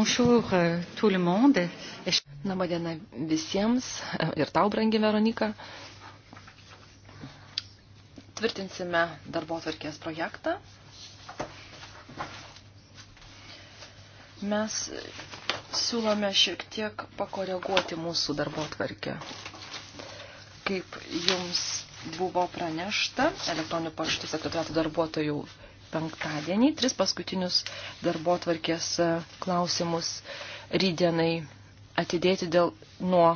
Bonjour euh, tout le monde. Labą dieną visiems ir tau, brangi Veronika. Tvirtinsime darbo tvarkės projektą. Mes siūlome šiek tiek pakoreguoti mūsų darbo tvarkę. Kaip jums buvo pranešta elektroninių paštų sekretoriato darbuotojų penktadienį, tris paskutinius darbo tvarkės e, klausimus rydienai atidėti dėl nuo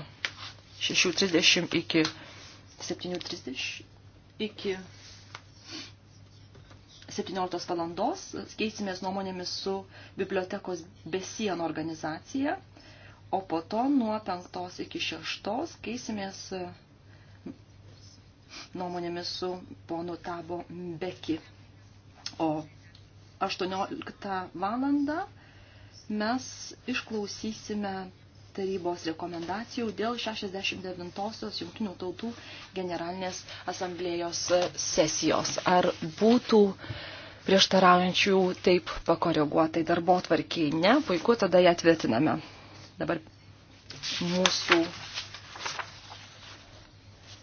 6.30 iki 7.30 iki 17 valandos. Keisimės nuomonėmis su bibliotekos besienų organizacija, o po to nuo 5 iki 6 keisimės e, nuomonėmis su ponu Tabo Beki. O 18 valandą mes išklausysime tarybos rekomendacijų dėl 69-osios Junktinių tautų generalinės asamblėjos sesijos. Ar būtų prieštaraujančių taip pakoreguotai darbo tvarkiai? Ne, puiku, tada ją tvirtiname. Dabar mūsų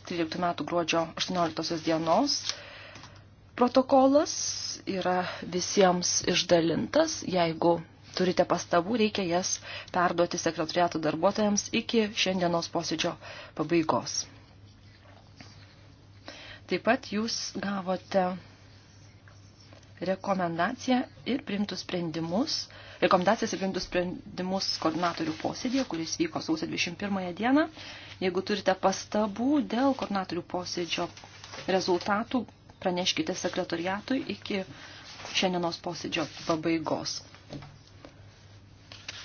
13 metų gruodžio 18 dienos protokolas yra visiems išdalintas. Jeigu turite pastabų, reikia jas perduoti sekretariato darbuotojams iki šiandienos posėdžio pabaigos. Taip pat jūs gavote rekomendaciją ir primtus sprendimus, rekomendacijas ir primtus sprendimus koordinatorių posėdėje, kuris vyko sausio 21 dieną. Jeigu turite pastabų dėl koordinatorių posėdžio rezultatų, praneškite sekretoriatui iki šiandienos posėdžio pabaigos.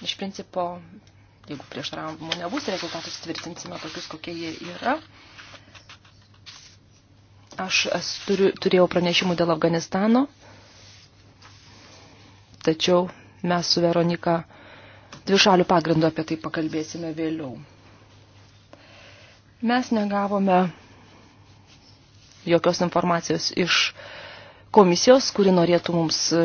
Iš principo, jeigu prieštaravimų nebus, rezultatus tvirtinsime tokius, kokie jie yra. Aš turiu, turėjau pranešimų dėl Afganistano, tačiau mes su Veronika dvišalių pagrindų apie tai pakalbėsime vėliau. Mes negavome jokios informacijos iš komisijos, kuri norėtų mums, e,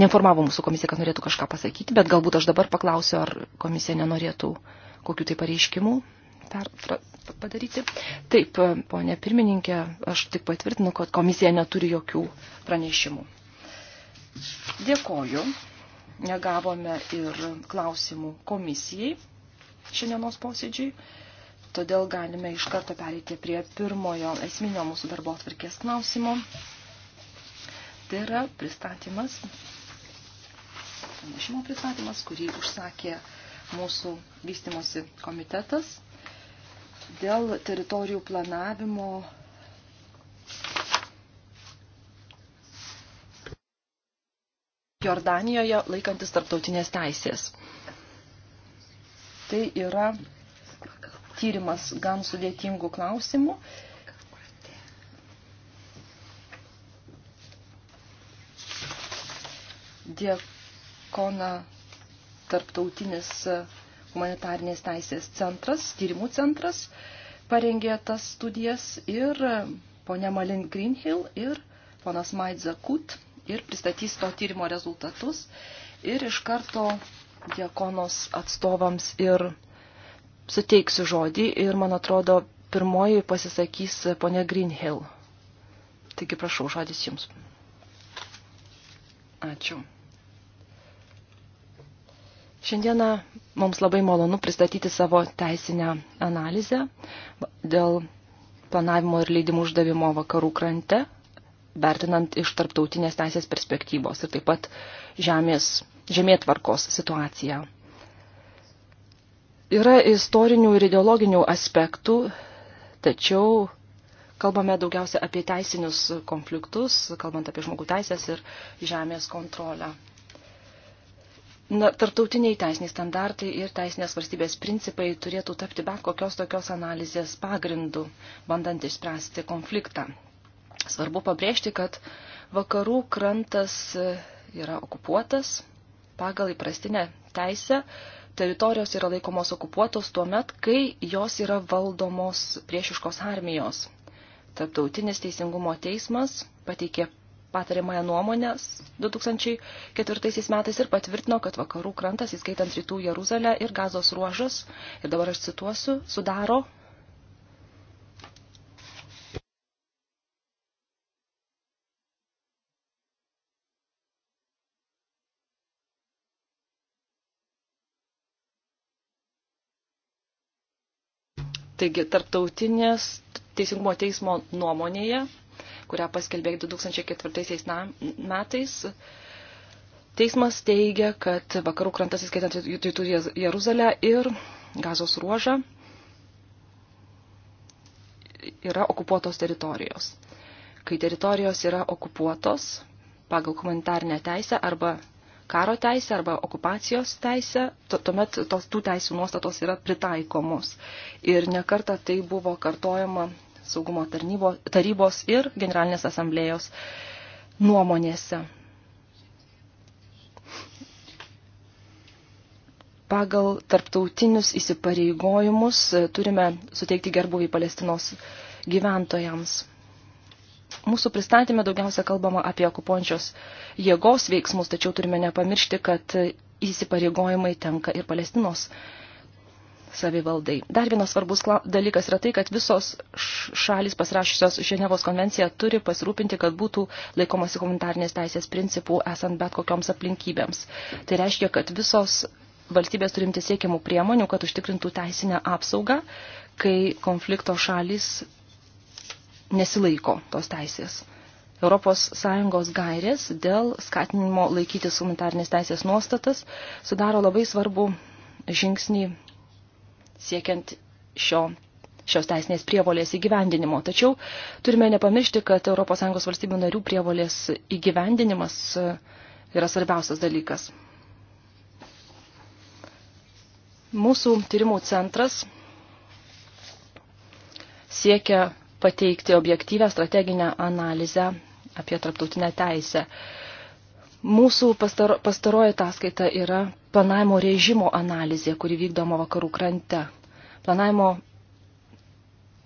neformavo mūsų komisija, kad norėtų kažką pasakyti, bet galbūt aš dabar paklausiu, ar komisija nenorėtų kokiu tai pareiškimu per, pra, padaryti. Taip, e, ponė pirmininkė, aš tik patvirtinu, kad komisija neturi jokių pranešimų. Dėkoju. Negavome ir klausimų komisijai šiandienos posėdžiai. Todėl galime iš karto pereiti prie pirmojo esminio mūsų darbo atvarkės klausimo. Tai yra pristatymas, pranešimo pristatymas, kurį užsakė mūsų vystimosi komitetas dėl teritorijų planavimo Jordanijoje laikantis tarptautinės teisės. Tai yra tyrimas gan sudėtingų klausimų. Diekona tarptautinis humanitarnės teisės centras, tyrimų centras, parengė tas studijas ir ponia Malin Greenhill ir ponas Maidza Kut ir pristatys to tyrimo rezultatus ir iš karto diakonos atstovams ir suteiksiu žodį ir, man atrodo, pirmoji pasisakys ponė Greenhill. Taigi prašau, žodis jums. Ačiū. Šiandieną mums labai malonu pristatyti savo teisinę analizę dėl planavimo ir leidimų uždavimo vakarų krante, vertinant iš tarptautinės teisės perspektyvos ir taip pat žemės, žemėtvarkos situaciją Yra istorinių ir ideologinių aspektų, tačiau kalbame daugiausia apie teisinius konfliktus, kalbant apie žmogų teisės ir žemės kontrolę. Na, tartautiniai teisiniai standartai ir teisinės valstybės principai turėtų tapti bet kokios tokios analizės pagrindu, bandant išspręsti konfliktą. Svarbu pabrėžti, kad vakarų krantas yra okupuotas pagal įprastinę teisę, teritorijos yra laikomos okupuotos tuo met, kai jos yra valdomos priešiškos armijos. Tarptautinis teisingumo teismas pateikė patariamąją nuomonę 2004 metais ir patvirtino, kad vakarų krantas, įskaitant rytų Jeruzalę ir gazos ruožas, ir dabar aš cituosiu, sudaro Taigi, tarptautinės teisingumo teismo nuomonėje, kurią paskelbė 2004 metais, teismas teigia, kad vakarų krantas, įskaitant Rytų Jeruzalę ir Gazos ruožą, yra okupuotos teritorijos. Kai teritorijos yra okupuotos pagal humanitarnę teisę arba karo teisę arba okupacijos teisę, tuomet tos, tų teisų nuostatos yra pritaikomos. Ir nekarta tai buvo kartojama saugumo tarnybo, tarybos ir generalinės asamblėjos nuomonėse. Pagal tarptautinius įsipareigojimus turime suteikti gerbuvį Palestinos gyventojams. Mūsų pristatymė daugiausia kalbama apie okupončios jėgos veiksmus, tačiau turime nepamiršti, kad įsipareigojimai tenka ir Palestinos savivaldai. Dar vienas svarbus dalykas yra tai, kad visos šalis pasirašusios Ženevos konvenciją turi pasirūpinti, kad būtų laikomasi humanitarnės teisės principų esant bet kokioms aplinkybėms. Tai reiškia, kad visos valstybės turimti siekiamų priemonių, kad užtikrintų teisinę apsaugą, kai konflikto šalis nesilaiko tos teisės. ES gairės dėl skatinimo laikytis humanitarnės teisės nuostatas sudaro labai svarbu žingsnį siekiant šio, šios teisinės prievolės įgyvendinimo. Tačiau turime nepamiršti, kad ES valstybių narių prievolės įgyvendinimas e, yra svarbiausias dalykas. Mūsų tyrimų centras siekia pateikti objektyvę strateginę analizę apie tarptautinę teisę. Mūsų pastaro, pastaroji ataskaita yra planavimo režimo analizė, kuri vykdoma vakarų krante. Planavimo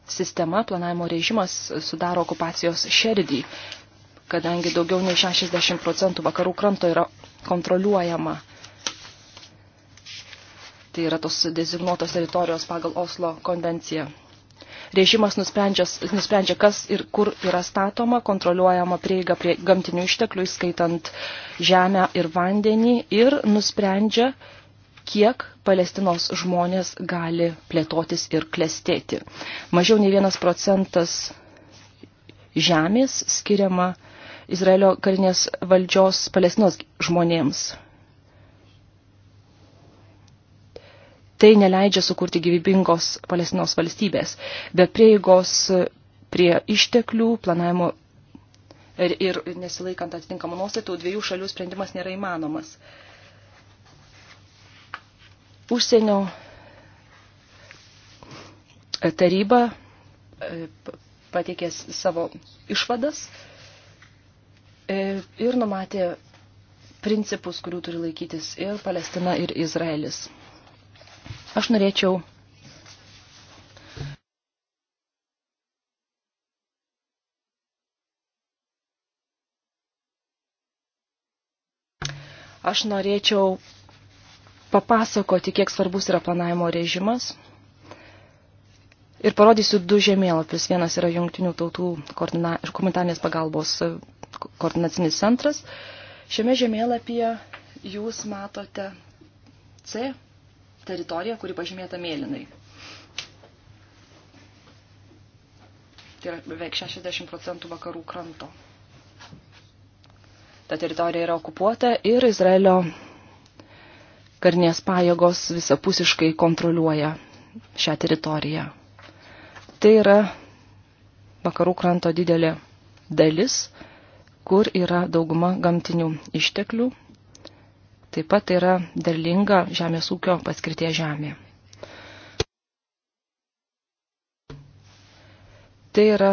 sistema, planavimo režimas sudaro okupacijos šerdį, kadangi daugiau nei 60 procentų vakarų kranto yra kontroliuojama. Tai yra tos dezignuotos teritorijos pagal Oslo konvenciją režimas nusprendžia, nusprendžia, kas ir kur yra statoma, kontroliuojama prieiga prie gamtinių išteklių, įskaitant žemę ir vandenį, ir nusprendžia, kiek Palestinos žmonės gali plėtotis ir klestėti. Mažiau nei vienas procentas žemės skiriama Izraelio karinės valdžios Palestinos žmonėms tai neleidžia sukurti gyvybingos Palestinos valstybės. Be prieigos prie išteklių, planavimo ir, ir nesilaikant atitinkamų nuostatų, dviejų šalių sprendimas nėra įmanomas. Užsienio taryba e, pateikė savo išvadas e, ir numatė principus, kurių turi laikytis ir Palestina, ir Izraelis. Aš norėčiau Aš norėčiau papasakoti, kiek svarbus yra planavimo režimas. Ir parodysiu du žemėlapius. Vienas yra Jungtinių tautų komunitarnės pagalbos e, koordinacinis centras. Šiame žemėlapyje jūs matote C teritorija, kuri pažymėta mėlynai. Tai yra beveik 60 procentų vakarų kranto. Ta teritorija yra okupuota ir Izraelio karinės pajėgos visapusiškai kontroliuoja šią teritoriją. Tai yra vakarų kranto didelė dalis, kur yra dauguma gamtinių išteklių Taip pat tai yra derlinga žemės ūkio paskirtie žemė. Tai yra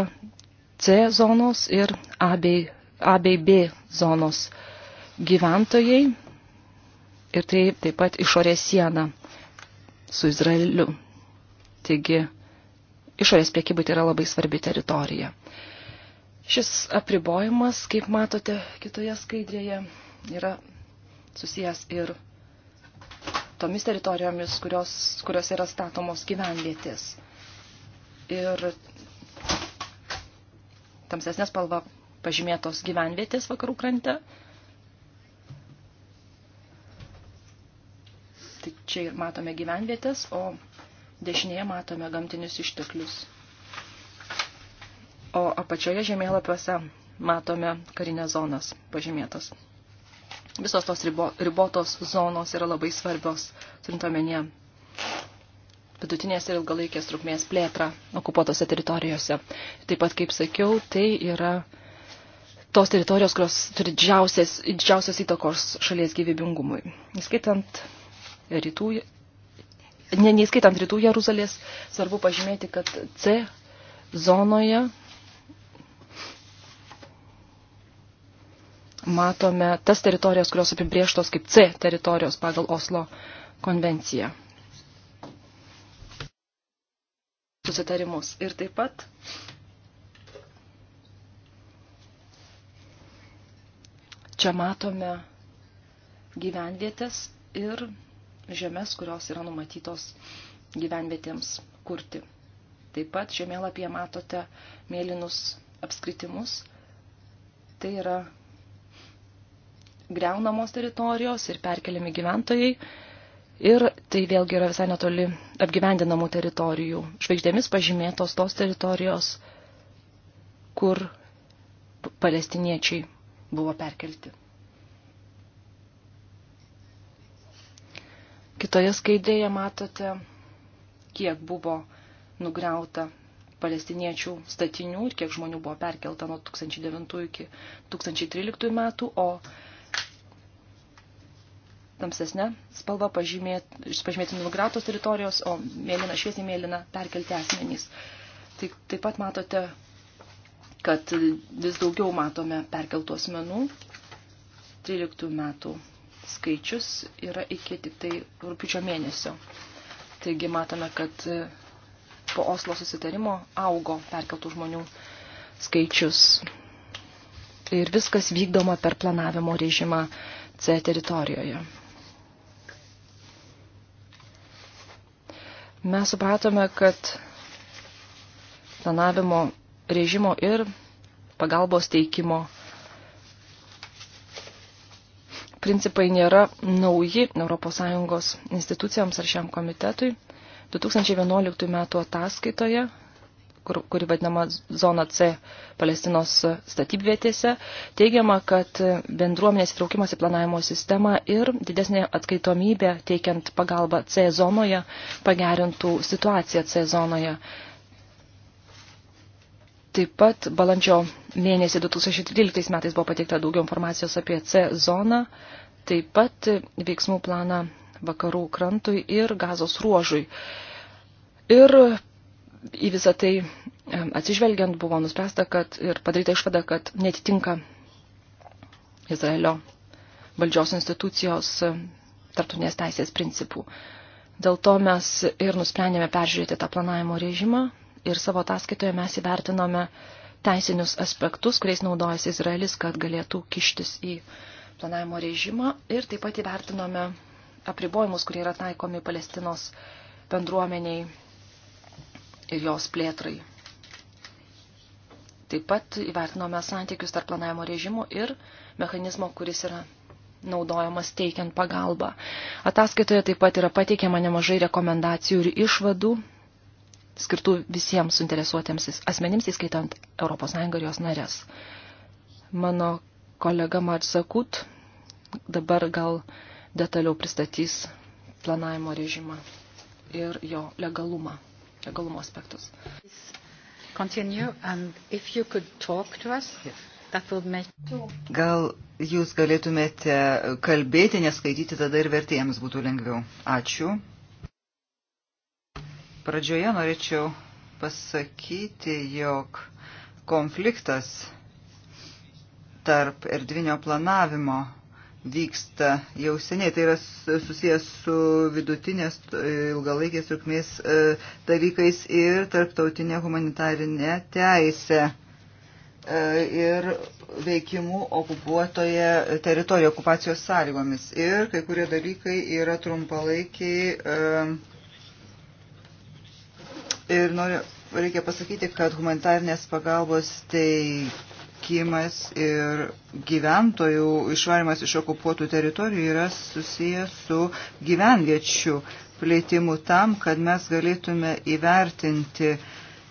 C zonos ir A bei, A bei B zonos gyventojai ir tai taip pat išorės siena su Izraeliu. Taigi, išorės priekybai tai yra labai svarbi teritorija. Šis apribojimas, kaip matote kitoje skaidrėje, yra susijęs ir tomis teritorijomis, kurios, kurios yra statomos gyvenvietės. Ir tamsesnė spalva pažymėtos gyvenvietės vakarų krante. Tai čia ir matome gyvenvietės, o dešinėje matome gamtinius išteklius. O apačioje žemėlapiuose matome karinės zonas pažymėtas Visos tos ribo, ribotos zonos yra labai svarbios, turint omenyje vidutinės ir ilgalaikės trukmės plėtrą okupuotose teritorijose. Taip pat, kaip sakiau, tai yra tos teritorijos, kurios turi didžiausias, didžiausias įtakos šalies gyvybingumui. Įskaitant rytų, ne, neįskaitant rytų Jeruzalės, svarbu pažymėti, kad C zonoje matome tas teritorijas, kurios apibrieštos kaip C teritorijos pagal Oslo konvenciją. Susitarimus. Ir taip pat čia matome gyvenvietės ir žemės, kurios yra numatytos gyvenvietėms kurti. Taip pat žemėlapyje matote mėlynus apskritimus. Tai yra greunamos teritorijos ir perkeliami gyventojai. Ir tai vėlgi yra visai netoli apgyvendinamų teritorijų. Žvaigždėmis pažymėtos tos teritorijos, kur palestiniečiai buvo perkelti. Kitoje skaidrėje matote, kiek buvo nugriauta palestiniečių statinių ir kiek žmonių buvo perkelta nuo 2009 iki 2013 metų, o tamsesnė spalva pažymėti, pažymėti nugrautos teritorijos, o mėlyna, šviesiai mėlyna perkelti asmenys. Tai, taip pat matote, kad vis daugiau matome perkeltų asmenų. 13 metų skaičius yra iki tik tai rūpiučio mėnesio. Taigi matome, kad po Oslo susitarimo augo perkeltų žmonių skaičius. Ir viskas vykdoma per planavimo režimą C teritorijoje. Mes supratome, kad planavimo režimo ir pagalbos teikimo principai nėra nauji ES institucijoms ar šiam komitetui. 2011 m. ataskaitoje kur, kuri vadinama zona C Palestinos statybvietėse, teigiama, kad bendruomenės įtraukimas į planavimo sistemą ir didesnė atskaitomybė teikiant pagalbą C zonoje pagerintų situaciją C zonoje. Taip pat balandžio mėnesį 2013 metais buvo pateikta daugiau informacijos apie C zoną, taip pat veiksmų planą vakarų krantui ir gazos ruožui. Ir į visą tai e, atsižvelgiant buvo nuspręsta, kad ir padaryta išvada, kad netitinka Izraelio valdžios institucijos e, tartunės teisės principų. Dėl to mes ir nusprendėme peržiūrėti tą planavimo režimą ir savo ataskaitoje mes įvertinome teisinius aspektus, kuriais naudojasi Izraelis, kad galėtų kištis į planavimo režimą ir taip pat įvertinome apribojimus, kurie yra taikomi Palestinos bendruomeniai ir jos plėtrai. Taip pat įvertinome santykius tarp planavimo režimų ir mechanizmo, kuris yra naudojamas teikiant pagalbą. Ataskaitoje taip pat yra pateikiama nemažai rekomendacijų ir išvadų skirtų visiems suinteresuotiems asmenims, įskaitant ES ir jos narės. Mano kolega Marsakut dabar gal detaliau pristatys planavimo režimą ir jo legalumą legalumo aspektus. Gal jūs galėtumėte kalbėti, neskaityti, tada ir vertėjams būtų lengviau. Ačiū. Pradžioje norėčiau pasakyti, jog konfliktas tarp erdvinio planavimo vyksta jau seniai. Tai yra susijęs su vidutinės e, ilgalaikės trukmės e, dalykais ir tarptautinė humanitarinė teisė e, ir veikimų okupuotoje teritorijoje okupacijos sąlygomis. Ir kai kurie dalykai yra trumpalaikiai. Ir noriu, reikia pasakyti, kad humanitarnės pagalbos teik likimas ir gyventojų išvarimas iš okupuotų teritorijų yra susijęs su gyvenviečių plėtimu tam, kad mes galėtume įvertinti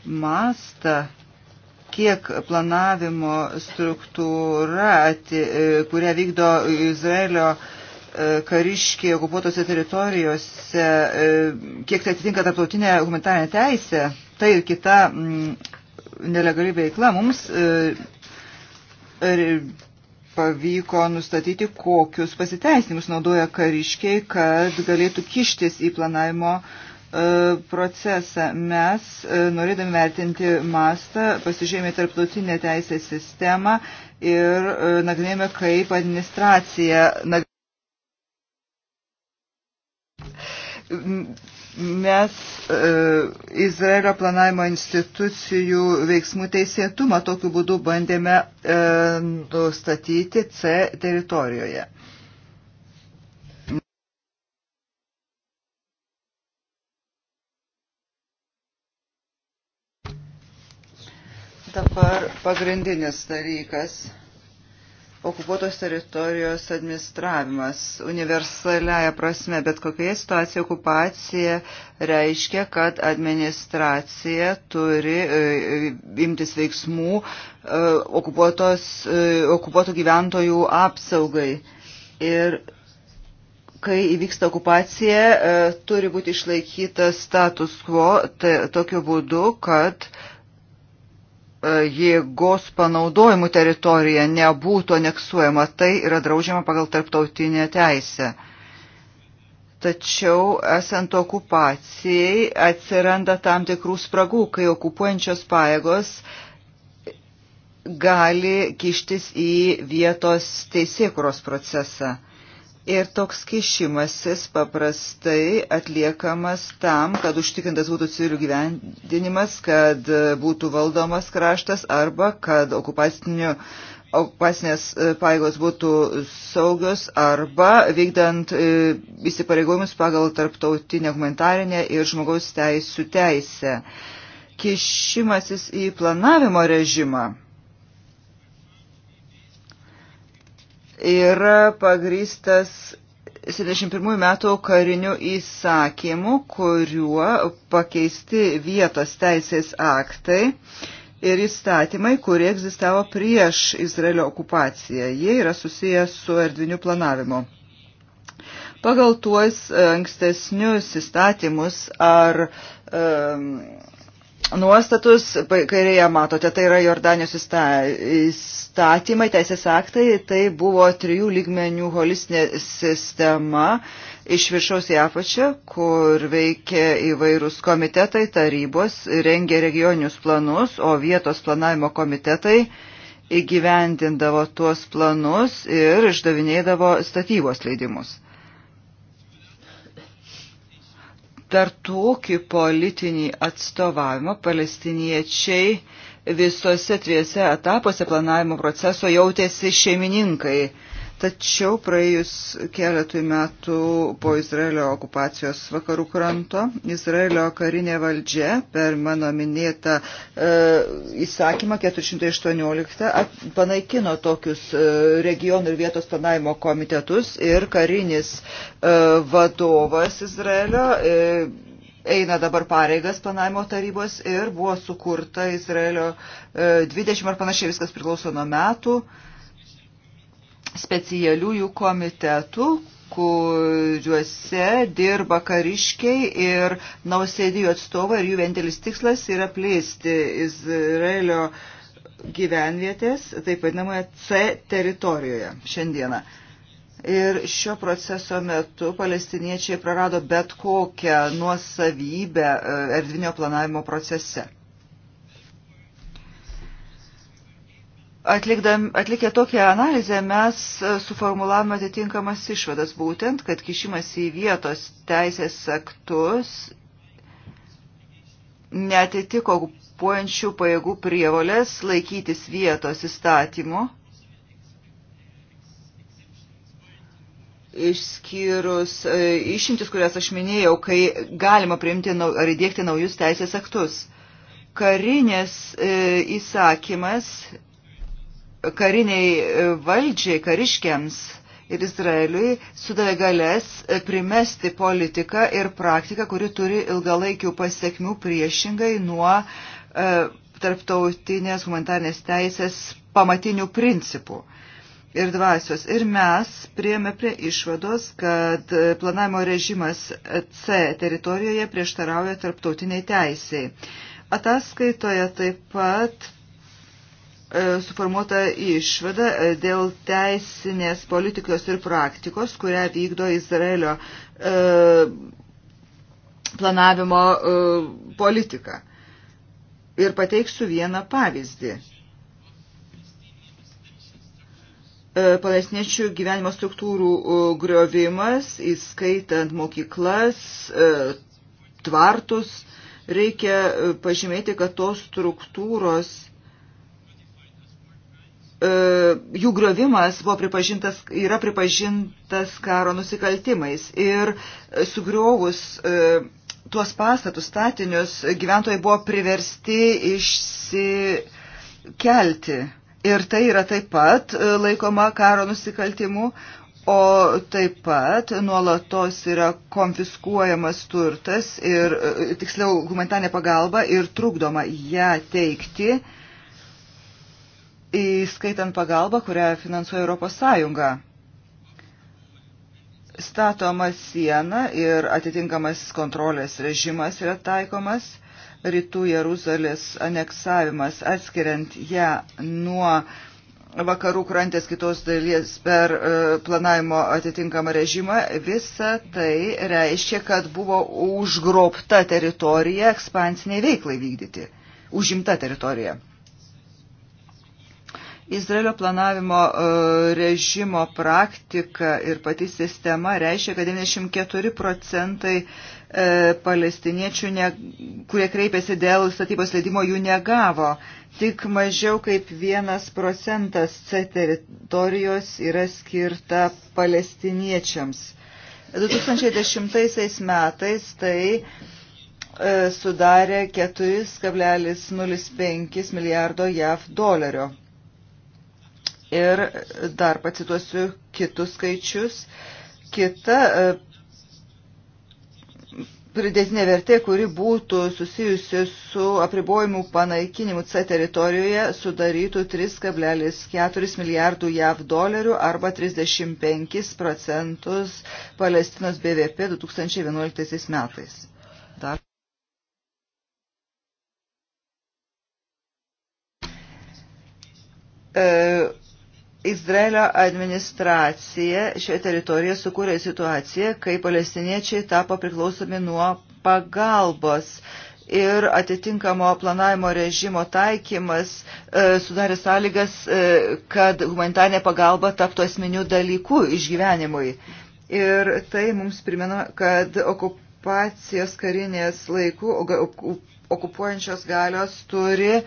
mastą kiek planavimo struktūra, e, kurią vykdo Izraelio e, kariškiai okupuotose teritorijose, e, kiek tai atitinka tarptautinė humanitarinė teisė, tai ir kita mm, nelegali veikla mums pavyko nustatyti, kokius pasiteisinimus naudoja kariškiai, kad galėtų kištis į planavimo e, procesą. Mes, e, norėdami vertinti mastą, pasižiūrėjome tarptautinę teisės sistemą ir e, nagrinėjome, kaip administracija mes e, Izraelio planavimo institucijų veiksmų teisėtumą tokiu būdu bandėme e, nustatyti C teritorijoje. Dabar pagrindinis dalykas okupuotos teritorijos administravimas universaliaja prasme, bet kokioje situacijoje okupacija reiškia, kad administracija turi e, imtis veiksmų e, e, okupuotų gyventojų apsaugai. Ir kai įvyksta okupacija, turi būti išlaikytas status quo tai, tokiu būdu, kad uh, E, jėgos panaudojimų teritorija nebūtų aneksuojama, tai yra draudžiama pagal tarptautinę teisę. Tačiau esant okupacijai atsiranda tam tikrų spragų, kai okupuojančios pajėgos gali kištis į vietos teisėkuros procesą. Ir toks kišimasis paprastai atliekamas tam, kad užtikrintas būtų civilių gyvendinimas, kad būtų valdomas kraštas arba kad okupacinių okupacinės e, paėgos būtų saugios arba vykdant e, įsipareigojimus pagal tarptautinę humanitarinę ir žmogaus teisų teisę. Kišimasis į planavimo režimą yra pagrystas 71 metų kariniu įsakymu, kuriuo pakeisti vietos teisės aktai ir įstatymai, kurie egzistavo prieš Izraelio okupaciją. Jie yra susijęs su erdviniu planavimu. Pagal tuos e, ankstesnius įstatymus ar um, nuostatus, kairėje matote, tai yra Jordanijos įstatymai, teisės aktai, tai buvo trijų lygmenių holistinė sistema iš viršaus į apačią, kur veikė įvairūs komitetai, tarybos, rengė regioninius planus, o vietos planavimo komitetai įgyvendindavo tuos planus ir išdavinėdavo statybos leidimus. per tokį politinį atstovavimą palestiniečiai visose trijose etapuose planavimo proceso jautėsi šeimininkai Tačiau praėjus keletui metų po Izraelio okupacijos vakarų kranto, Izraelio karinė valdžia per mano minėtą e, įsakymą 418 at, panaikino tokius e, regionų ir vietos planavimo komitetus ir karinis e, vadovas Izraelio. E, eina dabar pareigas planavimo tarybos ir buvo sukurta Izraelio 20 e, ar panašiai viskas priklauso nuo metų. E, specialiųjų komitetų, kuriuose dirba kariškiai ir nausėdijų atstovai ir jų vienintelis tikslas yra plėsti Izraelio gyvenvietės, taip vadinamoje C teritorijoje šiandieną. Ir šio proceso metu palestiniečiai prarado bet kokią nuosavybę e, erdvinio planavimo procese. Atlikdam, atlikę tokią analizę mes e, suformulavome atitinkamas išvadas būtent, kad kišimas į vietos teisės aktus netitiko okupuojančių pajėgų prievolės laikytis vietos įstatymo, išskyrus e, išimtis, kurias aš minėjau, kai galima priimti ar įdėkti naujus teisės aktus. Karinės e, įsakymas kariniai e, valdžiai, kariškiams ir Izraeliui sudavė galės e, primesti politiką ir praktiką, kuri turi ilgalaikių pasiekmių priešingai nuo e, tarptautinės humanitarnės teisės pamatinių principų ir dvasios. Ir mes priėmė prie išvados, kad e, planavimo režimas C teritorijoje prieštarauja tarptautiniai teisiai. Ataskaitoje taip pat E, suformuota išvada e, dėl teisinės politikos ir praktikos, kurią vykdo Izraelio e, planavimo politika. Ir pateiksiu vieną pavyzdį. palestiniečių gyvenimo struktūrų griovimas, įskaitant mokyklas, tvartus, reikia pažymėti, kad tos struktūros E, jų grovimas buvo pripažintas, yra pripažintas karo nusikaltimais. Ir sugriovus e, tuos pastatus statinius gyventojai buvo priversti išsikelti. Ir tai yra taip pat e, laikoma karo nusikaltimu, O taip pat nuolatos yra konfiskuojamas turtas ir, tiksliau, humanitarinė pagalba ir trukdoma ją teikti. E, įskaitant pagalbą, kurią finansuoja Europos Sąjunga. Statoma siena ir atitinkamas kontrolės režimas yra taikomas rytų Jeruzalės aneksavimas, atskiriant ją nuo vakarų krantės kitos dalies per e, planavimo atitinkamą režimą, visa tai reiškia, kad buvo užgrobta teritorija ekspansiniai veiklai vykdyti, užimta teritorija. Izraelio planavimo e, režimo praktika ir pati sistema reiškia, kad 94 procentai e, palestiniečių, ne, kurie kreipėsi dėl statybos leidimo, jų negavo. Tik mažiau kaip vienas procentas C teritorijos yra skirta palestiniečiams. 2010 metais tai e, sudarė 4,05 milijardo JAV dolerio Ir dar pacituosiu kitus skaičius. Kita e, pridėtinė vertė, kuri būtų susijusi su apribojimų panaikinimu C teritorijoje, sudarytų 3,4 milijardų JAV dolerių arba 35 procentus Palestinos BVP 2011 metais. Dar. E, Izraelio administracija šioje teritorijoje sukūrė situaciją, kai palestiniečiai tapo priklausomi nuo pagalbos ir atitinkamo planavimo režimo taikymas e, sudarė sąlygas, e, kad humanitarnė pagalba taptų asmenių dalykų išgyvenimui. Ir tai mums primena, kad okupacijos karinės laikų okupuojančios galios turi e,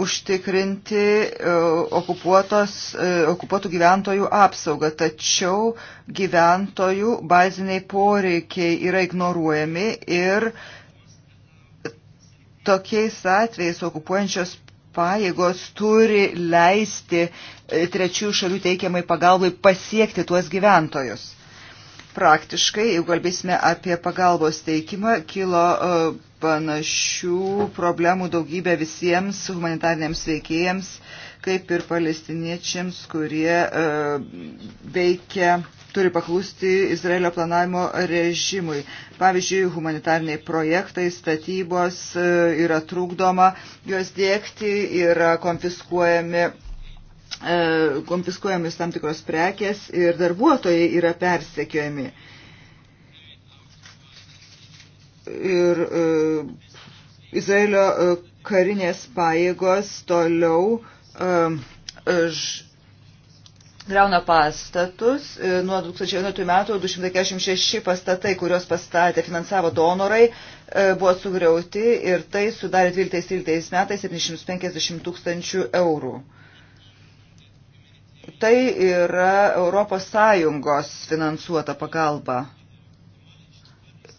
užtikrinti e, e, okupuotų gyventojų apsaugą, tačiau gyventojų baziniai poreikiai yra ignoruojami ir tokiais atvejais okupuojančios pajėgos turi leisti e, trečių šalių teikiamai pagalbai pasiekti tuos gyventojus. Praktiškai, jeigu kalbėsime apie pagalbos teikimą, kilo uh, panašių problemų daugybė visiems humanitariniams veikėjams, kaip ir palestiniečiams, kurie e, veikia, turi paklusti Izraelio planavimo režimui. Pavyzdžiui, humanitariniai projektai, statybos e, yra trukdoma, juos dėkti yra konfiskuojami e, konfiskuojamis tam tikros prekės ir darbuotojai yra persekiojami. Uh, ir e, Izraelio e, karinės pajėgos toliau e, greuna pastatus. Nuo 2009 metų 246 pastatai, kuriuos pastatė finansavo donorai, buvo sugriauti ir tai sudarė 12-13 metais 750 tūkstančių eurų. Tai yra Europos Sąjungos finansuota pagalba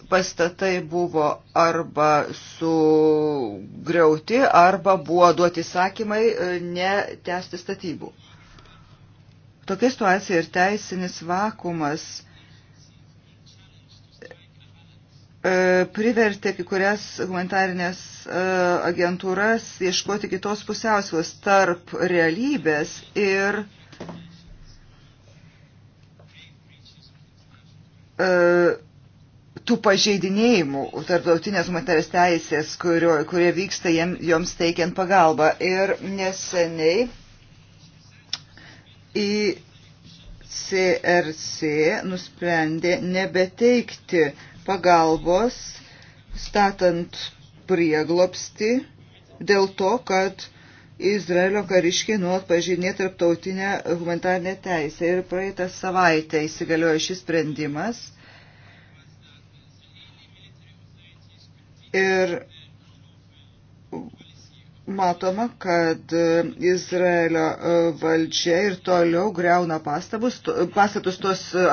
pastatai buvo arba sugriauti, arba buvo duoti sakymai e, netesti statybų. Tokia situacija ir teisinis vakumas e, privertė kai kurias humanitarinės e, agentūras ieškoti kitos pusiausvės tarp realybės ir uh, tų pažeidinėjimų tarptautinės humanitarės teisės, kurio, kurie vyksta jiem, joms teikiant pagalbą. Ir neseniai į CRC nusprendė nebeteikti pagalbos statant prieglopsti dėl to, kad Izraelio kariškiai nuolat pažinė tarptautinę humanitarinę teisę ir praeitą savaitę įsigaliojo šis sprendimas Ir matoma, kad Izraelio e, valdžia ir toliau greuna pastabus, pastatus tos e,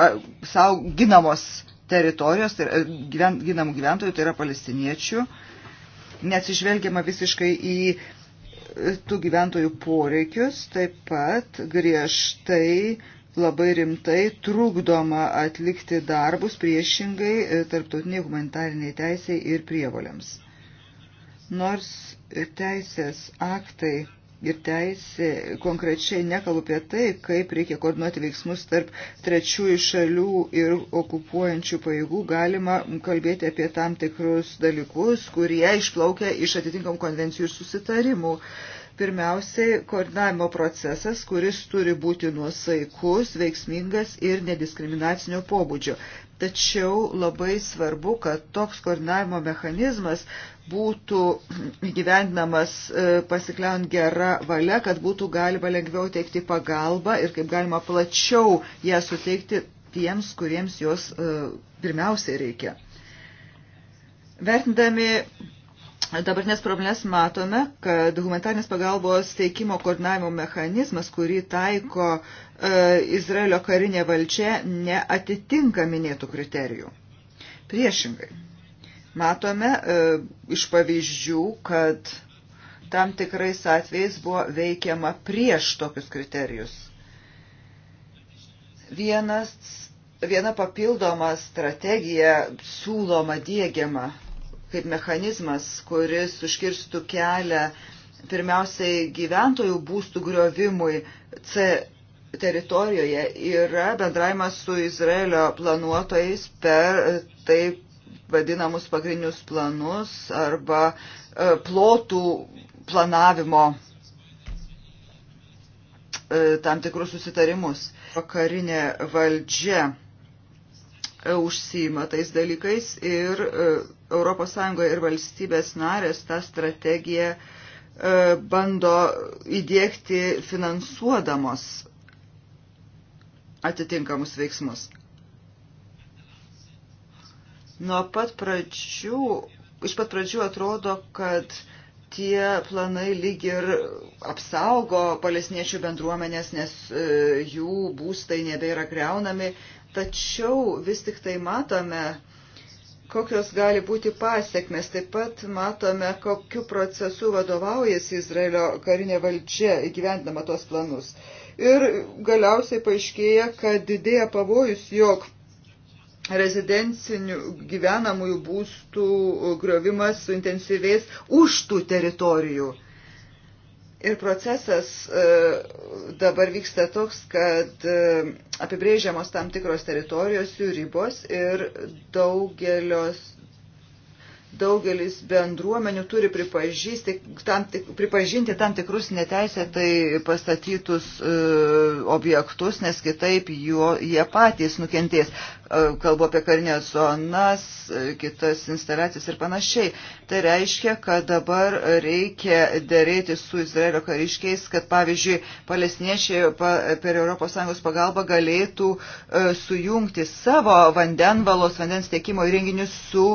savo ginamos teritorijos, tai e, gyven, ginamų gyventojų, tai yra palestiniečių, neatsižvelgiama visiškai į tų gyventojų poreikius, taip pat griežtai labai rimtai trukdoma atlikti darbus priešingai e, tarptautiniai humanitariniai teisiai ir prievoliams. Nors teisės aktai ir teisė konkrečiai nekalbu apie tai, kaip reikia koordinuoti veiksmus tarp trečiųjų šalių ir okupuojančių pajėgų, galima kalbėti apie tam tikrus dalykus, kurie išplaukia iš atitinkamų konvencijų ir susitarimų. Pirmiausiai, koordinavimo procesas, kuris turi būti nuosaikus, veiksmingas ir nediskriminacinio pobūdžio. Tačiau labai svarbu, kad toks koordinavimo mechanizmas būtų įgyvendinamas e, pasikliaujant gera valia, kad būtų galima lengviau teikti pagalbą ir kaip galima plačiau ją suteikti tiems, kuriems jos e, pirmiausiai reikia. Vertindami dabartinės problemas matome, kad humanitarnės pagalbos teikimo koordinavimo mechanizmas, kurį taiko e, Izraelio karinė valdžia, neatitinka minėtų kriterijų. Priešingai, matome e, iš pavyzdžių, kad tam tikrais atvejais buvo veikiama prieš tokius kriterijus. Vienas, viena papildoma strategija siūloma dėgiama kaip mechanizmas, kuris užkirstų kelią pirmiausiai gyventojų būstų griovimui C teritorijoje, yra bendravimas su Izraelio planuotojais per taip vadinamus pagrindinius planus arba e, plotų planavimo e, tam tikrus susitarimus. Vakarinė valdžia e, užsima tais dalykais ir ES ir valstybės narės tą strategiją e, bando įdėkti finansuodamos atitinkamus veiksmus. Nuo pat pradžių, iš pat pradžių atrodo, kad tie planai lyg ir apsaugo palestiniečių bendruomenės, nes e, jų būstai nebėra greunami, tačiau vis tik tai matome, kokios gali būti pasiekmes. Taip pat matome, kokiu procesu vadovaujasi Izraelio karinė valdžia įgyvendama tos planus. Ir galiausiai paaiškėja, kad didėja pavojus, jog rezidencinių gyvenamųjų būstų griovimas suintensyvės už tų teritorijų. Ir procesas e, dabar vyksta toks, kad e, apibrėžiamos tam tikros teritorijos, jų ribos ir daugelios, daugelis bendruomenių turi tam tik, pripažinti tam tikrus neteisėtai pastatytus e, objektus, nes kitaip juo, jie patys nukentės. E, kalbu apie karinės zonas, e, kitas instaliacijas ir panašiai. Tai reiškia, kad dabar reikia dėrėti su Izraelio kariškiais, kad pavyzdžiui, palestiniečiai per ES pagalbą galėtų e, sujungti savo vandenvalos, vandens tiekimo įrenginius su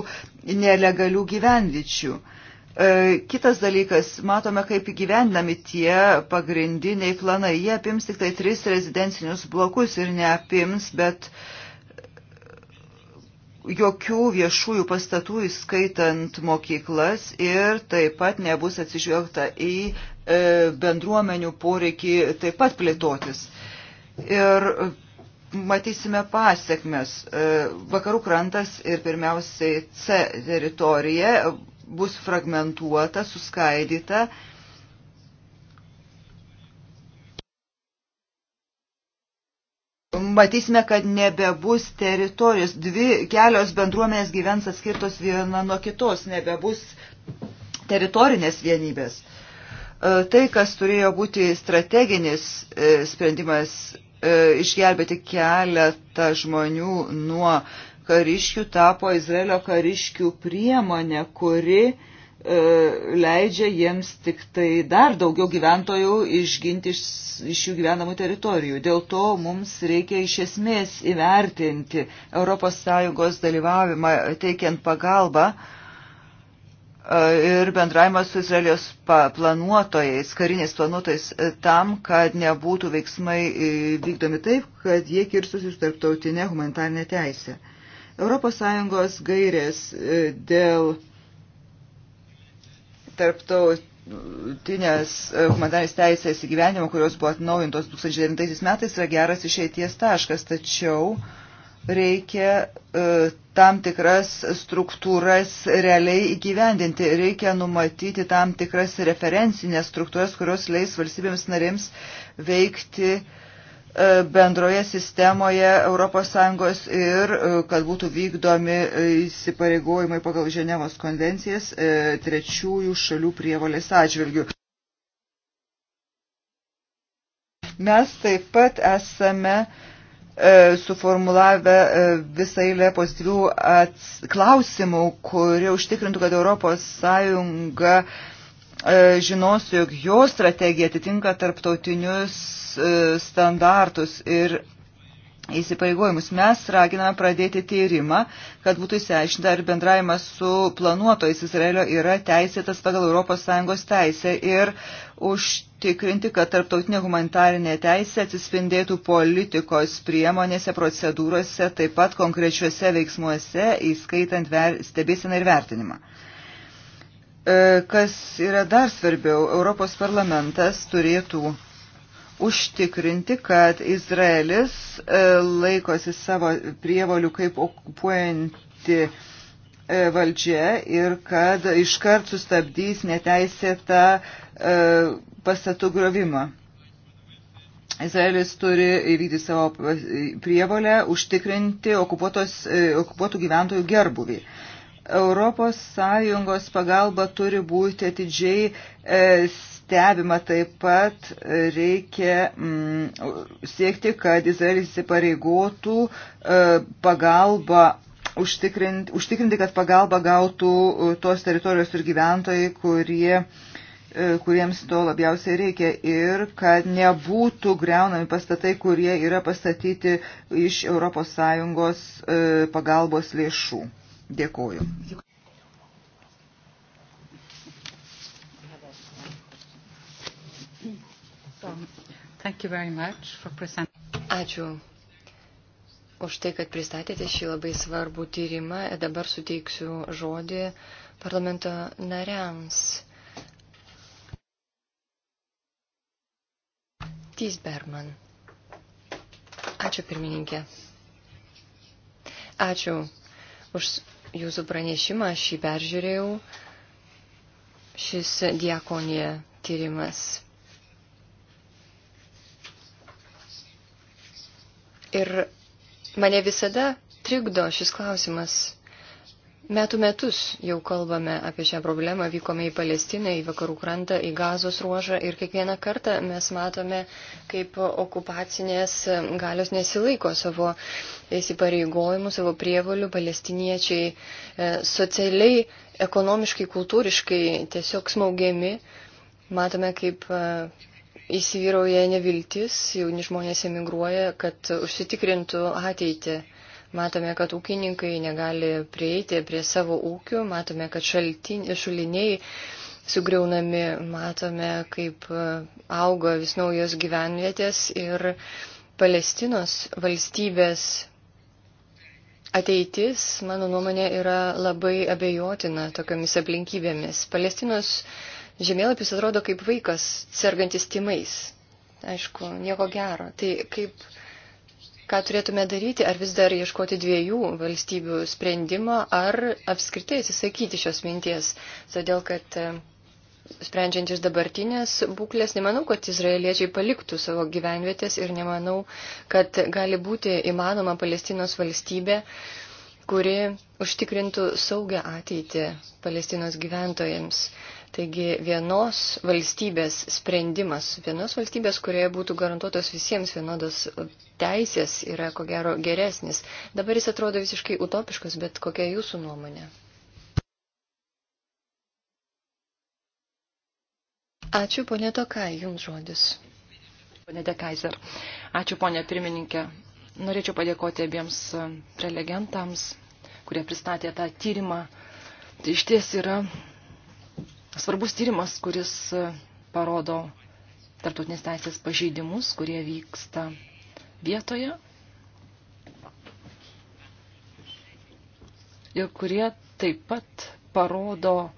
nelegalių gyvenvičių. Kitas dalykas, matome, kaip įgyvendami tie pagrindiniai planai. Jie apims tik tai tris rezidencinius blokus ir neapims, bet uh, jokių viešųjų pastatų, įskaitant mokyklas, ir taip pat nebus atsižvelgta į e, bendruomenių poreikį taip pat plėtotis. Ir e, matysime pasiekmes. E, vakarų krantas ir pirmiausiai C teritorija bus fragmentuota, suskaidyta matysime, kad nebebus teritorijos. Dvi kelios bendruomenės gyvens atskirtos viena nuo kitos, nebebus teritorinės vienybės. E, tai, kas turėjo būti strateginis e, sprendimas e, išgelbėti keletą žmonių nuo kariškių, tapo Izraelio kariškių priemonė, kuri uh, E, leidžia jiems tik tai dar daugiau gyventojų išginti iš, iš jų gyvenamų teritorijų. Dėl to mums reikia iš esmės įvertinti ES dalyvavimą teikiant pagalbą e, ir bendravimą su Izraelijos planuotojais, kariniais planuotojais, e, tam, kad nebūtų veiksmai vykdomi taip, kad jie kirstusi su tarptautinė humanitarinė teisė. ES gairės dėl tarptautinės e, humanitarinės teisės įgyvenimo, kurios buvo atnaujintos 2009 metais, yra geras išeities taškas, tačiau reikia e, tam tikras struktūras realiai įgyvendinti, reikia numatyti tam tikras referencinės struktūras, kurios leis valstybėms narėms veikti uh, E, bendroje sistemoje ES ir e, kad būtų vykdomi įsipareigojimai pagal Ženevos konvencijas e, trečiųjų šalių prievolės atžvilgių. Mes taip pat esame suformulavę visą eilę pozityvių klausimų, kurie užtikrintų, kad ES E, žinos, jog jo strategija atitinka tarptautinius e, standartus ir įsipareigojimus. Mes raginame pradėti tyrimą, kad būtų įsiaiškinta, ar bendravimas su planuotojais Izraelio yra teisėtas pagal ES teisę ir užtikrinti, kad tarptautinė humanitarinė teisė atsispindėtų politikos priemonėse, procedūrose, taip pat konkrečiuose veiksmuose, įskaitant ver, stebėsiną ir vertinimą. E, kas yra dar svarbiau, Europos parlamentas turėtų užtikrinti, kad Izraelis e, laikosi savo prievolių kaip okupuojanti e, valdžia ir kad iškart sustabdys neteisėtą pastatų grovimą. Izraelis turi įvykdyti savo prievolę užtikrinti okupuotų gyventojų gerbuvį. ES pagalba turi būti atidžiai e, stebima. Taip pat reikia mm, siekti, kad Izraelis įsipareigotų e, pagalbą. Užtikrinti, užtikrinti, kad pagalba gautų e, tos teritorijos ir gyventojai, kurie, kuriems to labiausiai reikia ir kad nebūtų greunami pastatai, kurie yra pastatyti iš ES pagalbos lėšų. Dėkoju. Ačiū už tai, kad pristatėte šį labai svarbų tyrimą. Dabar suteiksiu žodį parlamento nariams. Tisberman. Ačiū pirmininkė. Ačiū už jūsų pranešimą, aš jį peržiūrėjau. Šis diakonija tyrimas. Ir mane visada trikdo šis klausimas Metų metus jau kalbame apie šią problemą, vykome į Palestiną, į vakarų krantą, į gazos ruožą ir kiekvieną kartą mes matome, kaip okupacinės galios nesilaiko savo įsipareigojimų, savo prievolių, palestiniečiai e, socialiai, ekonomiškai, kultūriškai tiesiog smaugiami. Matome, kaip e, įsivyrauja neviltis, jauni žmonės emigruoja, kad užsitikrintų ateitį. Matome, kad ūkininkai negali prieiti prie savo ūkių, matome, kad šaltin, šuliniai sugriaunami, matome, kaip e, auga vis naujos gyvenvietės ir Palestinos valstybės ateitis, mano nuomonė, yra labai abejotina tokiamis aplinkybėmis. Palestinos žemėlapis atrodo kaip vaikas, sergantis timais. Aišku, nieko gero. Tai kaip ką turėtume daryti, ar vis dar ieškoti dviejų valstybių sprendimo, ar apskritai atsisakyti šios minties. Todėl, kad e, sprendžiant iš dabartinės būklės, nemanau, kad izraeliečiai paliktų savo gyvenvietės ir nemanau, kad gali būti įmanoma Palestinos valstybė, kuri užtikrintų saugę ateitį Palestinos gyventojams. Taigi vienos valstybės sprendimas, vienos valstybės, kurioje būtų garantuotos visiems vienodos teisės, yra ko gero geresnis. Dabar jis atrodo visiškai utopiškas, bet kokia jūsų nuomonė? Ačiū, ponė Tokai, jums žodis. Ponė De Kaiser. Ačiū, ponė pirmininkė. Norėčiau padėkoti abiems prelegentams, kurie pristatė tą tyrimą. Tai iš ties yra svarbus tyrimas, kuris e, parodo tartutinės teisės pažeidimus, kurie vyksta vietoje ir kurie taip pat parodo,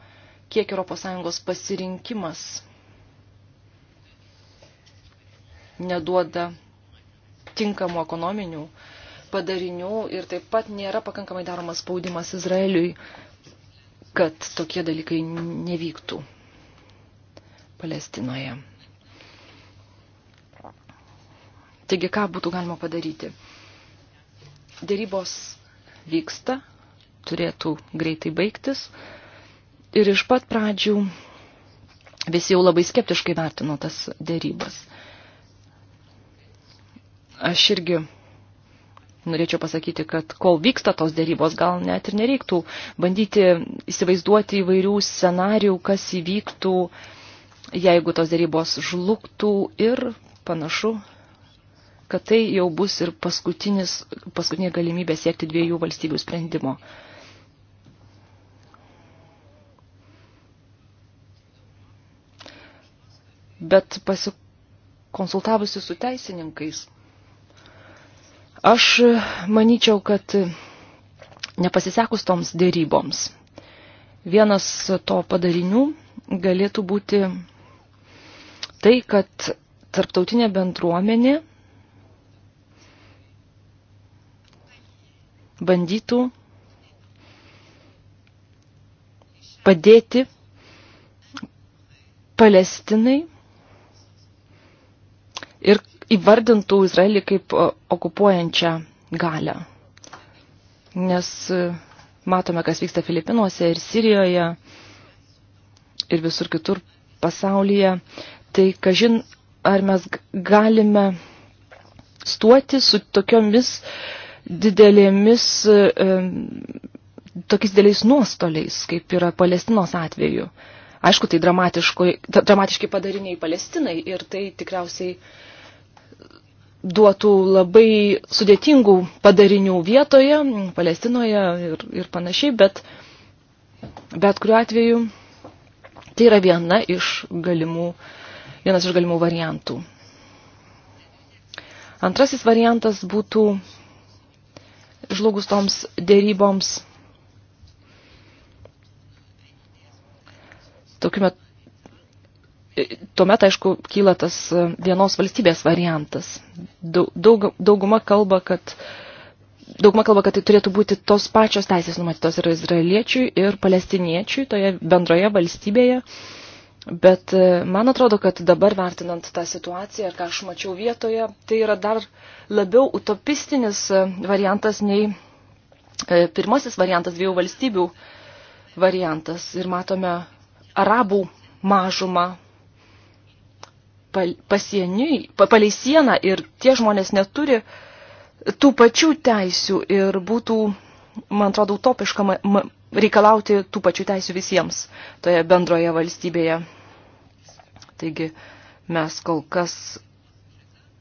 kiek ES pasirinkimas neduoda tinkamų ekonominių padarinių ir taip pat nėra pakankamai daromas spaudimas Izraeliui kad tokie dalykai nevyktų Palestinoje. Taigi, ką būtų galima padaryti? Dėrybos vyksta, turėtų greitai baigtis. Ir iš pat pradžių visi jau labai skeptiškai vertino tas dėrybas. Aš irgi Norėčiau pasakyti, kad kol vyksta tos dėrybos, gal net ir nereiktų bandyti įsivaizduoti įvairių scenarių, kas įvyktų, jeigu tos dėrybos žlugtų ir panašu, kad tai jau bus ir paskutinė galimybė siekti dviejų valstybių sprendimo. Bet pasikonsultavusi su teisininkais Aš e, manyčiau, kad e, nepasisekus toms dėryboms, vienas to padarinių galėtų būti tai, kad tarptautinė bendruomenė bandytų padėti Palestinai ir įvardintų Izraelį kaip okupuojančią galę. Nes e, matome, kas vyksta Filipinuose ir Sirijoje ir visur kitur pasaulyje. Tai, kažin, ar mes galime stuoti su tokiomis didelėmis, e, e, tokiais dėliais nuostoliais, kaip yra Palestinos atveju. Aišku, tai dramatiški padariniai Palestinai ir tai tikriausiai uh, duotų labai sudėtingų padarinių vietoje, Palestinoje ir, ir panašiai, bet bet kuriuo atveju tai yra viena iš galimų, vienas iš galimų variantų. Antrasis variantas būtų žlugus toms dėryboms tokiu metu E, tuomet, aišku, kyla tas e, vienos valstybės variantas. Daug, dauguma kalba, kad Dauguma kalba, kad tai turėtų būti tos pačios teisės numatytos ir izraeliečiui, ir palestiniečiui toje bendroje valstybėje. Bet e, man atrodo, kad dabar vertinant tą situaciją, ką aš mačiau vietoje, tai yra dar labiau utopistinis variantas nei pirmasis variantas dviejų valstybių variantas. Ir matome arabų mažumą pasieniui, palei sieną ir tie žmonės neturi tų pačių teisių ir būtų, man atrodo, utopiška reikalauti tų pačių teisių visiems toje bendroje valstybėje. Taigi mes kol kas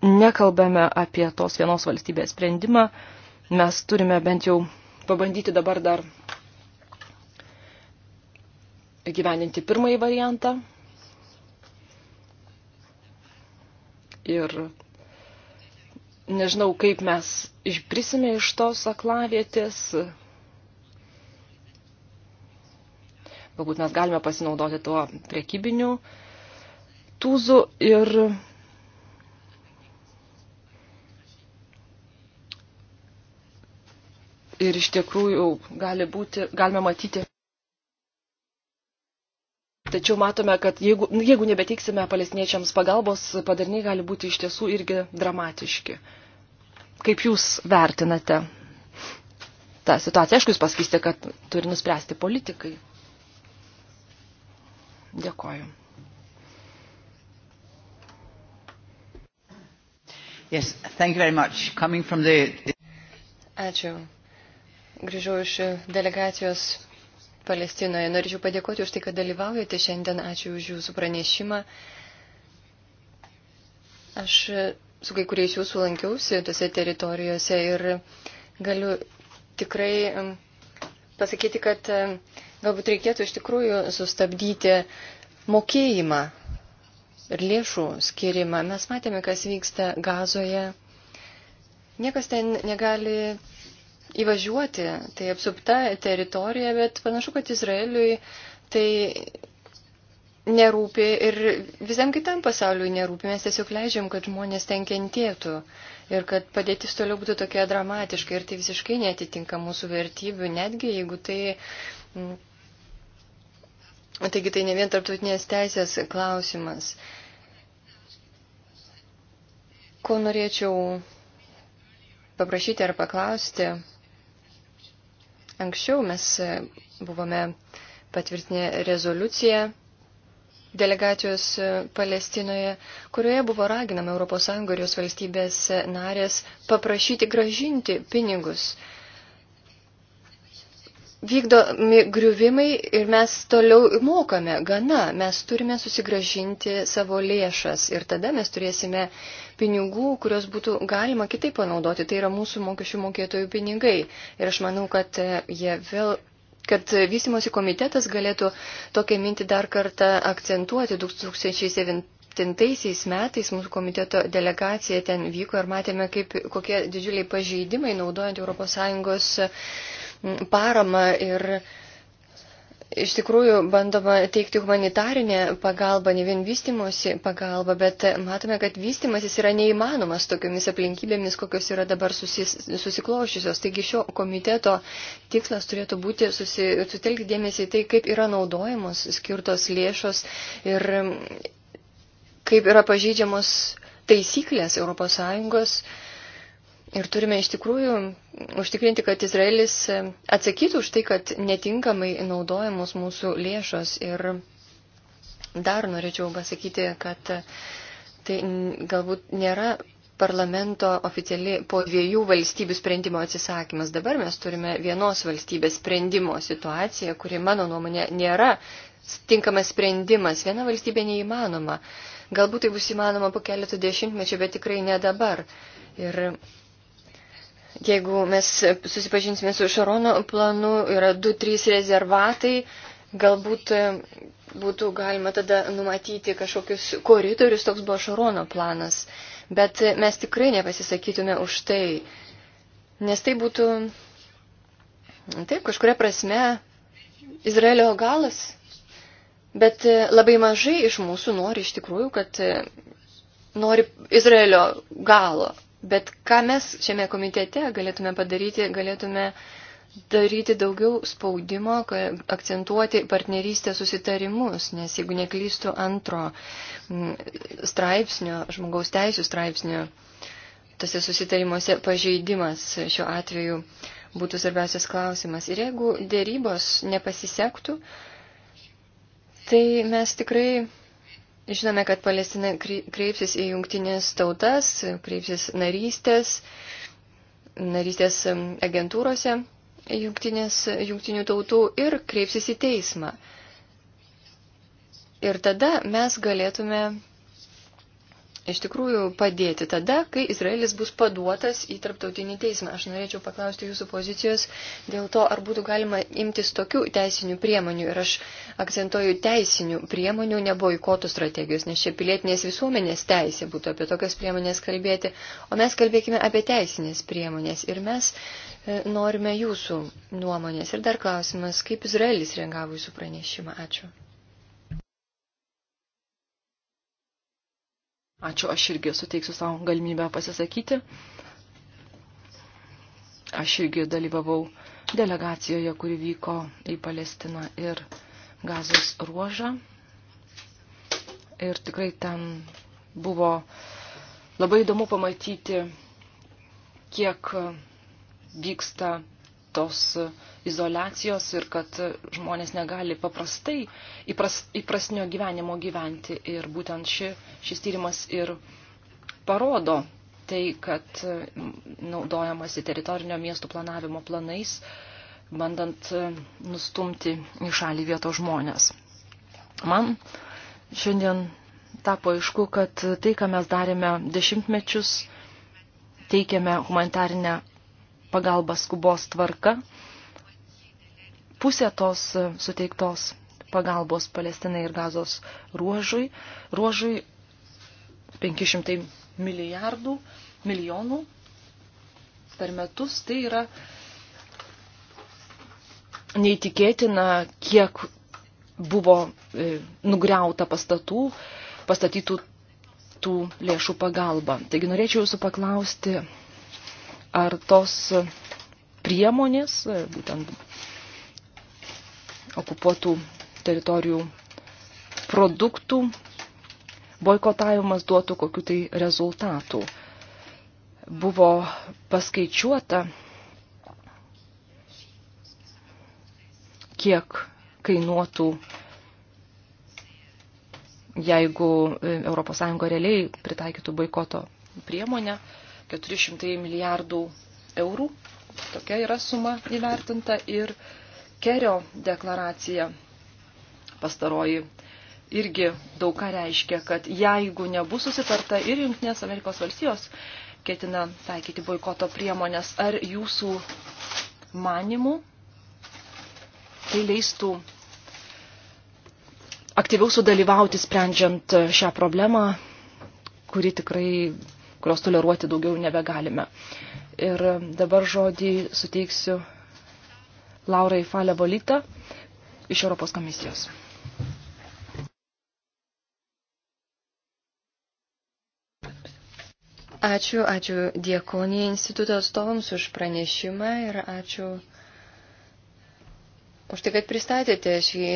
nekalbame apie tos vienos valstybės sprendimą, mes turime bent jau pabandyti dabar dar gyveninti pirmąjį variantą, ir nežinau, kaip mes išbrisime iš tos aklavietės. Galbūt mes galime pasinaudoti tuo prekybiniu tūzu ir ir iš tikrųjų gali būti, galime matyti. Tačiau matome, kad jeigu, nu, jeigu nebeteiksime palestiniečiams pagalbos, padarniai gali būti iš tiesų irgi dramatiški. Kaip jūs vertinate tą situaciją? Aišku, jūs pasakysite, kad turi nuspręsti politikai. Dėkoju. Yes, thank you very much. Coming from the... Ačiū. Grįžau iš delegacijos Palestinoje. Norėčiau padėkoti už tai, kad dalyvaujate šiandien. Ačiū už jūsų pranešimą. Aš su kai kuriais jūsų lankiausi tose teritorijose ir galiu tikrai um, pasakyti, kad um, galbūt reikėtų iš tikrųjų sustabdyti mokėjimą ir lėšų skirimą. Mes matėme, kas vyksta gazoje. Niekas ten negali įvažiuoti. Tai apsupta teritorija, bet panašu, kad Izraeliui tai nerūpi ir visam kitam pasauliui nerūpi. Mes tiesiog leidžiam, kad žmonės ten kentėtų ir kad padėtis toliau būtų tokia dramatiška ir tai visiškai netitinka mūsų vertybių, netgi jeigu tai. Mm, taigi tai ne vien tarptautinės teisės klausimas. Ko norėčiau paprašyti ar paklausti, Anksčiau mes e, buvome patvirtinę rezoliuciją delegacijos e, Palestinoje, kurioje buvo raginama ES ir jos valstybės narės paprašyti gražinti pinigus. Vykdomi griuvimai ir mes toliau mokame, gana, mes turime susigražinti savo lėšas ir tada mes turėsime pinigų, kurios būtų galima kitaip panaudoti. Tai yra mūsų mokesčių mokėtojų pinigai. Ir aš manau, kad e, jie vėl kad vystimosi komitetas galėtų tokią mintį dar kartą akcentuoti 2007 2007 metais mūsų komiteto delegacija ten vyko ir matėme, kaip, kokie didžiuliai pažeidimai naudojant ES paramą ir iš tikrųjų bandoma teikti humanitarinę pagalbą, ne vien vystimosi pagalbą, bet matome, kad vystimasis yra neįmanomas tokiomis aplinkybėmis, kokios yra dabar susis, susiklošiusios. Taigi šio komiteto tikslas turėtų būti susi, sutelkti dėmesį į tai, kaip yra naudojamos skirtos lėšos ir kaip yra pažydžiamos taisyklės ES Ir turime iš tikrųjų užtikrinti, kad Izraelis e, atsakytų už tai, kad netinkamai naudojamos mūsų lėšos. Ir dar norėčiau pasakyti, kad e, tai galbūt nėra parlamento oficiali po dviejų valstybių sprendimo atsisakymas. Dabar mes turime vienos valstybės sprendimo situaciją, kuri, mano nuomonė, nėra tinkamas sprendimas. Viena valstybė neįmanoma. Galbūt tai bus įmanoma po keletų dešimtmečių, bet tikrai ne dabar. Ir Jeigu mes susipažinsime su Šarono planu, yra 2-3 rezervatai, galbūt e, būtų galima tada numatyti kažkokius koridorius, toks buvo Šarono planas. Bet e, mes tikrai nepasisakytume už tai, nes tai būtų, taip, kažkuria prasme, Izraelio galas. Bet e, labai mažai iš mūsų nori iš tikrųjų, kad nori Izraelio galo, Bet ką mes šiame komitete galėtume padaryti, galėtume daryti daugiau spaudimo, akcentuoti partnerystę susitarimus, nes jeigu neklystų antro straipsnio, žmogaus teisų straipsnio, tose susitarimuose pažeidimas šiuo atveju būtų svarbiausias klausimas. Ir jeigu dėrybos nepasisektų, tai mes tikrai Žinome, kad Palestina kreipsis į jungtinės tautas, kreipsis narystės, narystės agentūrose jungtinės, jungtinių tautų ir kreipsis į teismą. Ir tada mes galėtume iš tikrųjų padėti tada, kai Izraelis bus paduotas į tarptautinį teismą. Aš norėčiau paklausti jūsų pozicijos dėl to, ar būtų galima imtis tokių teisinių priemonių. Ir aš akcentuoju teisinių priemonių, ne boikotų strategijos, nes čia pilietinės visuomenės teisė būtų apie tokias priemonės kalbėti. O mes kalbėkime apie teisinės priemonės. Ir mes e, norime jūsų nuomonės. Ir dar klausimas, kaip Izraelis reagavo jūsų pranešimą. Ačiū. Ačiū, aš irgi suteiksiu savo galimybę pasisakyti. Aš irgi dalyvavau delegacijoje, kuri vyko į Palestiną ir Gazos ruožą. Ir tikrai ten buvo labai įdomu pamatyti, kiek vyksta tos izolacijos ir kad žmonės negali paprastai įpras, įprasnio gyvenimo gyventi. Ir būtent ši, šis tyrimas ir parodo tai, kad naudojamasi teritorinio miestų planavimo planais, bandant nustumti į šalį vietos žmonės. Man šiandien tapo aišku, kad tai, ką mes darėme dešimtmečius, teikėme humanitarinę pagalba skubos tvarka. Pusė tos suteiktos pagalbos Palestinai ir Gazos ruožui, ruožui 500 milijardų, milijonų per metus. Tai yra neįtikėtina, kiek buvo e, nugriauta pastatų, pastatytų tų lėšų pagalba. Taigi norėčiau jūsų paklausti, ar tos priemonės, būtent okupuotų teritorijų produktų boikotavimas duotų kokiu tai rezultatų. Buvo paskaičiuota, kiek kainuotų, jeigu ES realiai pritaikytų boikoto priemonę. 400 milijardų eurų. Tokia yra suma įvertinta ir Kerio deklaracija pastaroji irgi daug ką reiškia, kad jeigu nebus susitarta ir Junktinės Amerikos valstijos ketina taikyti boikoto priemonės, ar jūsų manimų tai leistų aktyviau sudalyvauti sprendžiant šią problemą, kuri tikrai kurios toleruoti daugiau nebegalime. Ir dabar žodį suteiksiu Laurai Falebolita iš Europos komisijos. Ačiū, ačiū Diekonijai instituto atstovams už pranešimą ir ačiū už tai, kad pristatėte šį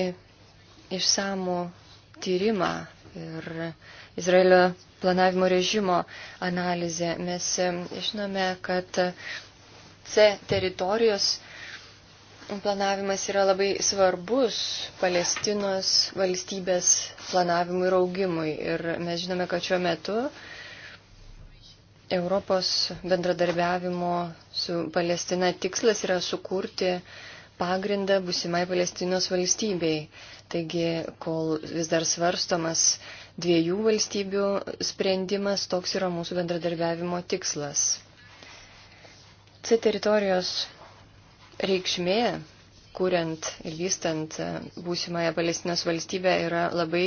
išsamų tyrimą ir Izraelio planavimo režimo analizė. Mes e, žinome, kad e, C teritorijos planavimas yra labai svarbus Palestinos valstybės planavimui ir augimui. Ir mes žinome, kad šiuo metu Europos bendradarbiavimo su Palestina tikslas yra sukurti pagrindą busimai Palestinos valstybei. Taigi, kol vis dar svarstomas dviejų valstybių sprendimas, toks yra mūsų bendradarbiavimo tikslas. C teritorijos reikšmė kuriant ir vystant būsimąją Palestinos valstybę yra labai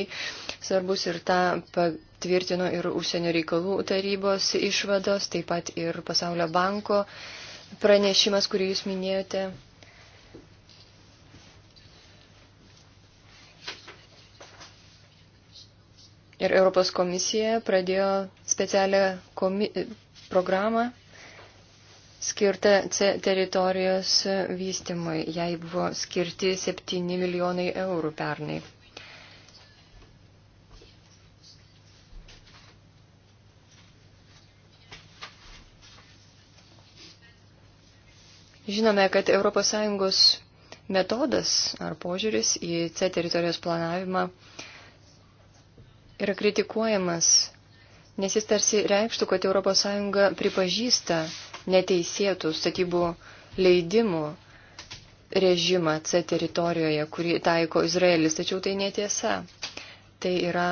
svarbus ir tą patvirtino ir užsienio reikalų tarybos išvados, taip pat ir Pasaulio banko pranešimas, kurį jūs minėjote. Ir Europos komisija pradėjo specialią komi programą skirtą C teritorijos vystimui. Jai buvo skirti 7 milijonai eurų pernai. Žinome, kad ES metodas ar požiūris į C teritorijos planavimą uh, yra kritikuojamas, nes jis tarsi reikštų, kad ES pripažįsta neteisėtų statybų leidimų režimą C teritorijoje, kurį taiko Izraelis, tačiau tai netiesa. Tai yra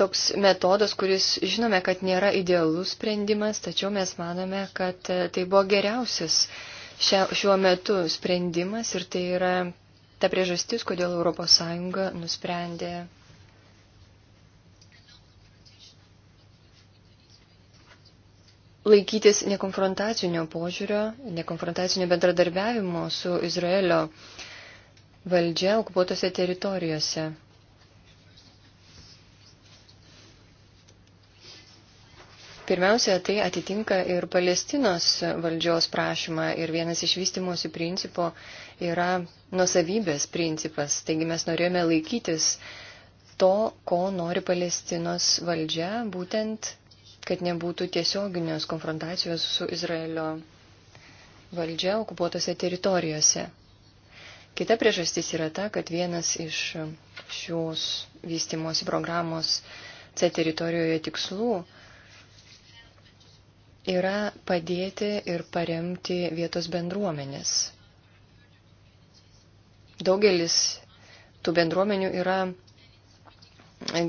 toks metodas, kuris žinome, kad nėra idealus sprendimas, tačiau mes manome, kad tai buvo geriausias šia, šiuo metu sprendimas ir tai yra ta priežastis, kodėl ES nusprendė laikytis nekonfrontacinio požiūrio, nekonfrontacinio bendradarbiavimo su Izraelio valdžia okupuotose teritorijose. Pirmiausia, tai atitinka ir Palestinos valdžios prašymą ir vienas iš vystimosi principo yra nusavybės principas. Taigi mes norėjome laikytis to, ko nori Palestinos valdžia, būtent, kad nebūtų tiesioginės konfrontacijos su Izraelio valdžia okupuotose teritorijose. Kita priežastis yra ta, kad vienas iš šios vystimosi programos C teritorijoje tikslų yra padėti ir paremti vietos bendruomenės. Daugelis tų bendruomenių yra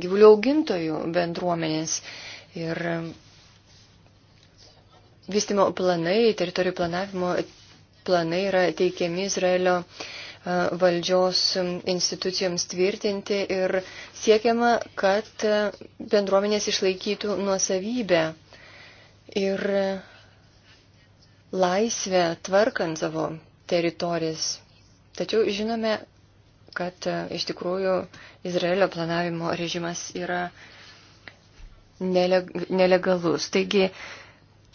gyvulių augintojų bendruomenės ir vystimo planai, teritorijų planavimo planai yra teikiami Izraelio valdžios institucijoms tvirtinti ir siekiama, kad bendruomenės išlaikytų nuosavybę ir laisvę tvarkant savo teritorijas. Tačiau žinome, kad e, iš tikrųjų Izraelio planavimo režimas yra neleg nelegalus. Taigi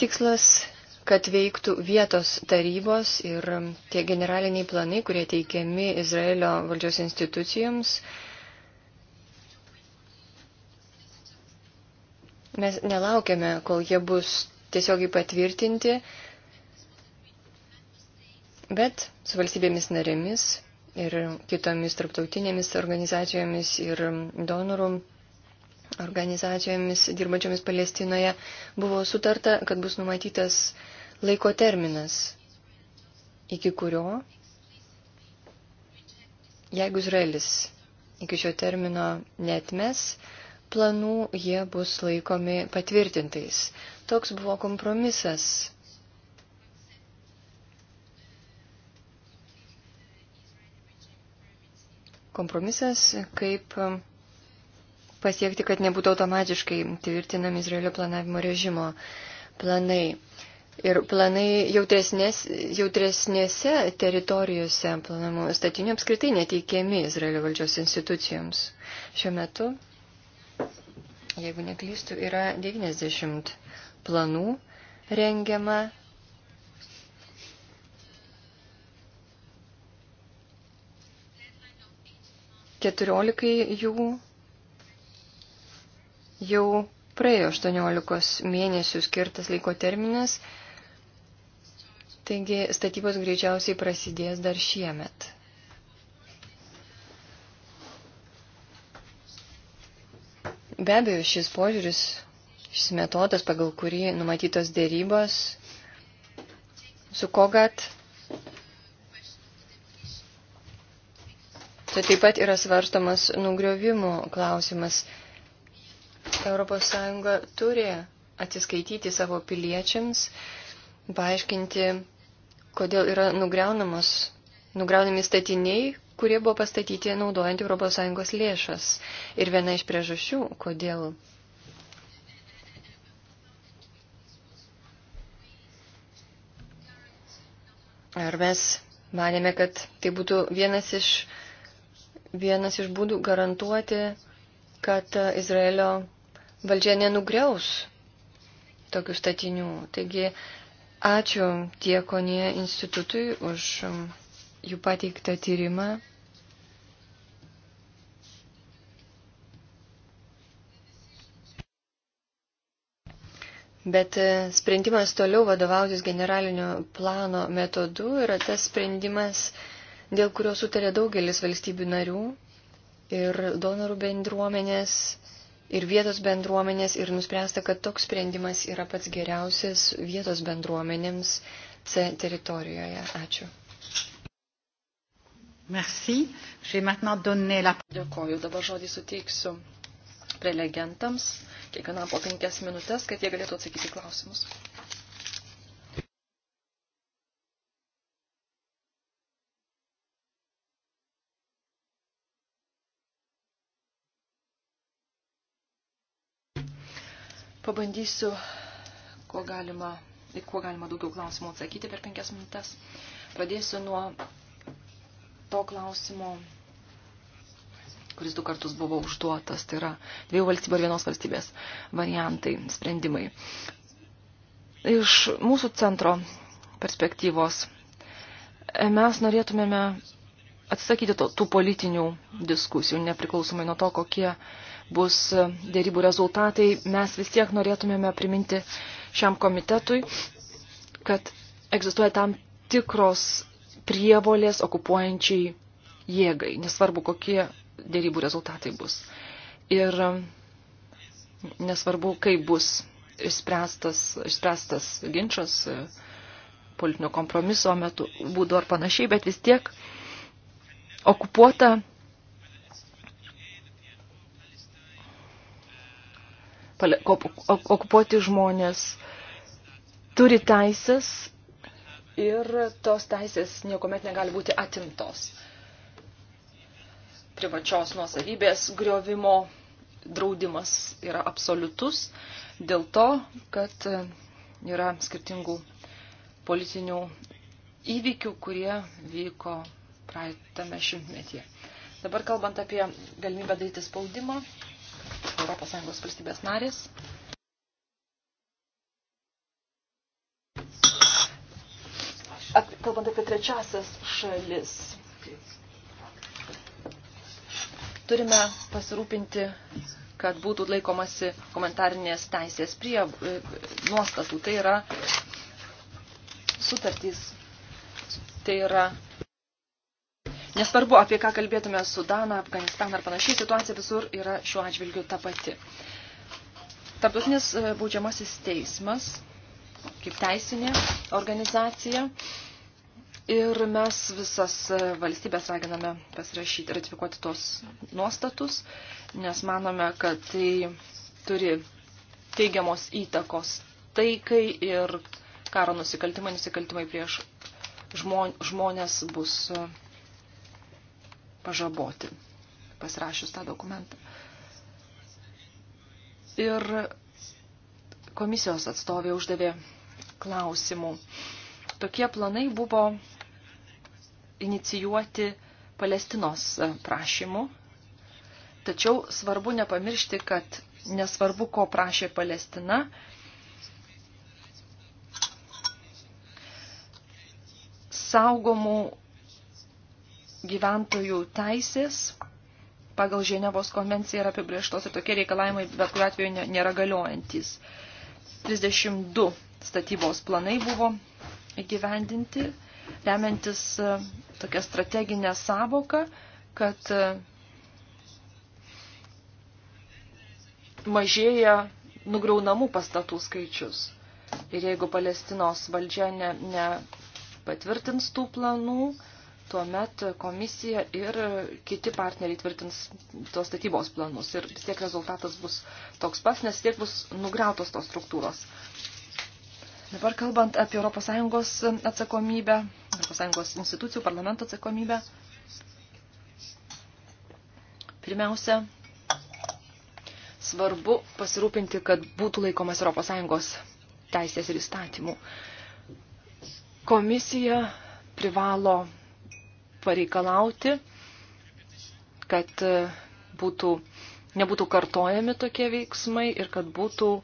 tikslas, kad veiktų vietos tarybos ir tie generaliniai planai, kurie teikiami Izraelio valdžios institucijoms, Mes nelaukiame, kol jie bus tiesiogiai patvirtinti, bet su valstybėmis narėmis ir kitomis tarptautinėmis organizacijomis ir donorų organizacijomis dirbančiomis Palestinoje buvo sutarta, kad bus numatytas laiko terminas, iki kurio, jeigu Izraelis iki šio termino netmes, planų, jie bus laikomi patvirtintais. Toks buvo kompromisas. Kompromisas, kaip pasiekti, kad nebūtų automatiškai tvirtinami Izraelio planavimo režimo planai. Ir planai jautresnės, jautresnėse teritorijose planamų statinių apskritai neteikiami Izraelio valdžios institucijoms. Šiuo metu jeigu neklystų, yra 90 planų rengiama. Keturiolikai jų jau praėjo 18 mėnesių skirtas laiko terminas, taigi statybos greičiausiai prasidės dar šiemet. Be abejo, šis požiūris, šis metodas, pagal kurį numatytos dėrybos su kogat, tai taip pat yra svarstamas nugriovimų klausimas. ES turi atsiskaityti savo piliečiams, paaiškinti, kodėl yra nugriaunamos, nugriaunami statiniai, kurie buvo pastatyti naudojant ES lėšas. Ir viena iš priežasčių, kodėl Ar mes manėme, kad tai būtų vienas iš, vienas iš būdų garantuoti, kad Izraelio valdžia nenugriaus tokių statinių. Taigi, ačiū tiekonie institutui už jų pateiktą tyrimą. Bet e, sprendimas toliau vadovautis generalinio plano metodu yra tas sprendimas, dėl kurio sutarė daugelis valstybių narių ir donorų bendruomenės ir vietos bendruomenės ir nuspręsta, kad toks sprendimas yra pats geriausias vietos bendruomenėms C teritorijoje. Ačiū. Merci. J'ai maintenant donné la... Dėkoju. Dabar žodį suteiksiu prelegentams kiekvienam po penkias minutės, kad jie galėtų atsakyti klausimus. Pabandysiu, kuo galima, kuo galima daugiau klausimų atsakyti per penkias minutės. Pradėsiu nuo to klausimo kuris du kartus buvo užduotas, tai yra dviejų valstybių ir vienos valstybės variantai, sprendimai. Iš mūsų centro perspektyvos e, mes norėtumėme atsisakyti to, tų politinių diskusijų, nepriklausomai nuo to, kokie bus e, dėrybų rezultatai, mes vis tiek norėtumėme priminti šiam komitetui, kad egzistuoja tam tikros prievolės okupuojančiai jėgai, nesvarbu, kokie dėrybų rezultatai bus. Ir um, nesvarbu, kaip bus išspręstas, išspręstas ginčas e, politinio kompromiso metu būdu ar panašiai, bet vis tiek okupuota okupuoti žmonės turi teisės ir tos teisės niekuomet negali būti atimtos privačios nuosavybės griovimo draudimas yra absoliutus dėl to, kad e, yra skirtingų politinių įvykių, kurie vyko praeitame šimtmetyje. Dabar kalbant apie galimybę daryti spaudimą, ES valstybės narės. Kalbant apie trečiasias šalis, turime pasirūpinti, kad būtų laikomasi komentarinės teisės prie e, nuostatų. Tai yra sutartys. Tai yra. Nesvarbu, apie ką kalbėtume Sudaną, Afganistaną ar panašiai, situacija visur yra šiuo atžvilgiu ta pati. Tarptautinis e, baudžiamasis teismas, kaip teisinė organizacija, Ir mes visas valstybės raginame pasirašyti, ratifikuoti tos nuostatus, nes manome, kad tai turi teigiamos įtakos taikai ir karo nusikaltimai, nusikaltimai prieš žmonės bus pažaboti, pasirašius tą dokumentą. Ir komisijos atstovė uždavė klausimų Tokie planai buvo inicijuoti Palestinos prašymu, tačiau svarbu nepamiršti, kad nesvarbu, ko prašė Palestina, saugomų gyventojų teisės pagal Ženevos konvenciją yra apibrieštos ir tokie reikalavimai bet kuriuo atveju nėra galiojantis. 32 statybos planai buvo įgyvendinti, remiantis e, tokią strateginę savoką, kad e, mažėja nugraunamų pastatų skaičius. Ir jeigu Palestinos valdžia ne, ne patvirtins tų planų, tuomet komisija ir kiti partneriai tvirtins tos statybos planus. Ir vis tiek rezultatas bus toks pats, nes tiek bus nugriautos tos struktūros. Dabar kalbant apie ES atsakomybę, ES institucijų, parlamento atsakomybę, pirmiausia, svarbu pasirūpinti, kad būtų laikomas ES teisės ir įstatymų. Komisija privalo pareikalauti, kad būtų, nebūtų kartojami tokie veiksmai ir kad būtų uh,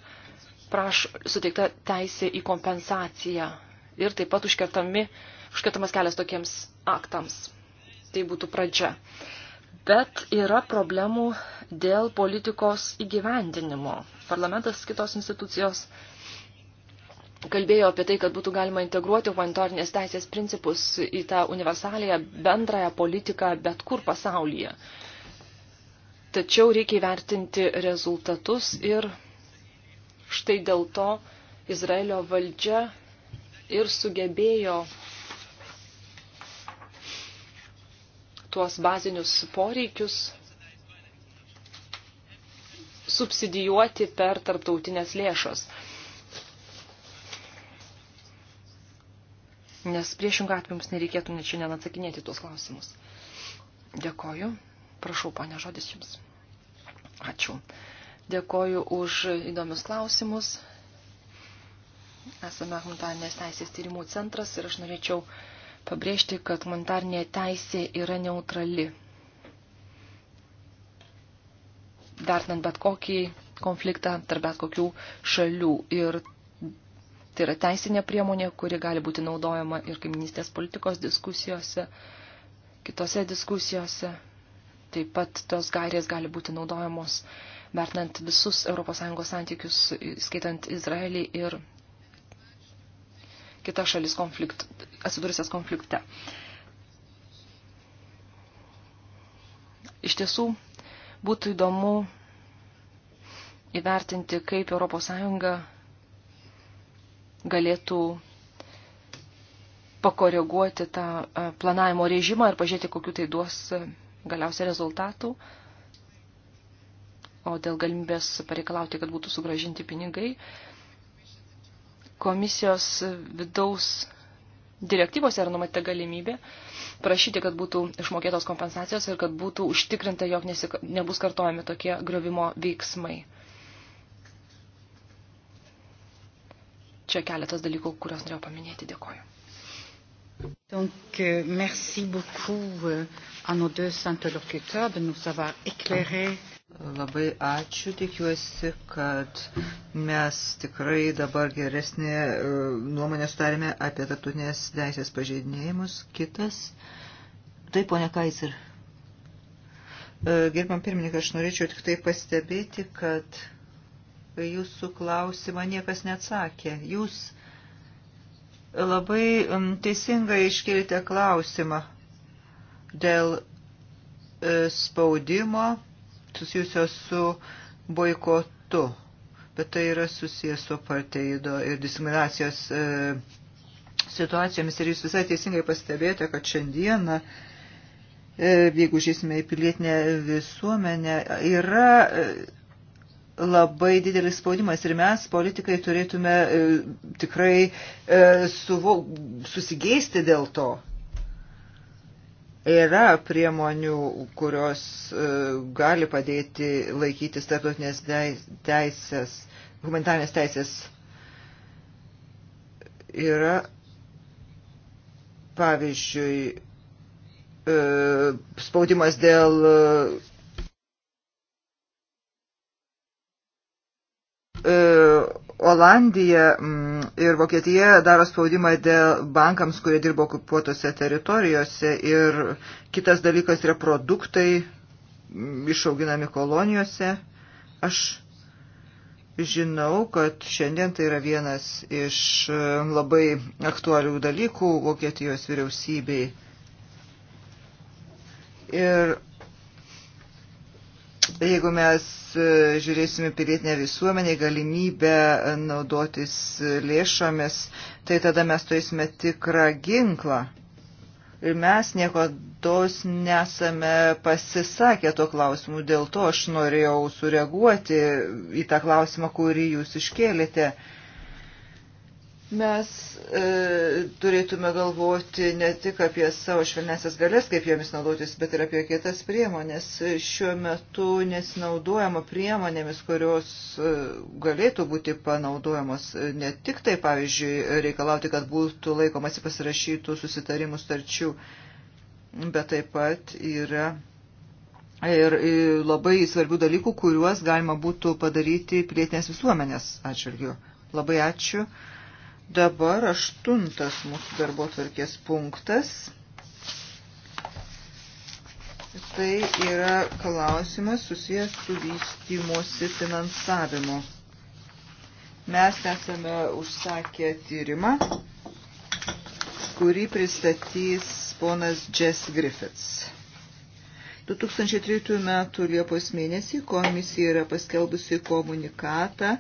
praš, suteikta teisė į kompensaciją ir taip pat užkertami, užkertamas kelias tokiems aktams. Tai būtų pradžia. Bet yra problemų dėl politikos įgyvendinimo. Parlamentas kitos institucijos kalbėjo apie tai, kad būtų galima integruoti humanitarinės teisės principus į tą universalėje bendrąją politiką bet kur pasaulyje. Tačiau reikia įvertinti rezultatus ir Štai dėl to Izraelio valdžia ir sugebėjo tuos bazinius poreikius subsidijuoti per tarptautinės lėšas. Nes priešingą atveju mums nereikėtų net šiandien atsakinėti tuos klausimus. Dėkoju. Prašau, ponė, žodis jums. Ačiū. Dėkoju už įdomius klausimus. Esame humanitarnės teisės tyrimų centras ir aš norėčiau pabrėžti, kad humanitarnė teisė yra neutrali. Vertinant bet kokį konfliktą tarp bet kokių šalių. Ir tai yra teisinė priemonė, kuri gali būti naudojama ir kaiminystės politikos diskusijose, kitose diskusijose. Taip pat tos gairės gali būti naudojamos vertinant visus ES santykius, skaitant Izraelį ir kitas šalis konflikt, atsidūrusias konflikte. Iš tiesų, būtų įdomu įvertinti, kaip ES galėtų pakoreguoti tą planavimo režimą ir pažiūrėti, kokiu tai duos galiausia rezultatų. O dėl galimybės pareikalauti, kad būtų sugražinti pinigai, komisijos vidaus direktyvose yra numatyta galimybė prašyti, kad būtų išmokėtos kompensacijos ir kad būtų užtikrinta, jog nesik... nebus kartojami tokie griovimo veiksmai. Čia keletas dalykų, kuriuos norėjau paminėti. Dėkoju. Donc, euh, merci beaucoup euh, à nos deux interlocuteurs de nous avoir éclairés. Mm. Labai ačiū, tikiuosi, kad mes tikrai dabar geresnį e, nuomonę sutarėme apie tarptautinės teisės pažeidinėjimus. Kitas. Taip, ponia Kaiser. E, Gerbam pirmininką, aš norėčiau tik tai pastebėti, kad jūsų klausimą niekas neatsakė. Jūs labai teisingai iškėlėte klausimą dėl e, spaudimo susijusios su boikotu, bet tai yra susijęs su parteido ir diskriminacijos e, situacijomis. Ir jūs visai teisingai pastebėjote, kad šiandieną, e, jeigu žiūrėsime į pilietinę visuomenę, yra. E, labai didelis spaudimas ir mes, politikai, turėtume e, tikrai e, suvo, susigeisti dėl to. Yra priemonių, kurios e, gali padėti laikytis tarptautinės teisės, humanitarnės teisės. Yra, pavyzdžiui, e, spaudimas dėl e, Olandija mm, ir Vokietija daro spaudimą dėl bankams, kurie dirbo okupuotose teritorijose ir kitas dalykas yra produktai mm, išauginami kolonijose. Aš žinau, kad šiandien tai yra vienas iš mm, labai aktualių dalykų Vokietijos vyriausybei. Ir Tai jeigu mes e, žiūrėsime pilietinę visuomenę, galimybę e, naudotis e, lėšomis, tai tada mes turėsime tikrą ginklą. Ir mes nieko tos nesame pasisakę tuo klausimu, dėl to aš norėjau sureaguoti į tą klausimą, kurį jūs iškėlėte. Uh, Mes e, turėtume galvoti ne tik apie savo švelnesias galės, kaip jomis naudotis, bet ir apie kitas priemonės. Šiuo metu nesinaudojama priemonėmis, kurios e, galėtų būti panaudojamos e, ne tik tai, pavyzdžiui, reikalauti, kad būtų laikomasi pasirašytų susitarimų starčių, bet taip pat yra ir, ir e, labai svarbių dalykų, kuriuos galima būtų padaryti pilietinės visuomenės atžvilgiu. Labai ačiū. Dabar aštuntas mūsų darbo tvarkės punktas. Tai yra klausimas susijęs su vystymosi finansavimu. Mes esame užsakę tyrimą, kurį pristatys ponas Jess Griffiths. 2003 m. Liepos mėnesį komisija yra paskelbusi komunikatą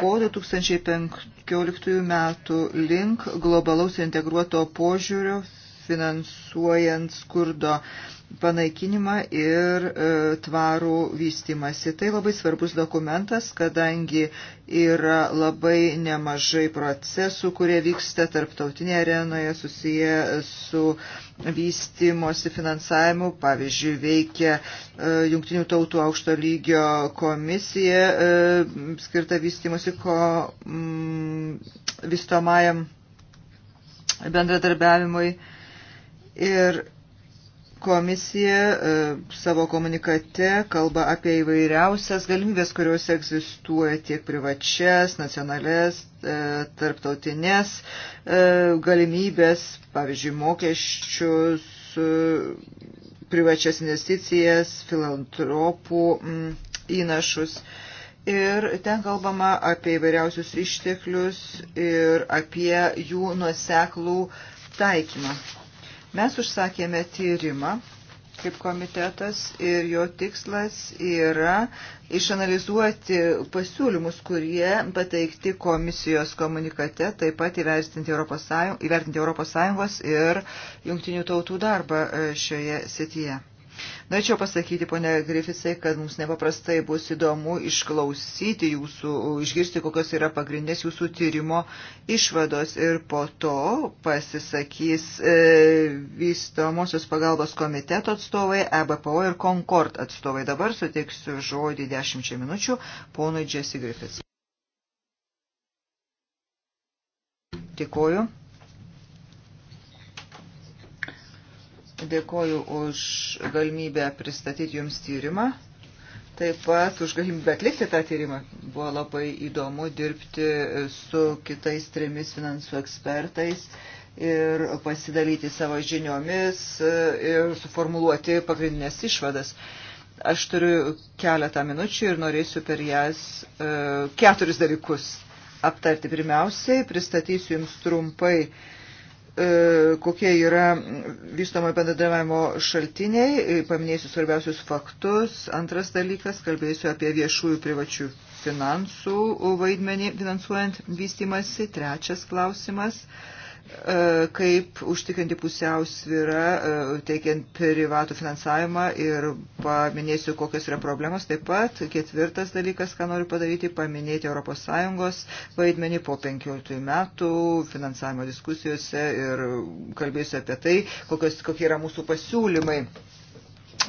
po 2015 metų link globalaus integruoto požiūrio finansuojant skurdo panaikinimą ir e, tvarų vystimasi. Tai labai svarbus dokumentas, kadangi yra labai nemažai procesų, kurie vyksta tarptautinėje arenoje susiję su vystimosi finansavimu. Pavyzdžiui, veikia e, Junktinių tautų aukšto lygio komisija e, skirta vystimosi ko, mm, vystomajam bendradarbiavimui Ir komisija e, savo komunikate kalba apie įvairiausias galimybės, kurios egzistuoja tiek privačias, nacionales, e, tarptautinės e, galimybės, pavyzdžiui, mokesčius, privačias investicijas, filantropų įnašus. Ir ten kalbama apie įvairiausius išteklius ir apie jų nuoseklų taikymą. Mes užsakėme tyrimą kaip komitetas ir jo tikslas yra išanalizuoti pasiūlymus, kurie pateikti komisijos komunikate, taip pat įvertinti Europos, Sąjung, įvertinti Europos Sąjungos ir jungtinių tautų darbą e, šioje sityje. Norėčiau pasakyti, ponia Grifisai, kad mums nepaprastai bus įdomu išklausyti jūsų, išgirsti, kokios yra pagrindinės jūsų tyrimo išvados ir po to pasisakys e, vystomosios pagalbos komiteto atstovai, EBPO ir Concord atstovai. Dabar suteiksiu žodį 10 minučių ponui Jesse Griffiths. Dėkuoju. Dėkoju už galimybę pristatyti Jums tyrimą. Taip pat už galimybę atlikti tą tyrimą. Buvo labai įdomu dirbti su kitais trimis finansų ekspertais ir pasidalyti savo žiniomis ir suformuluoti pagrindinės išvadas. Aš turiu keletą minučių ir norėsiu per jas e, keturis dalykus aptarti. Pirmiausiai pristatysiu Jums trumpai E, kokie yra vystomo bendradarbiavimo šaltiniai, e, paminėsiu svarbiausius faktus. Antras dalykas, kalbėsiu apie viešųjų privačių finansų vaidmenį finansuojant vystimasi. Trečias klausimas E, kaip užtikrinti pusiausvyrą, e, teikiant privatų finansavimą ir paminėsiu, kokios yra problemos. Taip pat ketvirtas dalykas, ką noriu padaryti, paminėti ES vaidmenį po 15 metų finansavimo diskusijose ir kalbėsiu apie tai, kokios, kokie yra mūsų pasiūlymai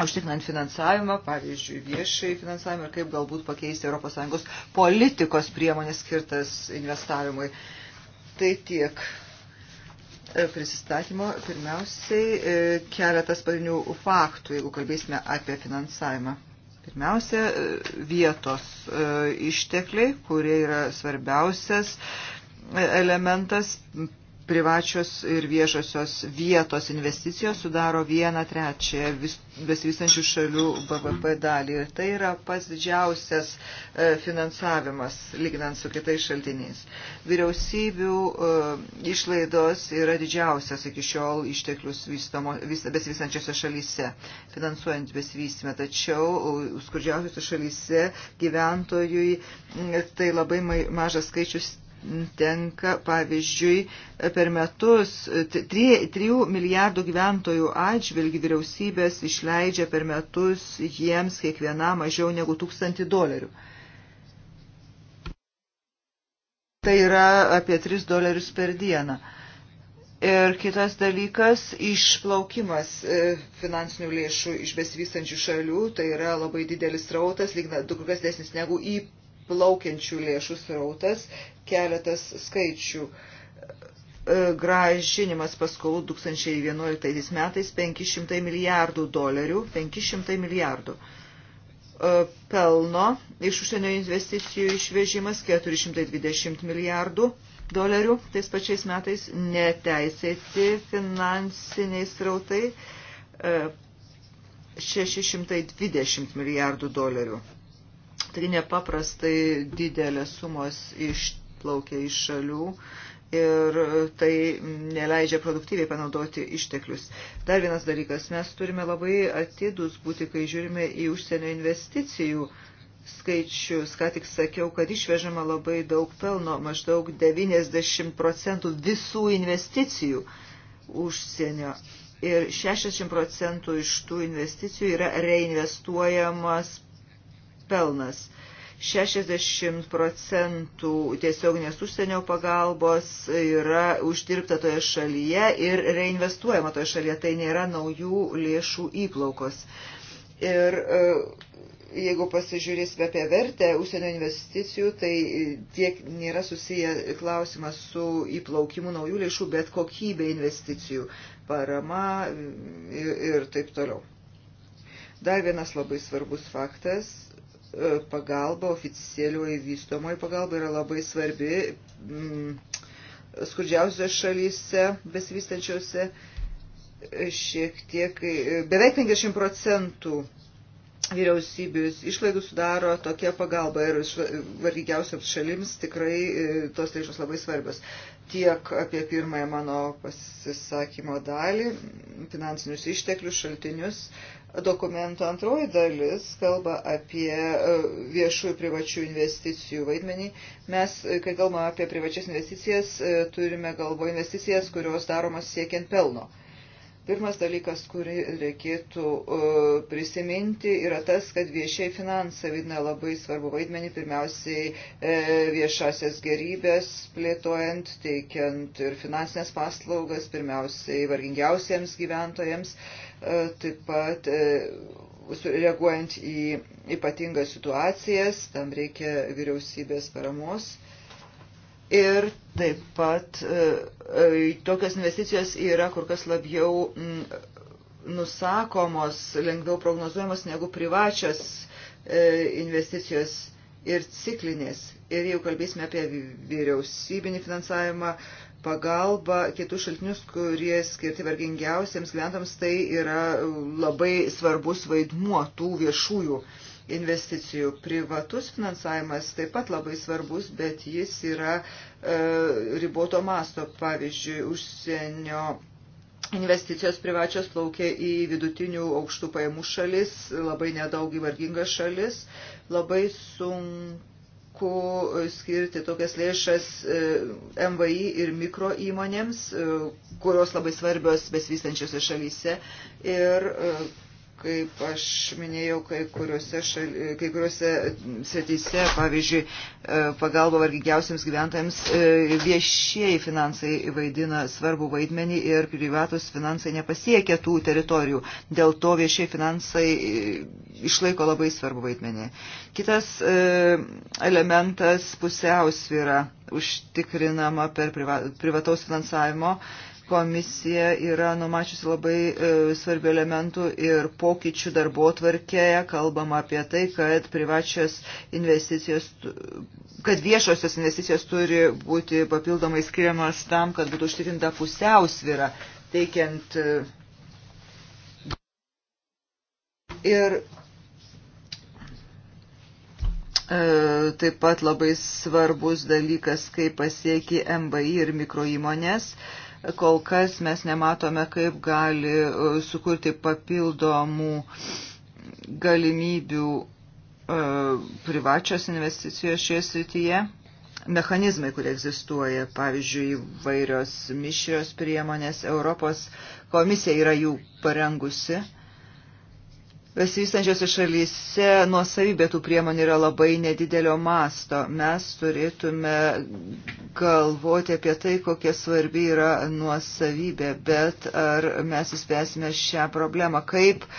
užtikrinant finansavimą, pavyzdžiui, viešai finansavimą ir kaip galbūt pakeisti ES politikos priemonės skirtas investavimui. Tai tiek E, prisistatymo pirmiausiai e, keletas pagrindinių faktų, jeigu kalbėsime apie finansavimą. Pirmiausia, e, vietos ištekliai, kurie yra svarbiausias elementas privačios ir viešosios vietos investicijos sudaro vieną trečiąją vis, besivystančių šalių BVP dalį. Ir tai yra pas didžiausias e, finansavimas, lyginant su kitais šaltiniais. Vyriausybių e, išlaidos yra didžiausias iki šiol išteklius besivystančiose šalyse, finansuojant besivystymę. Tačiau e, skurdžiausiose šalyse gyventojui tai labai mažas skaičius tenka, pavyzdžiui, per metus 3, 3 milijardų gyventojų atžvilgių vyriausybės išleidžia per metus jiems kiekviena mažiau negu 1000 dolerių. Tai yra apie 3 dolerius per dieną. Ir kitas dalykas - išplaukimas e, finansinių lėšų iš besivystančių šalių. Tai yra labai didelis rautas, lygnant du kur kas desnis negu į plaukiančių lėšų srautas, keletas skaičių. E, gražinimas paskolų 2011 metais 500 milijardų dolerių, 500 milijardų e, pelno iš užsienio investicijų išvežimas 420 milijardų dolerių tais pačiais metais neteisėti finansiniai srautai 620 e, milijardų dolerių. Taigi nepaprastai didelės sumos išplaukia iš šalių ir tai neleidžia produktyviai panaudoti išteklius. Dar vienas dalykas, mes turime labai atidus būti, kai žiūrime į užsienio investicijų skaičius. Ką tik sakiau, kad išvežama labai daug pelno, maždaug 90 procentų visų investicijų užsienio. Ir 60 procentų iš tų investicijų yra reinvestuojamas pelnas. 60 procentų tiesioginės užsienio pagalbos yra uždirbta toje šalyje ir reinvestuojama toje šalyje. Tai nėra naujų lėšų įplaukos. Ir e, jeigu pasižiūrėsime apie vertę užsienio investicijų, tai tiek nėra susiję klausimas su įplaukimu naujų lėšų, bet kokybė investicijų, parama ir taip toliau. Dar vienas labai svarbus faktas E, pagalba, oficialioji vystomoji pagalba yra labai svarbi mm, skurdžiausiose šalyse, besivystančiose e, šiek tiek, e, beveik 50 procentų vyriausybės išlaidų sudaro tokia pagalba ir vargiausiams šalims tikrai tos lėšos labai svarbios tiek apie pirmąją mano pasisakymo dalį, finansinius išteklius, šaltinius. Dokumento antroji dalis kalba apie e, viešųjų privačių investicijų vaidmenį. Mes, kai kalbame apie privačias investicijas, e, turime galvo investicijas, kurios daromas siekiant pelno. Pirmas dalykas, kurį reikėtų e, prisiminti, yra tas, kad viešiai finansai vidina labai svarbu vaidmenį, pirmiausiai e, viešasias gerybės plėtojant, teikiant ir finansinės paslaugas, pirmiausiai vargingiausiems gyventojams, e, taip pat reaguojant į ypatingas situacijas, tam reikia vyriausybės paramos. Ir taip pat e, e, tokios investicijos yra kur kas labiau nusakomos, lengviau prognozuojamos negu privačios e, investicijos ir ciklinės. Ir jau kalbėsime apie vyriausybinį finansavimą, pagalbą, kitus šaltinius, kurie skirti vargingiausiems gyventams, tai yra labai svarbus vaidmuo tų viešųjų uh, investicijų. Privatus finansavimas taip pat labai svarbus, bet jis yra e, riboto masto. Pavyzdžiui, užsienio investicijos privačios plaukia į vidutinių aukštų pajamų šalis, labai nedaug įvargingas šalis, labai sunku skirti tokias lėšas e, MVI ir mikro įmonėms, e, kurios labai svarbios besivystančiose šalyse. Ir e, kaip aš minėjau, kai kuriuose, šali, kai kuriuose srityse, pavyzdžiui, e, pagalba vargingiausiams gyventojams, e, viešieji finansai vaidina svarbų vaidmenį ir privatus finansai nepasiekia tų teritorijų. Dėl to viešieji finansai e, išlaiko labai svarbų vaidmenį. Kitas elementas pusiausvyra užtikrinama per privataus finansavimo Komisija yra numačiusi labai e, svarbių elementų ir pokyčių darbo tvarkėje. Kalbama apie tai, kad privačios investicijos, kad viešosios investicijos turi būti papildomai skiriamas tam, kad būtų užtikrinta pusiausvyra, teikiant. E, ir e, taip pat labai svarbus dalykas, kaip pasieki MBI ir mikroįmonės. įmonės Kol kas mes nematome, kaip gali e, sukurti papildomų galimybių e, privačios investicijos šioje srityje. Mechanizmai, kurie egzistuoja, pavyzdžiui, vairios mišrios priemonės, Europos komisija yra jų parengusi Besivystančiose šalyse nuosavybė tų priemonių yra labai nedidelio masto. Mes turėtume galvoti apie tai, kokia svarbi yra nuosavybė, bet ar mes įspėsime šią problemą, kaip e,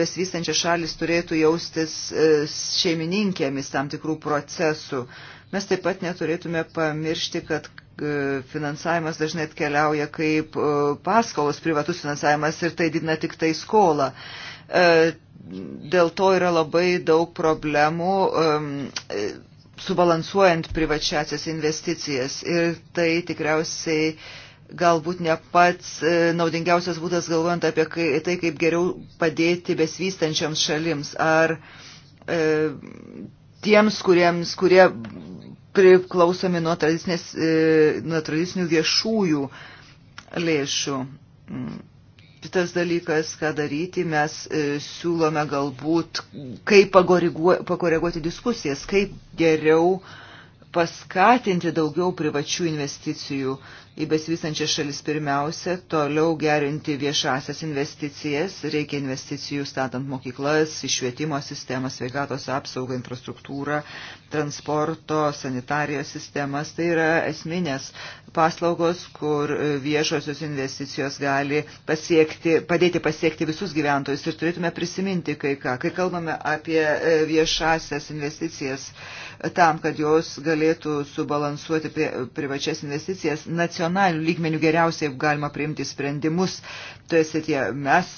besivystančios šalis turėtų jaustis e, šeimininkėmis tam tikrų procesų. Mes taip pat neturėtume pamiršti, kad e, finansavimas dažnai atkeliauja kaip paskolos, privatus finansavimas ir tai didina tik tai skolą. E, dėl to yra labai daug problemų e, subalansuojant privačiasias investicijas ir tai tikriausiai galbūt ne pats e, naudingiausias būdas galvojant apie tai, kaip geriau padėti besvystančiams šalims ar e, tiems, kuriems, kurie priklausomi nuo, e, nuo tradicinių viešųjų lėšų. Mm Kitas dalykas, ką daryti, mes e, siūlome galbūt, kaip pakoreguoti diskusijas, kaip geriau paskatinti daugiau privačių investicijų į besivysančias šalis pirmiausia, toliau gerinti viešasias investicijas, reikia investicijų statant mokyklas, išvietimo sistemą, sveikatos apsaugą, infrastruktūrą, transporto, sanitarijos sistemas. Tai yra esminės paslaugos, kur viešosios investicijos gali pasiekti, padėti pasiekti visus gyventojus ir turėtume prisiminti kai ką. Kai kalbame apie e, viešasias investicijas, tam, kad jos galėtų subalansuoti privačias investicijas, nacionalinės nacionalių lygmenių geriausiai galima priimti sprendimus. Tai Tie, mes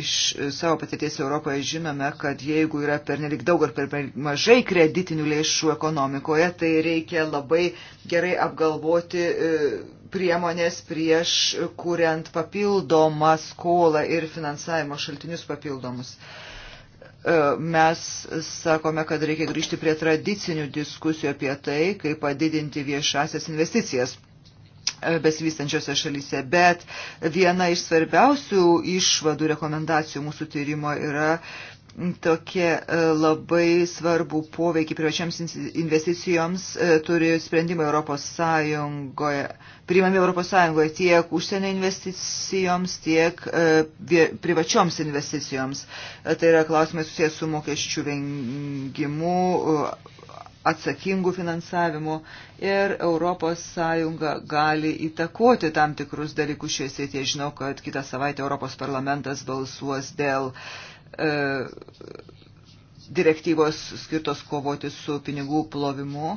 iš savo patirties Europoje žinome, kad jeigu yra pernelik daug ar per mažai kreditinių lėšų ekonomikoje, tai reikia labai gerai apgalvoti e, priemonės prieš kuriant papildomą skolą ir finansavimo šaltinius papildomus e, mes sakome, kad reikia grįžti prie tradicinių diskusijų apie tai, kaip padidinti viešasias investicijas. E, besivystančiose šalyse, bet viena iš svarbiausių išvadų rekomendacijų mūsų tyrimo yra tokie e, labai svarbu poveikį privačiams investicijoms e, turi sprendimai Europos Sąjungoje, priimami Europos Sąjungoje tiek užsienio investicijoms, tiek privačioms investicijoms. Tai yra klausimai susijęs su mokesčių vengimu, atsakingų finansavimų ir ES gali įtakoti tam tikrus dalykus šioje srityje. Žinau, kad kitą savaitę Europos parlamentas balsuos dėl e, direktyvos skirtos kovoti su pinigų plovimu.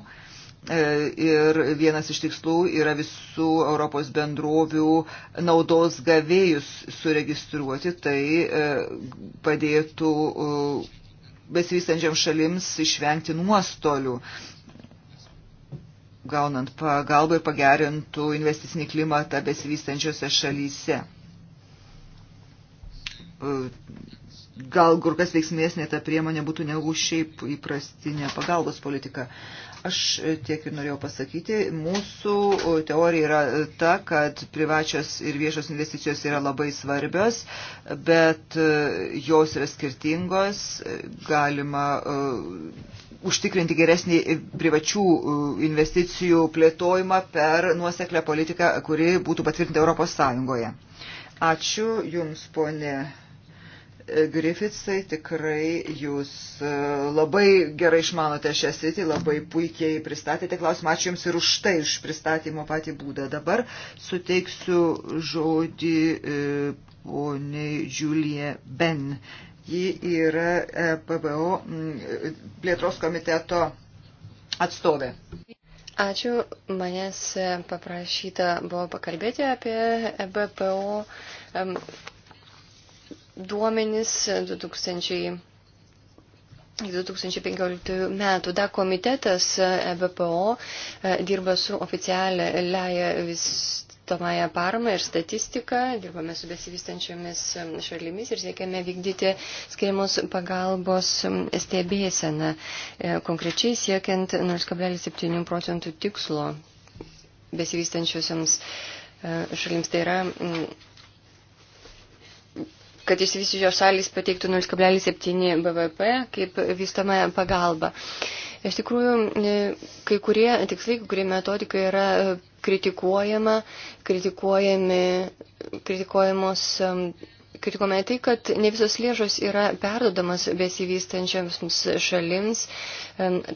E, ir vienas iš tikslų yra visų Europos bendrovių naudos gavėjus suregistruoti, tai e, padėtų e, besivystančiam šalims išvengti nuostolių, gaunant pagalbą ir pagerintų investicinį klimatą besivystančiose šalyse. Gal kur kas veiksmėsnė ta priemonė būtų negu šiaip įprastinė pagalbos politika. Aš tiek ir norėjau pasakyti. Mūsų teorija yra ta, kad privačios ir viešos investicijos yra labai svarbios, bet e, jos yra skirtingos. Galima e, užtikrinti geresnį privačių e, investicijų plėtojimą per nuoseklę politiką, kuri būtų patvirtinta Europos Sąjungoje. Ačiū Jums, ponė Griffithsai, tikrai jūs e, labai gerai išmanote šią sritį, labai puikiai pristatėte klausimą. Ačiū Jums ir už tai, už pristatymo patį būdą. Dabar suteiksiu žodį e, poniai Julie Ben. Ji yra e, PBO plėtros komiteto atstovė. Ačiū, manęs paprašyta buvo pakalbėti apie BPO duomenis 2000. 2015 metų da komitetas EBPO e e, dirba su oficialia leja vystomąją paramą ir statistiką, dirbame su besivystančiomis e, šalimis ir siekiame vykdyti skiriamos pagalbos stebėseną, konkrečiai siekiant 0,7 procentų tikslo besivystančiosiams šalims. Tai yra kad išsivysiusios šalis pateiktų 0,7 BVP kaip vystamąją pagalbą. Iš tikrųjų, e, kai kurie tikslai, kai kurie metodikai yra e, kritikuojama, kritikuojamos kritikuojame tai, kad ne visos lėšos yra perdodamas besivystančiams šalims,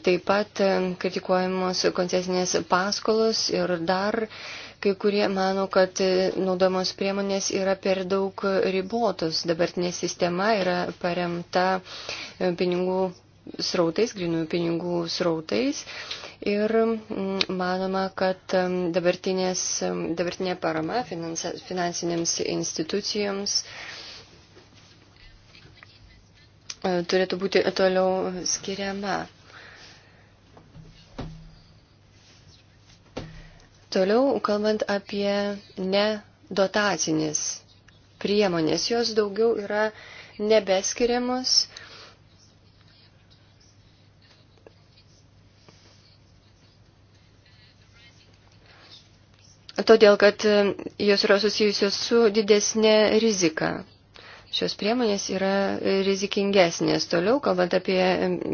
taip pat kritikuojamos koncesinės paskolos ir dar Kai kurie mano, kad e, naudojamos priemonės yra per daug ribotos. Dabartinė sistema yra paremta e, pinigų srautais, grinųjų pinigų srautais. Ir manoma, kad e, dabartinė parama finansa, finansinėms institucijoms turėtų būti toliau skiriama. Toliau, kalbant apie nedotacinės priemonės, jos daugiau yra nebeskiriamos. Todėl, kad jos yra susijusios su didesnė rizika. Šios priemonės yra rizikingesnės. Toliau, kalbant apie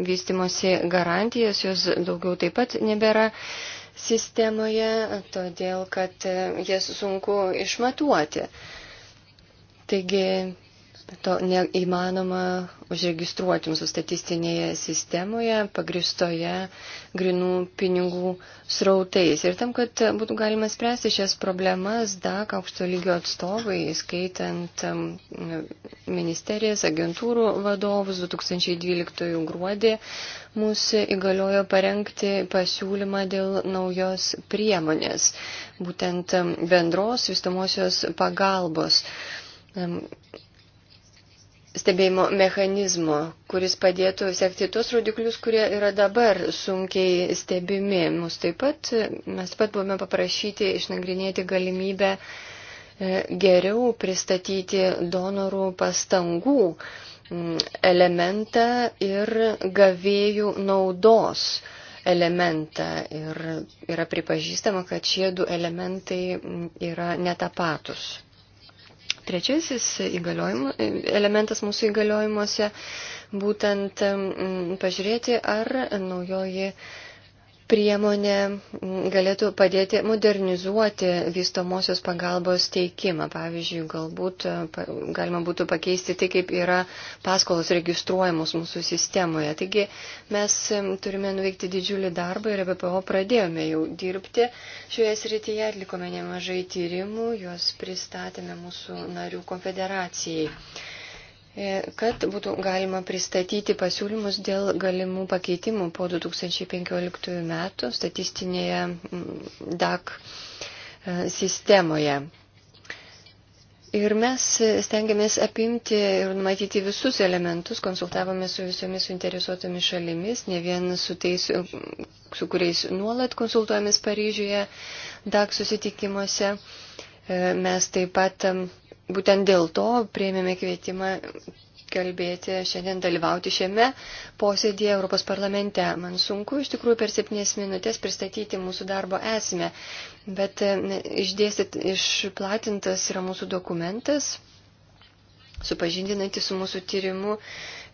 vystimosi garantijas, jos daugiau taip pat nebėra sistemoje, todėl kad e, jas sunku išmatuoti. Taigi To neįmanoma užregistruoti mūsų statistinėje sistemoje, pagristoje grinų pinigų srautais. Ir tam, kad būtų galima spręsti šias problemas, DAK aukšto lygio atstovai, skaitant ministerijas, agentūrų vadovus 2012 gruodį, mūsų įgaliojo parengti pasiūlymą dėl naujos priemonės, būtent bendros vystamosios pagalbos stebėjimo mechanizmo, kuris padėtų sekti tuos rodiklius, kurie yra dabar sunkiai stebimi. Mus taip pat, mes taip pat buvome paprašyti išnagrinėti galimybę e, geriau pristatyti donorų pastangų elementą ir gavėjų naudos elementą. Ir yra pripažįstama, kad šie du elementai yra netapatus. Trečiasis elementas mūsų įgaliojimuose būtent mm, pažiūrėti, ar naujoji priemonė galėtų padėti modernizuoti vystomosios pagalbos teikimą. Pavyzdžiui, galbūt e, galima būtų pakeisti tai, kaip yra paskolos registruojamos mūsų sistemoje. Taigi mes e, turime nuveikti didžiulį darbą ir BPO pradėjome jau dirbti šioje srityje, atlikome nemažai tyrimų, juos pristatėme mūsų narių konfederacijai. E, kad būtų galima pristatyti pasiūlymus dėl galimų pakeitimų po 2015 metų statistinėje mm, DAC e, sistemoje. Ir mes stengiamės apimti ir numatyti visus elementus, konsultavome su visomis suinteresuotomis šalimis, ne vien su tais, su kuriais nuolat konsultuojamės Paryžiuje, DAC susitikimuose. E, mes taip pat būtent dėl to prieimėme kvietimą kalbėti, šiandien dalyvauti šiame posėdėje Europos parlamente. Man sunku iš tikrųjų per septynės minutės pristatyti mūsų darbo esmę, bet e, išdėstyt, išplatintas yra mūsų dokumentas, supažindinanti su mūsų tyrimu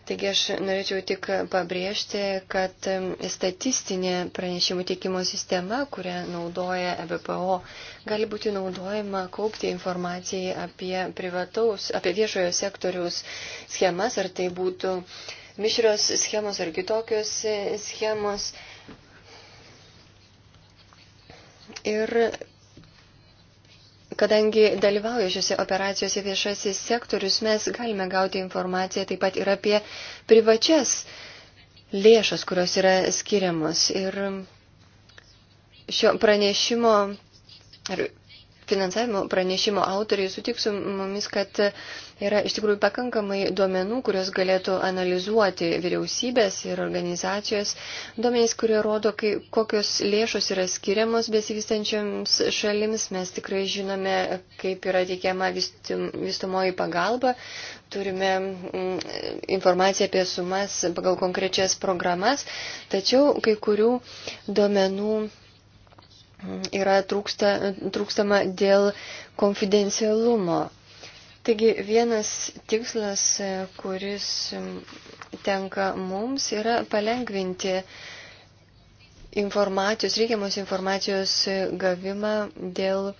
Taigi aš norėčiau tik pabrėžti, kad statistinė pranešimų teikimo sistema, kurią naudoja EBPO, gali būti naudojama kaupti informacijai apie, privataus, apie viešojo sektoriaus schemas, ar tai būtų mišrios schemos ar kitokios e, schemos. Ir Kadangi dalyvauja šiuose operacijose viešasis sektorius, mes galime gauti informaciją taip pat ir apie privačias lėšas, kurios yra skiriamos. Ir šio pranešimo ar finansavimo pranešimo autoriai sutiks su mumis, kad yra iš tikrųjų pakankamai duomenų, kurios galėtų analizuoti vyriausybės ir organizacijos, duomenys, kurie rodo, kai, kokios lėšos yra skiriamos besivystančiams šalims. Mes tikrai žinome, kaip yra teikiama vystumoji pagalba, turime mm, informaciją apie sumas pagal konkrečias programas, tačiau kai kurių duomenų yra trūksta, trūkstama dėl konfidencialumo. Taigi vienas tikslas, kuris tenka mums, yra palengvinti informacijos, reikiamos informacijos gavimą dėl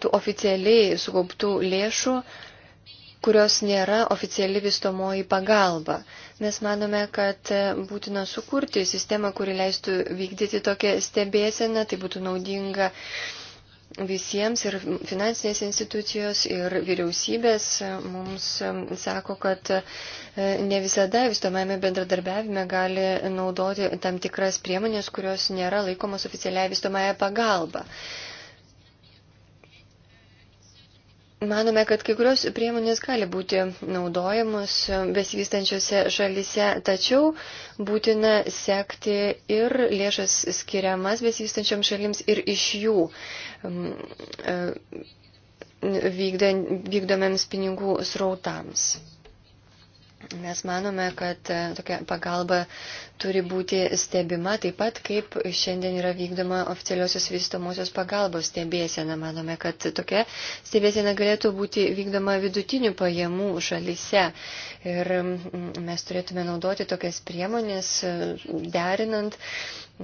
tų oficialiai sukauptų lėšų kurios nėra oficiali vystomoji pagalba. Mes manome, kad būtina sukurti sistemą, kuri leistų vykdyti tokią stebėseną, tai būtų naudinga visiems ir finansinės institucijos ir vyriausybės mums sako, kad e, ne visada vystomame bendradarbiavime gali naudoti tam tikras priemonės, kurios nėra laikomos oficialiai vystomąją pagalbą. Manome, kad kai kurios priemonės gali būti naudojamos besivystančiose šalise, tačiau būtina sekti ir lėšas skiriamas besivystančiom šalims ir iš jų um, uh, vykdomiems pinigų srautams. Mes manome, kad e, tokia pagalba turi būti stebima taip pat, kaip šiandien yra vykdoma oficialiosios vystomosios pagalbos stebėsena. Manome, kad tokia stebėsena galėtų būti vykdoma vidutinių pajamų šalise. Ir mes turėtume naudoti tokias priemonės, e, derinant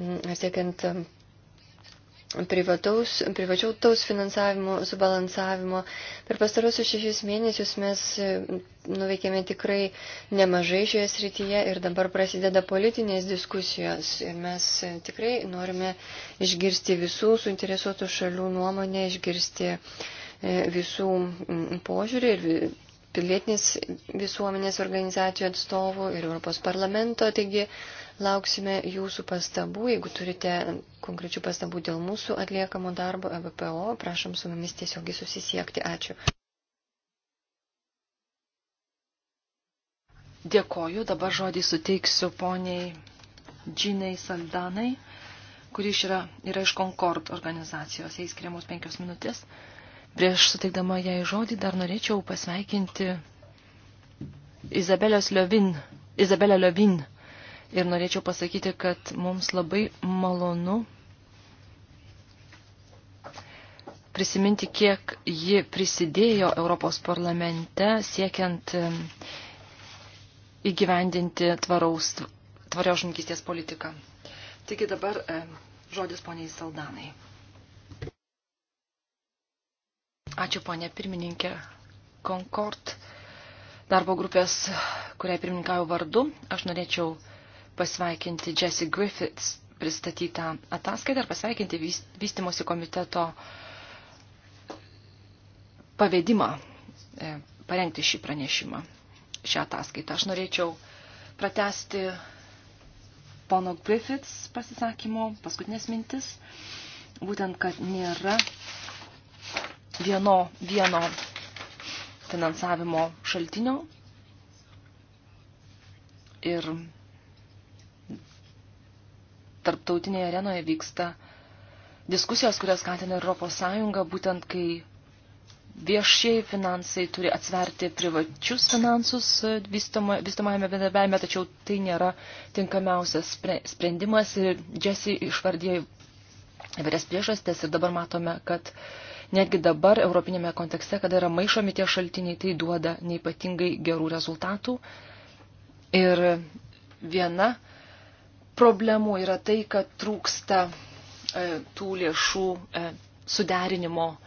ar siekiant privataus, privačiaus finansavimo subalansavimo. Per pastarosius šešis mėnesius mes e, nuveikėme tikrai nemažai šioje srityje ir dabar prasideda politinės diskusijos. Ir mes e, tikrai norime išgirsti visų suinteresuotų šalių nuomonę, išgirsti e, visų požiūrį ir pilietinės visuomenės organizacijų atstovų ir Europos parlamento. Taigi lauksime jūsų pastabų, jeigu turite konkrečių pastabų dėl mūsų atliekamo darbo EBPO, prašom su mumis tiesiogiai susisiekti. Ačiū. Dėkoju, dabar žodį suteiksiu poniai Džinai Saldanai, kuri yra, yra iš Concord organizacijos, jai skiriamos penkios minutės. Prieš suteikdama jai žodį dar norėčiau pasveikinti Izabelės Liovin, Izabelę Liovin ir norėčiau pasakyti, kad mums labai malonu prisiminti, kiek ji prisidėjo Europos parlamente siekiant įgyvendinti tvaraus, tvarios žmogystės politiką. Taigi dabar žodis poniai Saldanai. Ačiū ponė pirmininkė Concord darbo grupės, kuriai pirmininkauju vardu. Aš norėčiau pasveikinti Jesse Griffiths pristatytą ataskaitą ir pasveikinti vystimosi komiteto uh, pavedimą e, parengti šį pranešimą, šią ataskaitą. Aš norėčiau pratesti pono Griffiths pasisakymo paskutinės mintis, būtent, kad nėra vieno, vieno finansavimo šaltinio ir tarptautinėje arenoje vyksta diskusijos, kurias skatina Europos Sąjunga, būtent kai viešieji finansai turi atsverti privačius finansus e, vystomajame bendarbiavime, tačiau tai nėra tinkamiausias sprendimas ir Jesse išvardėjo įvairias priežastis ir dabar matome, kad netgi dabar europinėme kontekste, kada yra maišomi tie šaltiniai, tai duoda neipatingai gerų rezultatų. Ir viena problemų yra tai, kad trūksta e, tų lėšų e, suderinimo e,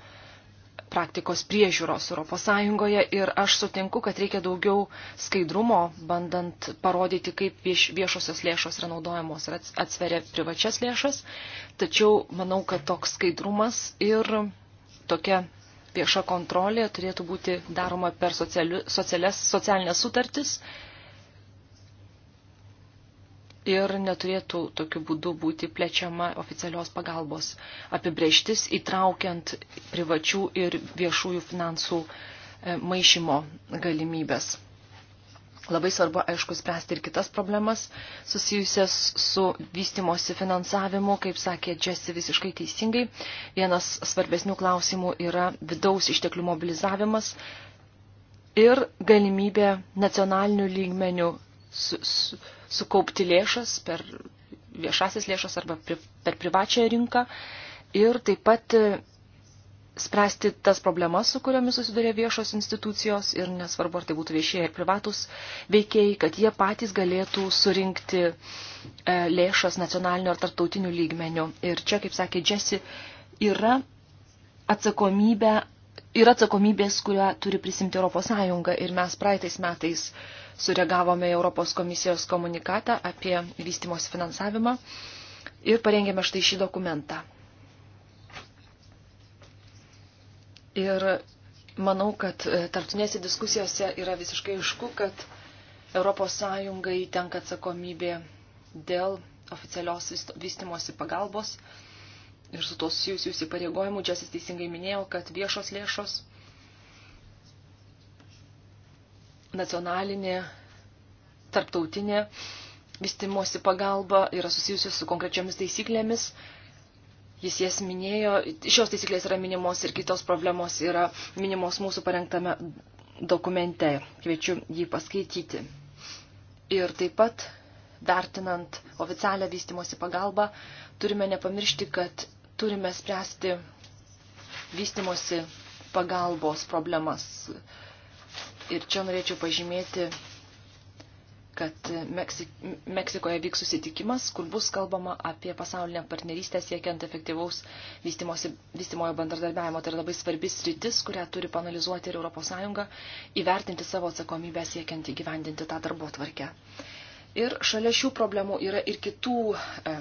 praktikos priežiūros ES ir aš sutinku, kad reikia daugiau skaidrumo, bandant parodyti, kaip viešosios lėšos yra naudojamos ir atsveria privačias lėšas. Tačiau manau, kad toks skaidrumas ir tokia vieša kontrolė turėtų būti daroma per sociali, socialias, socialinės sutartis ir neturėtų tokiu būdu būti plečiama oficialios pagalbos apibrieštis, įtraukiant privačių ir viešųjų finansų e, maišymo galimybės. Labai svarbu, aišku, spręsti ir kitas problemas susijusias su vystimosi finansavimu, kaip sakė Džesi visiškai teisingai. Vienas svarbesnių klausimų yra vidaus išteklių mobilizavimas ir galimybė nacionalinių lygmenių su, su, sukaupti lėšas per viešasis lėšas arba pri, per privačią rinką ir taip pat e, spręsti tas problemas, su kuriomis susiduria viešos institucijos ir nesvarbu, ar tai būtų viešieji ir privatus veikėjai, kad jie patys galėtų surinkti e, lėšas nacionaliniu ar tarptautiniu lygmeniu. Ir čia, kaip sakė Jesse, yra atsakomybė, yra atsakomybės, kurią turi prisimti Europos Sąjunga ir mes praeitais metais e, sureagavome Europos komisijos komunikatą apie vystimos finansavimą ir parengėme štai šį dokumentą. Ir manau, kad e, tarptinėse diskusijose yra visiškai aišku, kad ES tenka atsakomybė dėl oficialios vystimosi pagalbos ir su tos susijusių įsipareigojimų. Džesis teisingai minėjo, kad viešos lėšos nacionalinė, tarptautinė vystimosi pagalba yra susijusi su konkrečiomis taisyklėmis. Jis jas minėjo, šios taisyklės yra minimos ir kitos problemos yra minimos mūsų parengtame dokumente. Kviečiu jį paskaityti. Ir taip pat, vertinant oficialią vystimosi pagalbą, turime nepamiršti, kad turime spręsti vystimosi pagalbos problemas, Ir čia norėčiau pažymėti, kad Meksik Meksikoje vyks susitikimas, kur bus kalbama apie pasaulinę partnerystę siekiant efektyvaus vystimojo bendradarbiavimo. Tai yra labai svarbis rytis, kurią turi panalizuoti ir ES, įvertinti savo atsakomybę siekiant įgyvendinti tą darbo tvarkę. Ir šalia šių problemų yra ir kitų e,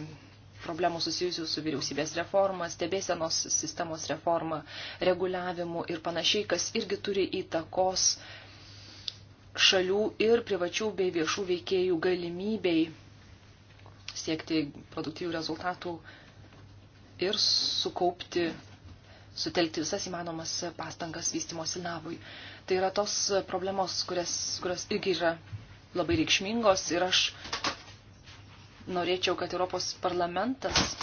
problemų susijusių su vyriausybės reforma, stebėsenos sistemos reforma, reguliavimu ir panašiai, kas irgi turi įtakos šalių ir privačių bei viešų veikėjų galimybei siekti produktyvių rezultatų ir sukaupti, sutelkti visas įmanomas pastangas vystimosi navui. Tai yra tos problemos, kurias, kurios irgi yra labai reikšmingos ir aš norėčiau, kad Europos parlamentas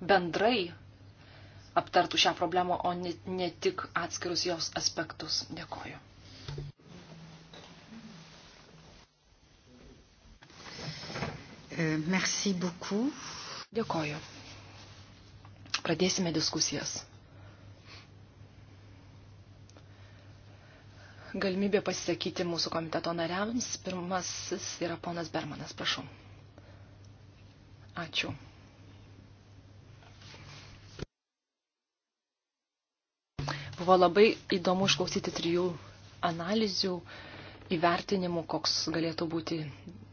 bendrai aptartų šią problemą, o ne, ne tik atskirus jos aspektus. Dėkoju. Euh, merci beaucoup. Dėkoju. Pradėsime diskusijas. Galimybė pasisakyti mūsų komiteto nariams. Pirmasis yra ponas Bermanas, prašau. Ačiū. Buvo labai įdomu išklausyti trijų analizių įvertinimų, koks galėtų būti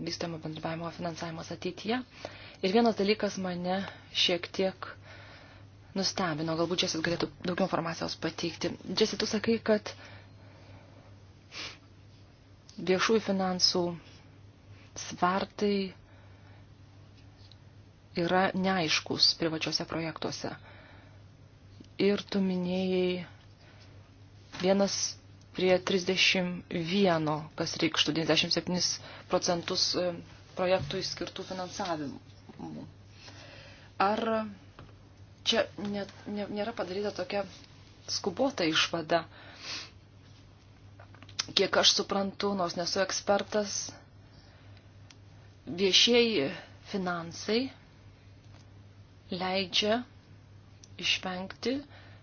vystamo bendravimo finansavimas ateityje. Ir vienas dalykas mane šiek tiek nustebino, galbūt Džesis galėtų daugiau informacijos pateikti. Džesi, tu sakai, kad viešųjų finansų svertai yra neaiškus privačiuose projektuose. Ir tu minėjai vienas prie 31, kas reikštų 97 procentus e, projektui skirtų finansavimų. Ar čia ne, ne, nėra padaryta tokia skubota išvada? Kiek aš suprantu, nors nesu ekspertas, viešieji finansai leidžia išvengti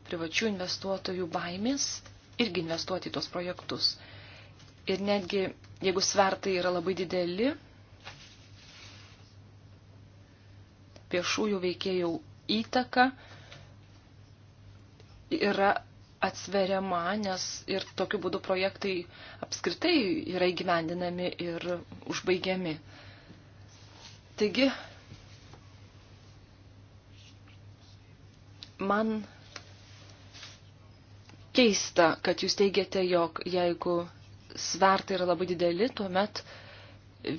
privačių investuotojų baimės irgi investuoti į tos projektus. Ir netgi, jeigu svertai yra labai dideli, viešųjų veikėjų įtaka yra atsveriama, nes ir tokiu būdu projektai apskritai yra įgyvendinami ir užbaigiami. Taigi, man keista, kad jūs teigiate, jog jeigu svertai yra labai dideli, tuomet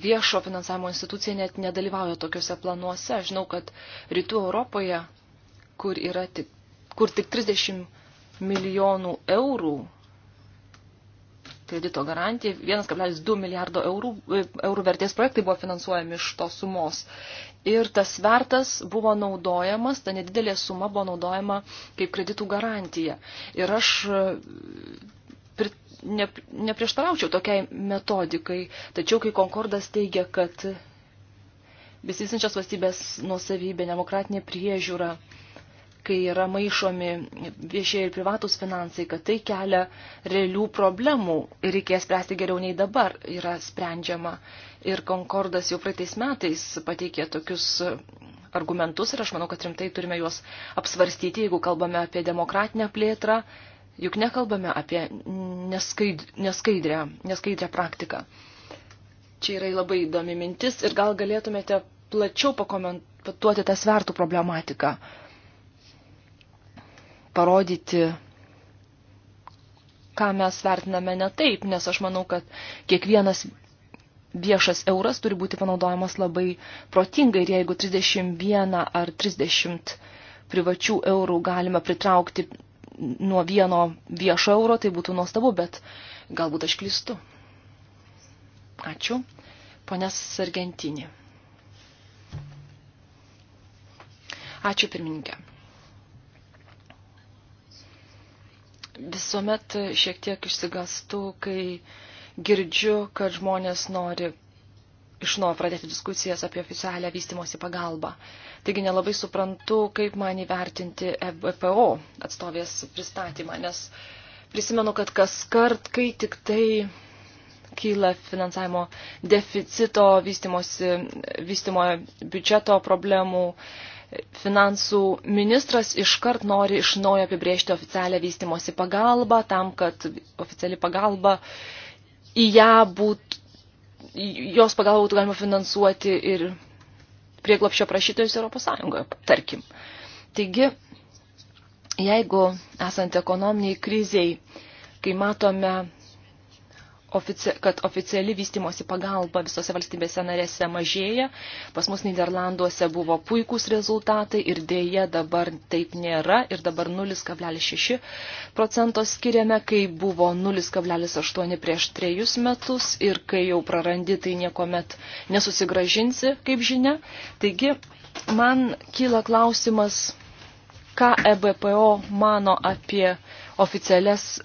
viešo finansavimo institucija net nedalyvauja tokiuose planuose. Aš žinau, kad rytų Europoje, kur, yra tik, kur tik 30 milijonų eurų kredito garantiją. 1,2 milijardo eurų, e, eurų vertės projektai buvo finansuojami iš tos sumos. Ir tas svertas buvo naudojamas, ta nedidelė suma buvo naudojama kaip kreditų garantija. Ir aš e, pri, ne, neprieštaraučiau tokiai metodikai, tačiau kai Konkordas teigia, kad besisinčios valstybės nuosavybė, demokratinė priežiūra, kai yra maišomi viešieji ir privatus finansai, kad tai kelia realių problemų ir reikės spręsti geriau nei dabar yra sprendžiama. Ir Concordas jau praeitais metais pateikė tokius argumentus ir aš manau, kad rimtai turime juos apsvarstyti, jeigu kalbame apie demokratinę plėtrą, juk nekalbame apie neskaid, neskaidrę, neskaidrę praktiką. Čia yra labai įdomi mintis ir gal galėtumėte plačiau pakomentuoti tą svertų problematiką parodyti, ką mes vertiname ne taip, nes aš manau, kad kiekvienas viešas euras turi būti panaudojamas labai protingai ir jeigu 31 ar 30 privačių eurų galime pritraukti nuo vieno viešo euro, tai būtų nuostabu, bet galbūt aš klystu. Ačiū. Ponės Sargentinė. Ačiū pirmininkė. visuomet šiek tiek išsigastu, kai girdžiu, kad žmonės nori iš nuo pradėti diskusijas apie oficialią vystimosi pagalbą. Taigi nelabai suprantu, kaip man įvertinti EBPO atstovės pristatymą, nes prisimenu, kad kas kart, kai tik tai kyla finansavimo deficito vystimosi, vystimo biudžeto problemų, finansų ministras iškart nori iš naujo apibriežti oficialią vystimosi pagalbą, tam, kad oficiali pagalba į ją būtų, jos pagalbą būtų galima finansuoti ir prieglopščio prašytojus Europos Sąjungoje, tarkim. Taigi, jeigu esant ekonominiai kriziai, kai matome ofici kad oficiali vystimosi pagalba visose valstybėse narėse mažėja. Pas mus Niderlanduose buvo puikūs rezultatai ir dėja dabar taip nėra ir dabar 0,6 procento skiriame, kai buvo 0,8 prieš trejus metus ir kai jau prarandi, tai niekuomet nesusigražinsi, kaip žinia. Taigi, man kyla klausimas, ką EBPO mano apie oficialios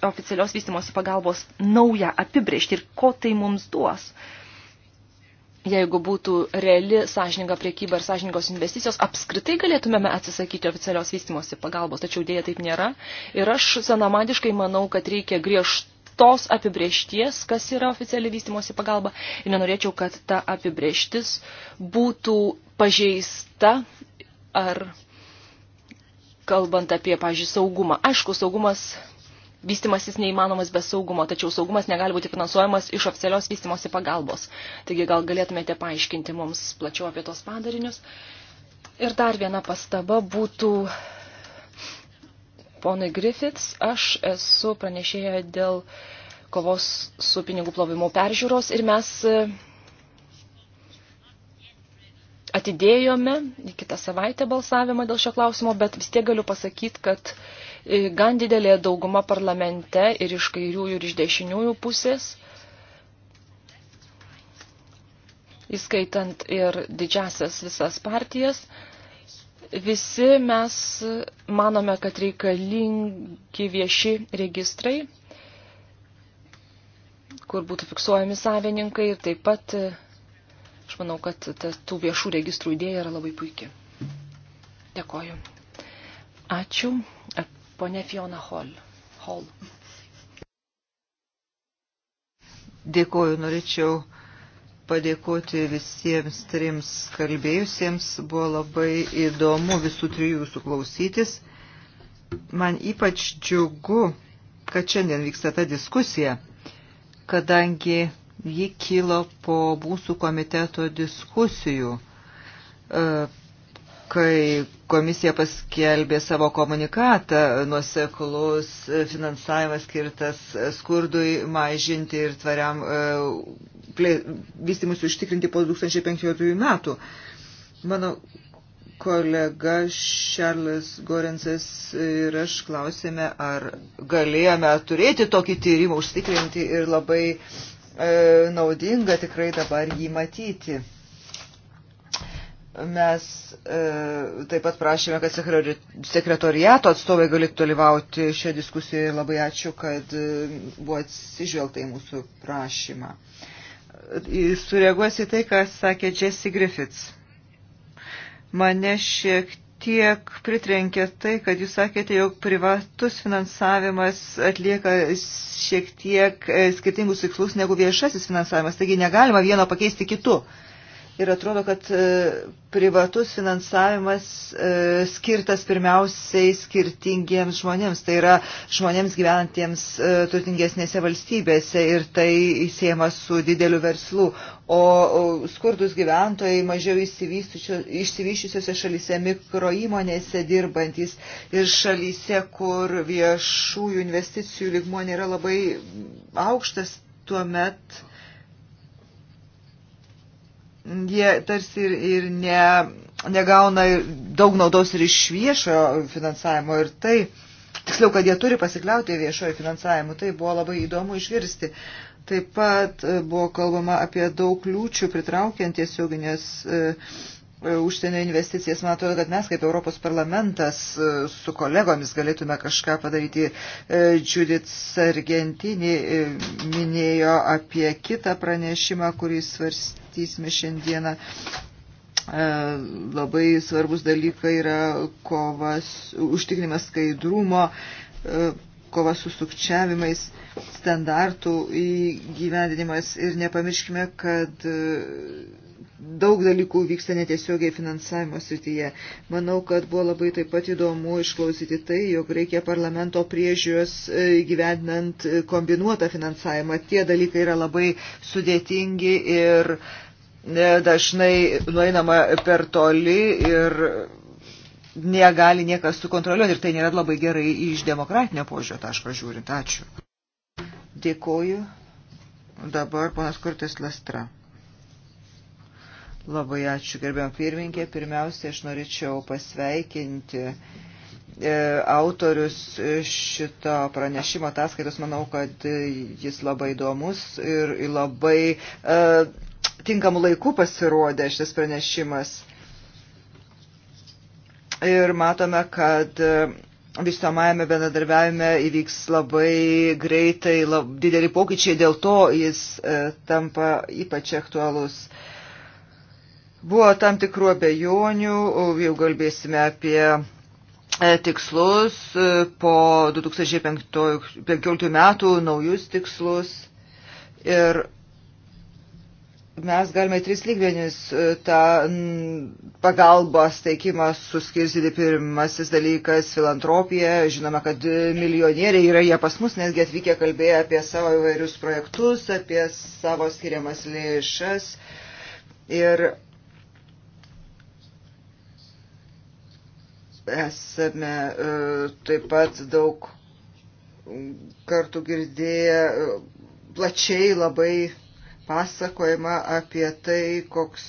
vystimosi pagalbos naują apibrėžti ir ko tai mums duos. Jeigu būtų reali sąžininga priekyba ir sąžiningos investicijos, apskritai galėtumėme atsisakyti oficialios vystimosi pagalbos, tačiau dėja taip nėra. Ir aš senamadiškai manau, kad reikia griežtų tos apibriešties, kas yra oficiali vystimosi pagalba. Ir nenorėčiau, kad ta apibrieštis būtų pažeista ar kalbant apie, pažiūrėjau, saugumą. Aišku, saugumas, vystimasis neįmanomas be saugumo, tačiau saugumas negali būti finansuojamas iš oficialios vystimosi pagalbos. Taigi gal galėtumėte paaiškinti mums plačiau apie tos padarinius. Ir dar viena pastaba būtų, ponai Griffiths, aš esu pranešėję dėl kovos su pinigų plovimu peržiūros ir mes atidėjome kitą savaitę balsavimą dėl šio klausimo, bet vis tiek galiu pasakyti, kad e, gan didelė dauguma parlamente ir iš kairiųjų ir iš dešiniųjų pusės, įskaitant ir didžiasias visas partijas, visi mes manome, kad reikalingi vieši registrai, kur būtų fiksuojami savininkai ir taip pat e, Aš manau, kad tas, tų viešų registrų idėja yra labai puikia. Dėkoju. Ačiū. Pone Fiona Hall. Hall. Dėkoju, norėčiau padėkoti visiems trims kalbėjusiems. Buvo labai įdomu visų trijų jūsų klausytis. Man ypač džiugu, kad šiandien vyksta ta diskusija, kadangi ji kilo po mūsų komiteto diskusijų, e, kai komisija paskelbė savo komunikatą nuoseklus finansavimas skirtas skurdui mažinti ir tvariam e, vystimus užtikrinti po 2015 metų. Mano kolega Šarlis Gorensas ir aš klausėme, ar galėjome turėti tokį tyrimą, užtikrinti ir labai E, naudinga tikrai dabar jį matyti. Mes e, taip pat prašėme, kad sekretoriato atstovai galėtų dalyvauti šią diskusiją ir labai ačiū, kad e, buvo atsižvelgta į mūsų prašymą. E, sureaguosiu į tai, ką sakė Jesse Griffiths. Mane šiek kiek pritrenkė tai, kad jūs sakėte, jog privatus finansavimas atlieka šiek tiek e, skirtingus tikslus negu viešasis finansavimas, taigi negalima vieno pakeisti kitu. Uh, Ir atrodo, kad e, privatus finansavimas e, skirtas pirmiausiai skirtingiems žmonėms, tai yra žmonėms gyvenantiems e, turtingesnėse valstybėse ir tai įsiema su dideliu verslu, o skurdus gyventojai mažiau išsivyščiusiose šalyse, mikro įmonėse dirbantis ir šalyse, kur viešųjų investicijų ligmuo nėra labai aukštas, tuomet met jie tarsi ir, ir ne, negauna daug naudos ir iš viešojo finansavimo ir tai, tiksliau, kad jie turi pasikliauti viešojo finansavimu, tai buvo labai įdomu išgirsti. Taip pat e, buvo kalbama apie daug kliūčių pritraukiant tiesioginės. E, E, užsienio investicijas. Man atrodo, kad mes kaip Europos parlamentas e, su kolegomis galėtume kažką padaryti. E, Judith Sargentinį minėjo apie kitą pranešimą, kurį svarstysime šiandieną. Labai svarbus dalykai yra kovas, užtikrinimas skaidrumo, kova su sukčiavimais, standartų įgyvendinimas ir nepamirškime, kad daug dalykų vyksta netiesiogiai finansavimo srityje. Manau, kad buvo labai taip pat įdomu išklausyti tai, jog reikia parlamento priežiūros e, gyvendinant e, kombinuotą finansavimą. Tie dalykai yra labai sudėtingi ir e, dažnai nueinama per toli ir negali niekas sukontroliuoti ir tai nėra labai gerai iš demokratinio požiūrio taško žiūrint. Ačiū. Dėkoju. Dabar ponas Kurtis Lastra. Labai ačiū, gerbiam pirmininkė. Pirmiausia, aš norėčiau pasveikinti e, autorius šito pranešimo ataskaitos. Manau, kad jis labai įdomus ir labai e, tinkamų laikų pasirodė šis pranešimas. Ir matome, kad e, vystomajame bendradarbiavime įvyks labai greitai lab, dideli pokyčiai, dėl to jis e, tampa ypač aktualus. E, Buvo tam tikrų abejonių, jau kalbėsime apie e, tikslus e, po 2015 metų, naujus tikslus. Ir mes galime tris lygmenis e, tą pagalbos teikimą suskirstyti. Pirmasis dalykas - filantropija. Žinome, kad milijonieriai yra jie pas mus, nesgi atvykę kalbėję apie savo įvairius projektus, apie savo skiriamas lėšas. Ir Esame e, taip pat daug kartų girdėję e, plačiai labai pasakojama apie tai, koks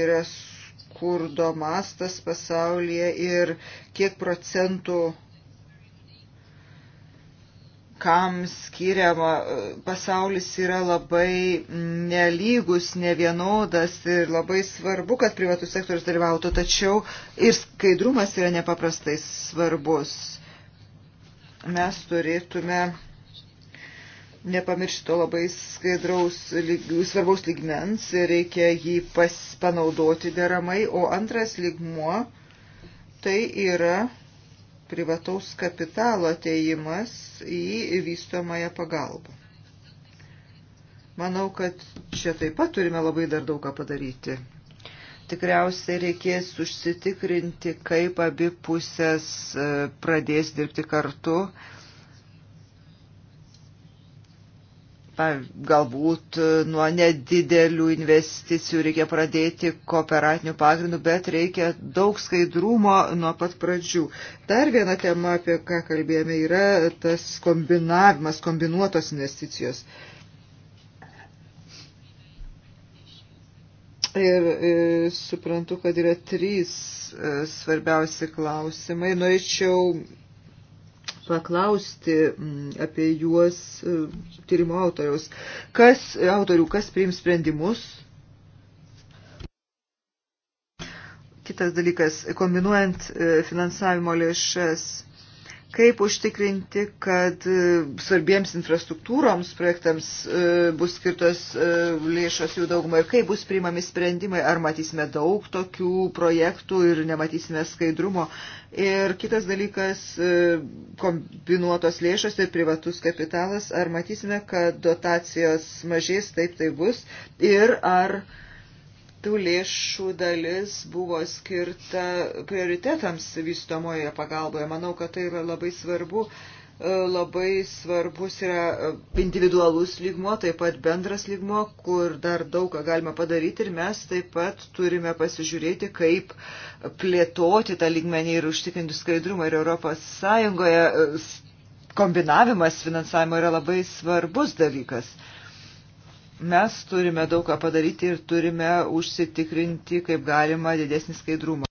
yra skurdo mastas pasaulyje ir kiek procentų kam skiriama pasaulis yra labai nelygus, nevienodas ir labai svarbu, kad privatus sektorius dalyvautų, tačiau ir skaidrumas yra nepaprastai svarbus. Mes turėtume nepamiršti to labai skaidraus, lyg, svarbaus lygmens ir reikia jį pas, panaudoti deramai. O antras lygmuo tai yra privataus kapitalo ateimas į vystomąją pagalbą. Manau, kad čia taip pat turime labai dar daug ką padaryti. Tikriausiai reikės užsitikrinti, kaip abi pusės e, pradės dirbti kartu. Uh, galbūt e, nuo nedidelių investicijų reikia pradėti kooperatinių pagrindų, bet reikia daug skaidrumo nuo pat pradžių. Dar viena tema, apie ką kalbėjome, yra tas kombinavimas, kombinuotos investicijos. Ir, ir e, suprantu, kad yra trys e, svarbiausi klausimai. Norėčiau paklausti mm, apie juos e, tyrimo autoriaus. Kas autorių, kas priims sprendimus? Kitas dalykas, kombinuojant e, finansavimo lėšas kaip užtikrinti, kad e, svarbiems infrastruktūroms projektams e, bus skirtos e, lėšos jų daugumai ir kaip bus priimami sprendimai, ar matysime daug tokių projektų ir nematysime skaidrumo. Ir kitas dalykas - kombinuotos lėšos ir privatus kapitalas, ar matysime, kad dotacijos mažės, taip tai bus, ir ar uh, tų lėšų dalis buvo skirta prioritetams vystomoje pagalboje. Manau, kad tai yra labai svarbu. E, labai svarbus yra e, individualus lygmo, taip pat bendras lygmo, kur dar daug ką galima padaryti ir mes taip pat turime pasižiūrėti, kaip plėtoti tą lygmenį ir užtikrinti skaidrumą. Ir Europos Sąjungoje e, kombinavimas finansavimo yra labai svarbus dalykas. Mes turime daug ką padaryti ir turime užsitikrinti, kaip galima, didesnį skaidrumą.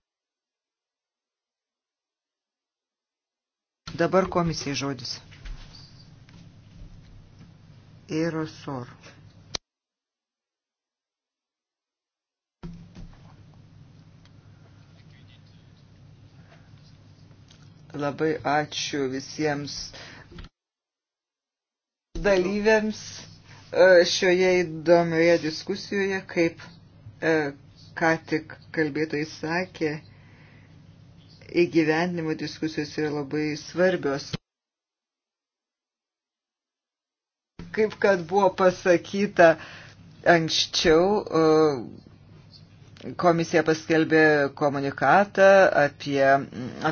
Dabar komisijai žodis. Erosor. Labai ačiū visiems dalyviams. E, šioje įdomioje diskusijoje, kaip e, ką tik kalbėtojai sakė, įgyvendinimo diskusijos yra labai svarbios. Kaip kad buvo pasakyta anksčiau, e, Komisija paskelbė komunikatą apie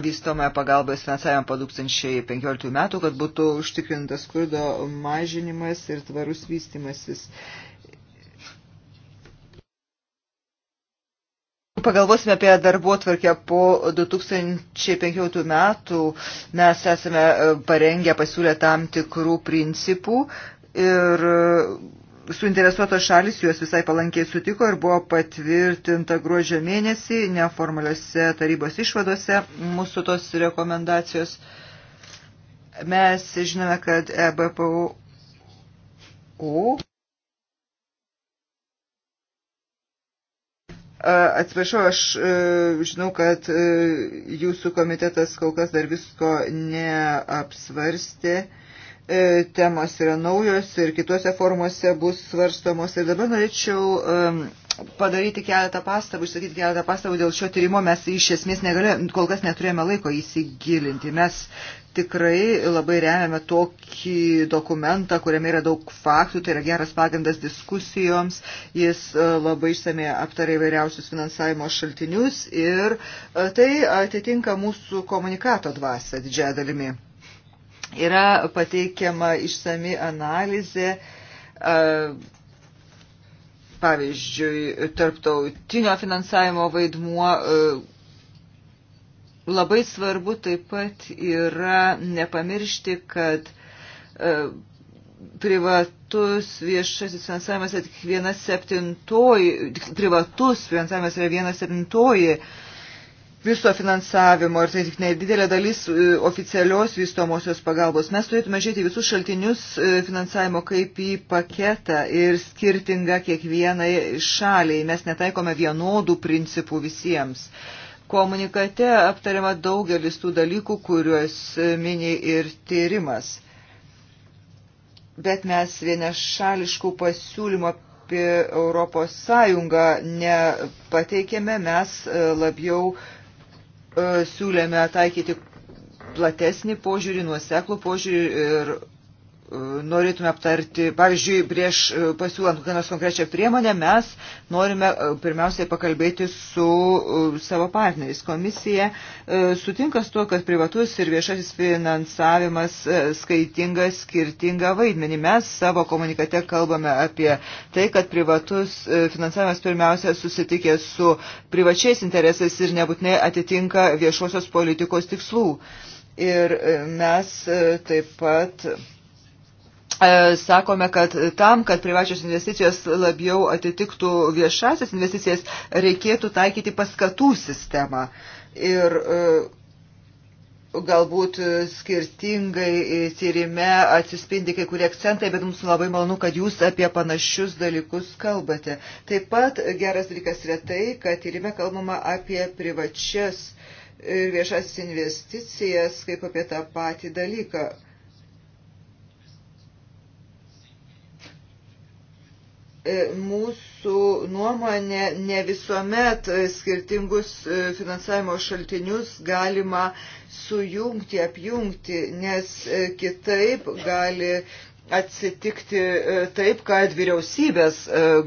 vystomąją pagalbą finansavimą po 2015 metų, kad būtų užtikrintas skurdo mažinimas ir tvarus vystimasis. Pagalvosime apie darbuotvarkę po 2015 metų. Mes esame parengę pasiūlę tam tikrų principų ir suinteresuotos šalis juos visai palankiai sutiko ir buvo patvirtinta gruodžio mėnesį neformaliuose tarybos išvadose mūsų tos rekomendacijos. Mes žinome, kad EBPO Atsiprašau, aš e, žinau, kad e, jūsų komitetas kol kas dar visko neapsvarstė. E, temos yra naujos ir kitose formuose bus svarstomos. Ir dabar norėčiau padaryti keletą pastabų, išsakyti keletą pastabų dėl šio tyrimo. Mes iš esmės negalėjome, kol kas neturėjome laiko įsigilinti. Mes tikrai labai remiame tokį dokumentą, kuriame yra daug faktų, tai yra geras pagrindas diskusijoms, jis e, labai išsamei aptarė įvairiausius finansavimo šaltinius ir e, tai atitinka mūsų komunikato dvasę didžiąją dalimi yra pateikiama išsami analizė, pavyzdžiui, tarptautinio finansavimo vaidmuo. Labai svarbu taip pat yra nepamiršti, kad privatus viešasis finansavimas yra tik vienas septintoji, privatus finansavimas yra vienas septintoji uh, viso finansavimo ir tai tik nedidelė dalis e, oficialios vystomosios pagalbos. Mes turėtume žiūrėti visus šaltinius e, finansavimo kaip į paketą ir skirtingą kiekvienai šaliai. Mes netaikome vienodų principų visiems. Komunikate aptariama daugelis tų dalykų, kuriuos mini ir tyrimas. Bet mes vienašališkų pasiūlymų apie Europos Sąjungą nepateikėme, mes e, labiau E, siūlėme taikyti platesnį požiūrį, nuoseklų požiūrį ir norėtume aptarti. Pavyzdžiui, prieš e, pasiūlant kokią nors konkrečią priemonę, mes norime e, pirmiausiai pakalbėti su e, savo partneriais. Komisija sutinka su tuo, kad privatus ir viešasis finansavimas skaitingas skirtingą vaidmenį. Mes savo komunikate kalbame apie tai, kad privatus finansavimas pirmiausia susitikė su privačiais interesais ir nebūtinai atitinka viešosios politikos tikslų. Ir mes taip pat E, sakome, kad tam, kad privačios investicijos labiau atitiktų viešasias investicijas, reikėtų taikyti paskatų sistemą. Ir e, galbūt skirtingai tyrime atsispindi kai kurie akcentai, bet mums labai malonu, kad jūs apie panašius dalykus kalbate. Taip pat geras dalykas yra tai, kad tyrime kalbama apie privačias ir viešas investicijas kaip apie tą patį dalyką E, mūsų nuomonė ne visuomet skirtingus e, finansavimo šaltinius galima sujungti, apjungti, nes e, kitaip gali atsitikti taip, kad vyriausybės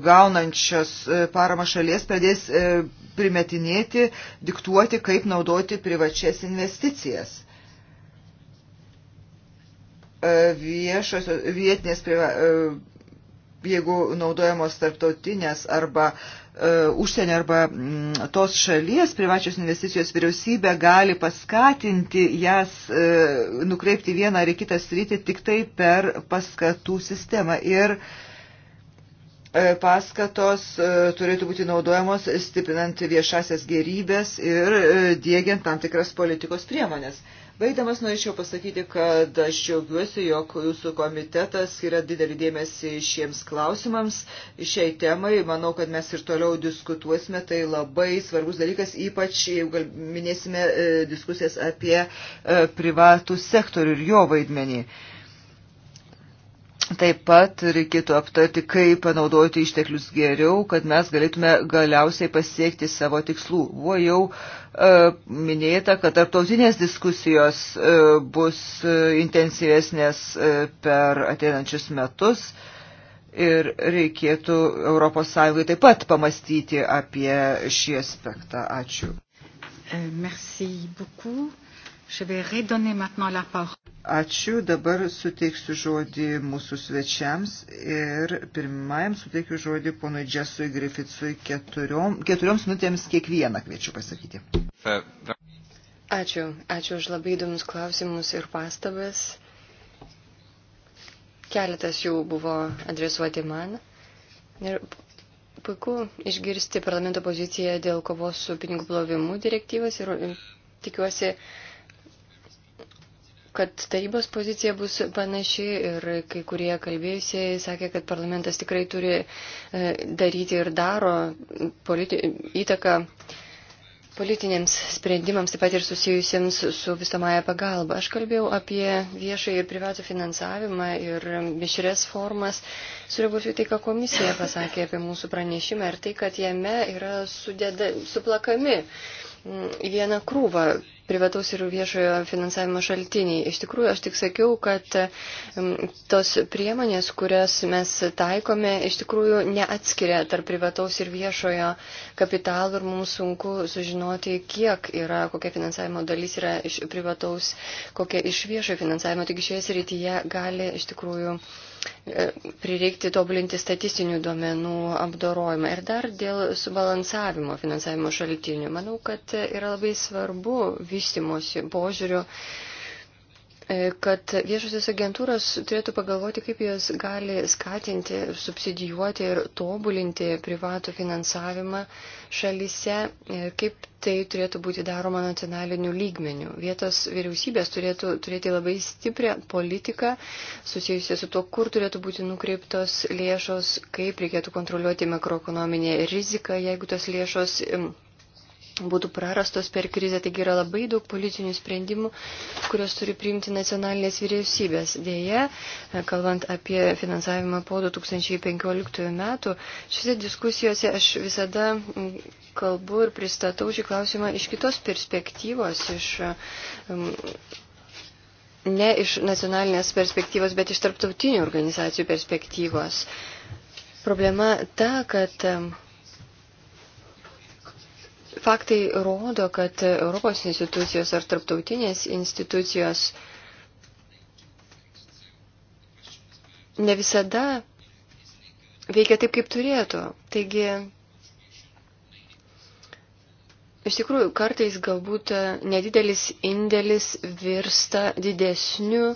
gaunančios paramą šalies pradės primetinėti, diktuoti, kaip naudoti privačias investicijas viešos, vietinės priva, jeigu naudojamos tarptautinės arba e, užsienio arba m, mm, tos šalies privačios investicijos vyriausybė gali paskatinti jas e, nukreipti vieną ar kitą sritį tik tai per paskatų sistemą. Ir e, paskatos e, turėtų būti naudojamos stiprinant viešasias gerybės ir e, dėgiant tam tikras politikos priemonės. E, Baigdamas norėčiau pasakyti, kad aš džiaugiuosi, jog jūsų komitetas skiria didelį dėmesį šiems klausimams, šiai temai. Manau, kad mes ir toliau diskutuosime. Tai labai svarbus dalykas, ypač jeigu minėsime e, diskusijas apie e, privatų sektorių ir jo vaidmenį. Taip pat reikėtų aptarti, kaip panaudoti išteklius geriau, kad mes galėtume galiausiai pasiekti savo tikslų. Buvo jau e, minėta, kad tarptautinės diskusijos e, bus e, intensyvesnės e, per ateinančius metus ir reikėtų ES taip pat pamastyti apie šį aspektą. Ačiū. Euh, merci beaucoup. Ačiū, dabar suteiksiu žodį mūsų svečiams ir pirmajam suteikiu žodį ponui Džesui Grificui keturiom, keturioms minutėms kiekvieną kviečiu pasakyti. Ačiū, ačiū už labai įdomus klausimus ir pastabas. Keletas jų buvo adresuoti man. Ir puiku išgirsti parlamento poziciją dėl kovos su pinigų plovimu direktyvas ir tikiuosi, kad tarybos pozicija bus panaši ir kai kurie kalbėjusieji sakė, kad parlamentas tikrai turi e, daryti ir daro politi įtaką politiniams sprendimams, taip pat ir susijusiems su visomąją pagalbą. Aš kalbėjau apie viešą ir privatų finansavimą ir mišrės formas. Sureaguosiu tai, ką komisija pasakė apie mūsų pranešimą ir tai, kad jame yra sudeda, suplakami uh, į vieną krūvą privataus ir viešojo finansavimo šaltiniai. Iš tikrųjų, aš tik sakiau, kad tos priemonės, kurias mes taikome, iš tikrųjų neatskiria tarp privataus ir viešojo kapitalo ir mums sunku sužinoti, kiek yra, kokia finansavimo dalis yra iš privataus, kokia iš viešojo finansavimo. Taigi šioje srityje gali iš tikrųjų E, prireikti tobulinti statistinių duomenų apdorojimą. Ir dar dėl subalansavimo finansavimo šaltinių. Manau, kad yra labai svarbu vystimosi požiūriu E, kad viešosios agentūros turėtų pagalvoti, kaip jos gali skatinti, subsidijuoti ir tobulinti privatų finansavimą šalyse ir kaip tai turėtų būti daroma nacionaliniu lygmeniu. Vietos vyriausybės turėtų turėti labai stiprią politiką susijusią su to, kur turėtų būti nukreiptos lėšos, kaip reikėtų kontroliuoti makroekonominę riziką, jeigu tos lėšos būtų prarastos per krizę. Taigi yra labai daug politinių sprendimų, kurios turi priimti nacionalinės vyriausybės. Dėja, kalbant apie finansavimą po 2015 metų, šiuose diskusijose aš visada kalbu ir pristatau šį klausimą iš kitos perspektyvos, iš. Um, Ne iš nacionalinės perspektyvos, bet iš tarptautinių organizacijų perspektyvos. Problema ta, kad um, Faktai rodo, kad Europos institucijos ar tarptautinės institucijos ne visada veikia taip, kaip turėtų. Taigi, iš tikrųjų, kartais galbūt nedidelis indėlis virsta didesniu,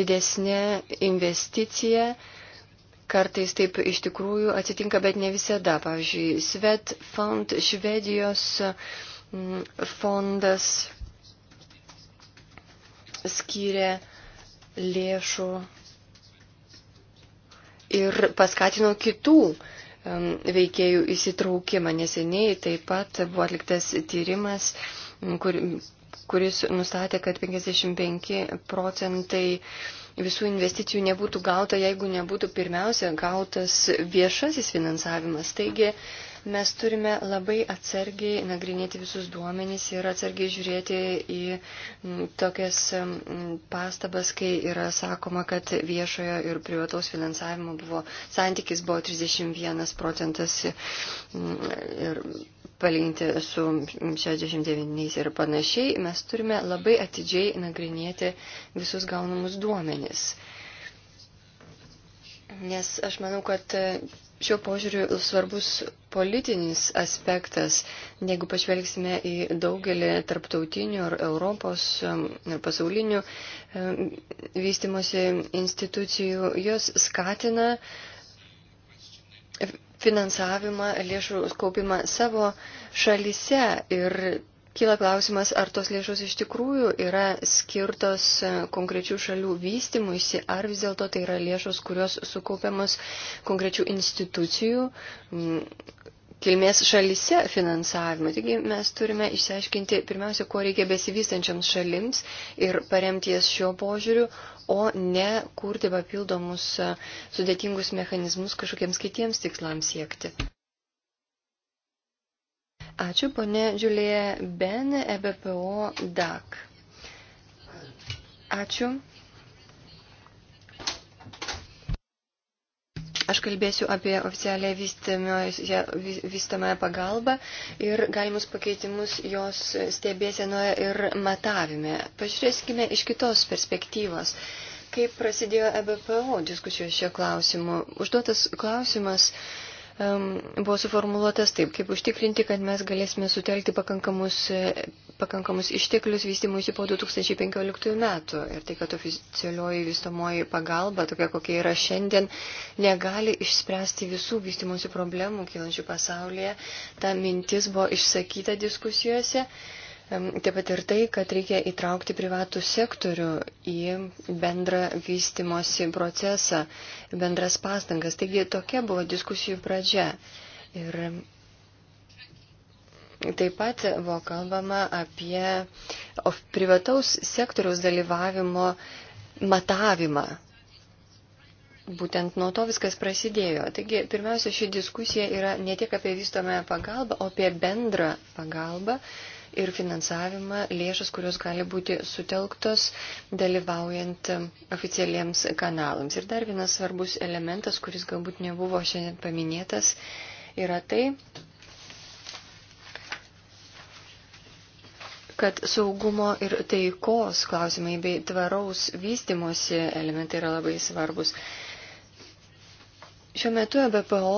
didesnė investicija Kartais taip iš tikrųjų atsitinka, bet ne visada. Pavyzdžiui, Svetfond, Švedijos mm, fondas skyrė lėšų ir paskatino kitų mm, veikėjų įsitraukimą. Neseniai taip pat buvo atliktas tyrimas, mm, kur, kuris nustatė, kad 55 procentai visų investicijų nebūtų gauta, jeigu nebūtų pirmiausia gautas viešasis finansavimas. Taigi mes turime labai atsargiai nagrinėti visus duomenys ir atsargiai žiūrėti į tokias pastabas, kai yra sakoma, kad viešojo ir privataus finansavimo buvo santykis buvo 31 procentas ir palinti su 69 ir panašiai, mes turime labai atidžiai nagrinėti visus gaunamus duomenis. Nes aš manau, kad šiuo požiūriu svarbus politinis aspektas, jeigu pažvelgsime į daugelį tarptautinių ir Europos um, ir pasaulinių um, vystimosi institucijų, jos skatina finansavimą, lėšų kaupimą savo šalyse. Ir kyla klausimas, ar tos lėšos iš tikrųjų yra skirtos konkrečių šalių vystimuisi, ar vis dėlto tai yra lėšos, kurios sukaupiamos konkrečių institucijų kilmės šalise finansavimą. Taigi mes turime išsiaiškinti pirmiausia, ko reikia besivystančiams šalims ir paremti jas šiuo požiūriu, o ne kurti papildomus e, sudėtingus mechanizmus kažkokiems kitiems tikslams siekti. Ačiū, ponė Džiulėje Ben, EBPO DAC. Ačiū. Aš kalbėsiu apie oficialią vystamąją pagalbą ir galimus pakeitimus jos stebėsenoje ir matavime. Pažiūrėsime iš kitos perspektyvos. Kaip prasidėjo EBPO diskusijos šio klausimu? Užduotas klausimas um, buvo suformuoluotas taip, kaip užtikrinti, kad mes galėsime sutelkti pakankamus pakankamus išteklius vystimuisi po 2015 metų. Ir tai, kad oficialioji vystomoji pagalba, tokia kokia yra šiandien, negali išspręsti visų vystimuisi problemų kylančių pasaulyje. Ta mintis buvo išsakyta diskusijose. Taip pat ir tai, kad reikia įtraukti privatų sektorių į bendrą vystimosi procesą, bendras pastangas. Taigi tokia buvo diskusijų pradžia. Ir Taip pat buvo kalbama apie privataus sektoriaus dalyvavimo matavimą. Būtent nuo to viskas prasidėjo. Taigi, pirmiausia, ši diskusija yra ne tiek apie vystomąją pagalbą, o apie bendrą pagalbą ir finansavimą lėšas, kurios gali būti sutelktos dalyvaujant oficialiems kanalams. Ir dar vienas svarbus elementas, kuris galbūt nebuvo šiandien paminėtas, yra tai, kad saugumo ir taikos klausimai bei tvaraus vystimosi elementai yra labai svarbus. Šiuo metu EBPO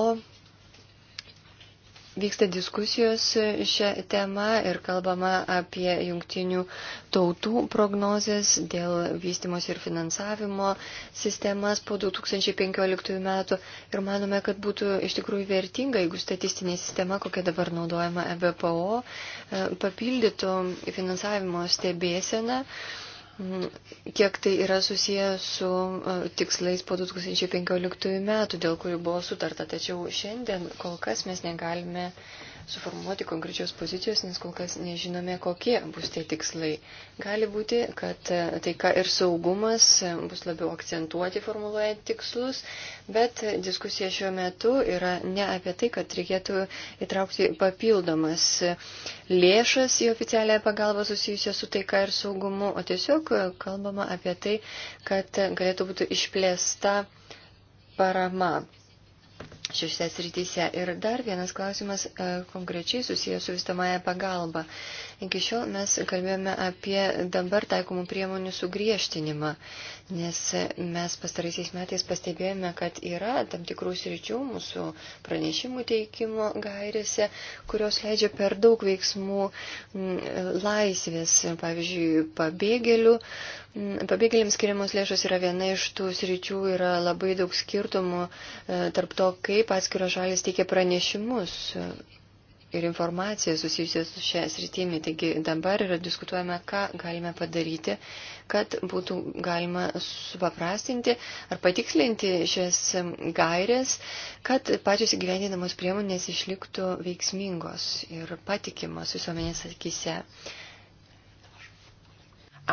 Vyksta diskusijos šią temą ir kalbama apie jungtinių tautų prognozes dėl vystimos ir finansavimo sistemas po 2015 metų. Ir manome, kad būtų iš tikrųjų vertinga, jeigu statistinė sistema, kokia dabar naudojama EBPO, e, papildytų finansavimo stebėseną. Mm, kiek tai yra susiję su e, tikslais po 2015 metų, dėl kurių buvo sutarta. Tačiau šiandien kol kas mes negalime suformuoti konkrečios pozicijos, nes kol kas nežinome, kokie bus tie tikslai. Gali būti, kad e, taika ir saugumas e, bus labiau akcentuoti formuluojant tikslus, bet diskusija šiuo metu yra ne apie tai, kad reikėtų įtraukti papildomas e, lėšas į oficialią pagalbą susijusią su taika ir saugumu, o tiesiog kalbama apie tai, kad galėtų būti išplėsta parama šiose srityse. Ir dar vienas klausimas e, konkrečiai susijęs su vystamąją pagalbą. Iki šiol mes kalbėjome apie dabar taikomų priemonių sugriežtinimą, nes mes pastaraisiais metais pastebėjome, kad yra tam tikrų sričių mūsų pranešimų teikimo gairėse, kurios leidžia per daug veiksmų laisvės. Pavyzdžiui, pabėgėlių. Pabėgėliams skiriamos lėšos yra viena iš tų sričių, yra labai daug skirtumų e, tarp to, kaip atskiros šalis teikia pranešimus ir informaciją susijusią su šią sritimi. Taigi dabar yra diskutuojama, ką galime padaryti, kad būtų galima supaprastinti ar patikslinti šias gairės, kad pačios įgyvendinamos priemonės išliktų veiksmingos ir patikimos visuomenės akise.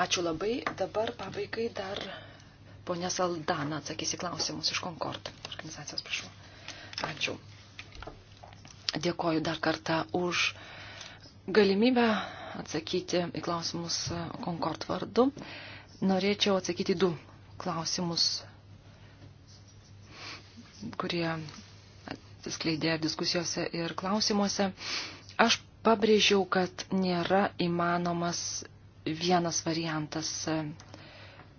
Ačiū labai. Dabar pabaigai dar ponia Saldana atsakys į klausimus iš Concord organizacijos, prašau. Ačiū. Dėkoju dar kartą už galimybę atsakyti į klausimus Concord vardu. Norėčiau atsakyti du klausimus, kurie atsiskleidė diskusijose ir klausimuose. Aš pabrėžiau, kad nėra įmanomas vienas variantas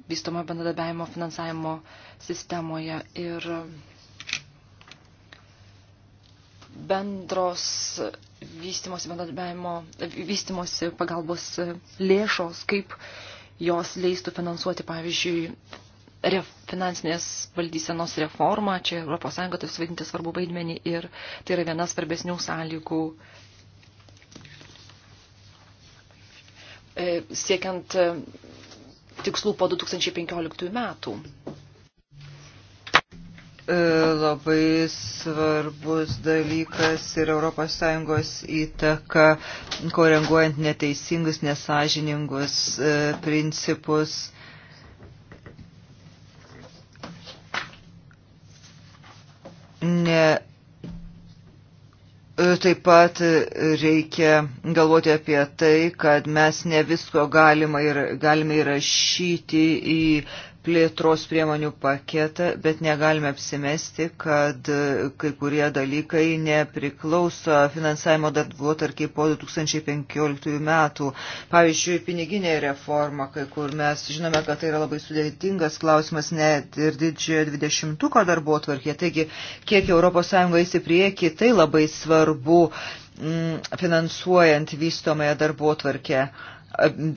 vystomo bendradarbiavimo finansavimo sistemoje ir bendros vystimosi, vystimosi pagalbos lėšos, kaip jos leistų finansuoti, pavyzdžiui, ref, finansinės valdysenos reformą. Čia ES turi suvaidinti svarbu vaidmenį ir tai yra viena svarbesnių sąlygų e, siekiant e, tikslų po 2015 metų. E, labai svarbus dalykas ir ES įtaka, korenguojant neteisingus, nesažiningus e, principus. Ne, e, Taip pat reikia galvoti apie tai, kad mes ne visko galima ir, galime įrašyti į plėtros priemonių paketą, bet negalime apsimesti, kad e, kai kurie dalykai nepriklauso finansavimo darbuotarkiai po 2015 metų. Pavyzdžiui, piniginė reforma, kai kur mes žinome, kad tai yra labai sudėtingas klausimas net ir didžiojo 20-ko darbuotvarkė. Taigi, kiek ES eis į priekį, tai labai svarbu m, mm, finansuojant vystomąją darbuotvarkę.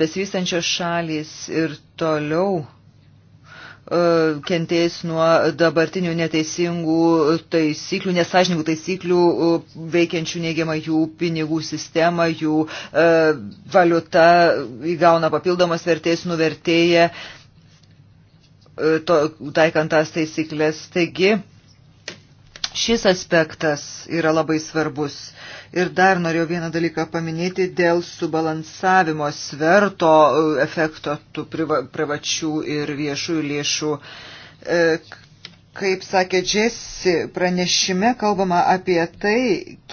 Besivystančios šalys ir toliau E, kentės nuo dabartinių neteisingų taisyklių, nesažininkų taisyklių, e, veikiančių neigiamą jų pinigų sistemą, jų e, valiuta įgauna papildomas vertės, nuvertėja, taikant tas taisyklės. Taigi, Šis aspektas yra labai svarbus. Ir dar norėjau vieną dalyką paminėti dėl subalansavimo sverto uh, efekto tų priva, privačių ir viešųjų lėšų. Uh, kaip sakė Džesi, pranešime kalbama apie tai,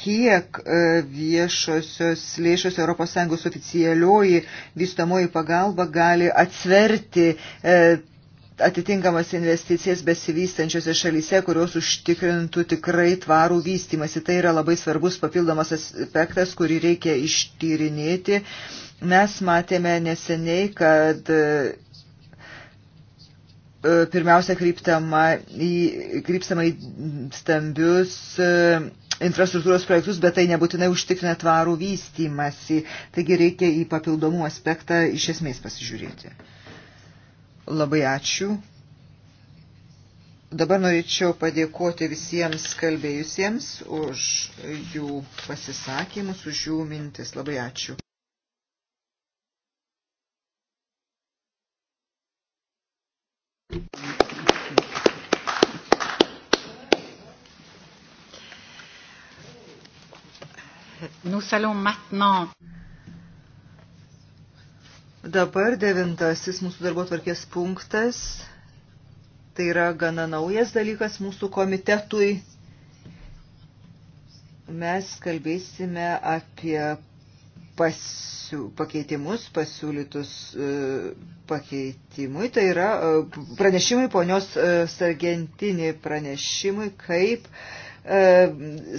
kiek uh, viešosios lėšos ES oficialioji vystamoji pagalba gali atsverti atitinkamas investicijas besivystančiose šalyse, kurios užtikrintų tikrai tvarų vystimasi. Tai yra labai svarbus papildomas aspektas, kurį reikia ištyrinėti. Mes matėme neseniai, kad e, pirmiausia kryptama į, krypstama į stambius e, infrastruktūros projektus, bet tai nebūtinai užtikrina tvarų vystimasi. Taigi reikia į papildomų aspektą iš esmės pasižiūrėti. Labai ačiū. Dabar norėčiau padėkoti visiems kalbėjusiems už jų pasisakymus, už jų mintis. Labai ačiū. Nous allons maintenant Dabar devintasis mūsų darbo tvarkės punktas. Tai yra gana naujas dalykas mūsų komitetui. Mes kalbėsime apie pasiū, pakeitimus, pasiūlytus e, pakeitimui. Tai yra e, pranešimui ponios e, Sargentinį pranešimui, kaip uh, E,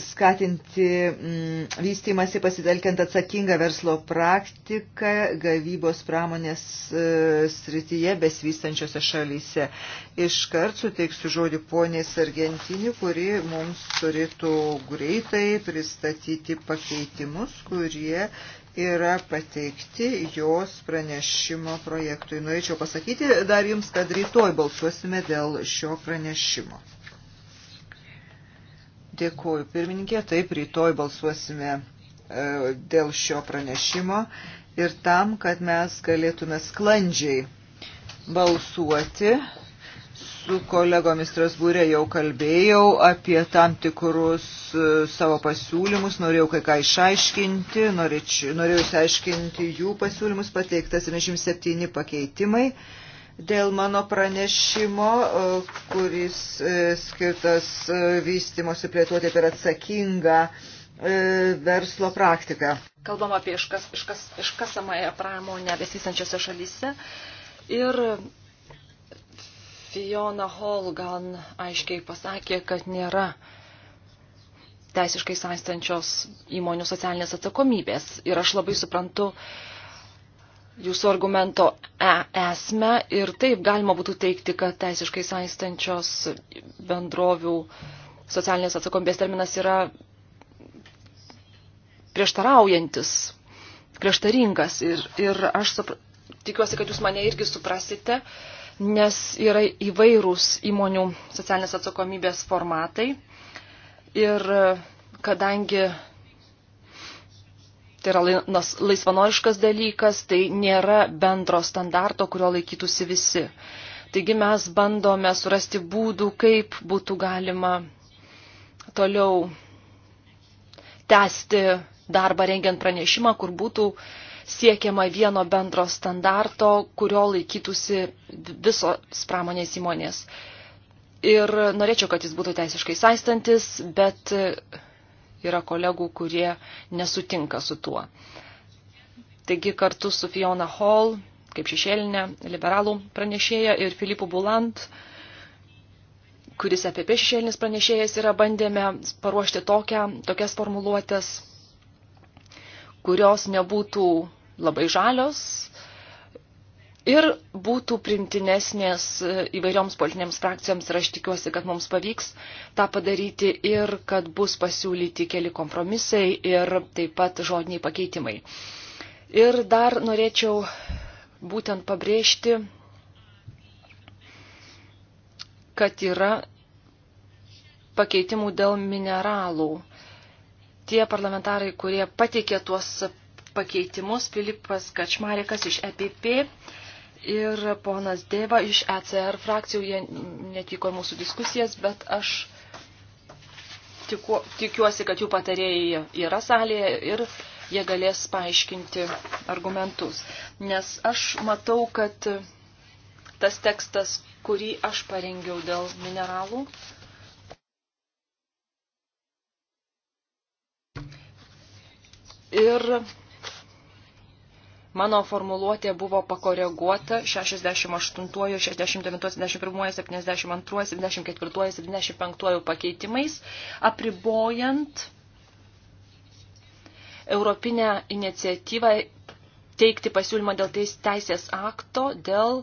skatinti mm, vystymasi pasitelkiant atsakingą verslo praktiką gavybos pramonės e, srityje besvystančiose šalyse. Iškart suteiksiu žodį poniai Sargentini, kuri mums turėtų greitai pristatyti pakeitimus, kurie yra pateikti jos pranešimo projektui. Norėčiau pasakyti dar jums, kad rytoj balsuosime dėl šio pranešimo. Dėkuoju pirmininkė, taip rytoj balsuosime e, dėl šio pranešimo ir tam, kad mes galėtume sklandžiai balsuoti. Su kolegomis Strasbūrė jau kalbėjau apie tam tikrus e, savo pasiūlymus, norėjau kai ką išaiškinti, norėčiau, norėjau išaiškinti jų pasiūlymus, pateiktas 77 pakeitimai. Dėl mano pranešimo, e, kuris e, skirtas e, vystimosi plėtoti per atsakingą verslo praktiką. Kalbam apie iškas, iškas, iškasamąją pramonę besisančiose šalyse. Ir Fiona Holgan aiškiai pasakė, kad nėra teisiškai saistančios įmonių socialinės atsakomybės. Ir aš labai suprantu, uh, jūsų argumento e esmę ir taip galima būtų teikti, kad teisiškai saistančios bendrovių socialinės atsakomybės terminas yra prieštaraujantis, prieštaringas ir, ir aš supra... tikiuosi, kad jūs mane irgi suprasite, nes yra įvairūs įmonių socialinės atsakomybės formatai ir e, kadangi tai yra laisvanoriškas dalykas, tai nėra bendro standarto, kurio laikytųsi visi. Taigi mes bandome surasti būdų, kaip būtų galima toliau tęsti darbą rengiant pranešimą, kur būtų siekiama vieno bendro standarto, kurio laikytųsi visos pramonės įmonės. Ir norėčiau, kad jis būtų teisiškai saistantis, bet yra kolegų, kurie nesutinka su tuo. Taigi kartu su Fiona Hall, kaip šešėlinė liberalų pranešėja, ir Filipu Bulant, kuris apie šešėlinis pranešėjas yra, bandėme paruošti tokią, tokias formuluotės, kurios nebūtų labai žalios, ir būtų primtinesnės e, įvairioms politinėms frakcijoms ir aš tikiuosi, kad mums pavyks tą padaryti ir kad bus pasiūlyti keli kompromisai ir taip pat žodiniai pakeitimai. Ir dar norėčiau būtent pabrėžti, kad yra pakeitimų dėl mineralų. Tie parlamentarai, kurie pateikė tuos pakeitimus, Filipas Kačmarikas iš EPP, ir ponas Dėva iš ECR frakcijų, jie netiko mūsų diskusijas, bet aš tiku, tikiuosi, kad jų patarėjai yra salėje ir jie galės paaiškinti argumentus. Nes aš matau, kad tas tekstas, kurį aš parengiau dėl mineralų, ir Mano formuluotė buvo pakoreguota 68, 69, 71, 72, 74, 75 pakeitimais, apribojant Europinę iniciatyvą teikti pasiūlymą dėl teisės akto, dėl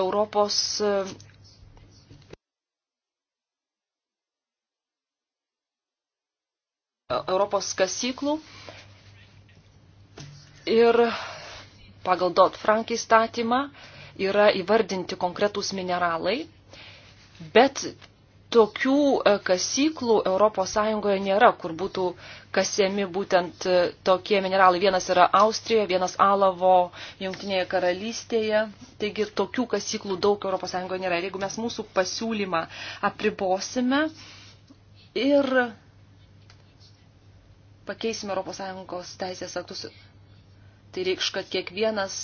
Europos Europos kasyklų. Ir pagal Dot Frank įstatymą yra įvardinti konkretūs mineralai, bet tokių e, kasyklų ES nėra, kur būtų kasiami būtent e, tokie mineralai. Vienas yra Austrijoje, vienas Alavo, Jungtinėje karalystėje. Taigi tokių kasyklų daug ES nėra. Ir jeigu mes mūsų pasiūlymą apribosime ir pakeisime ES teisės aktus Tai reikš, kad kiekvienas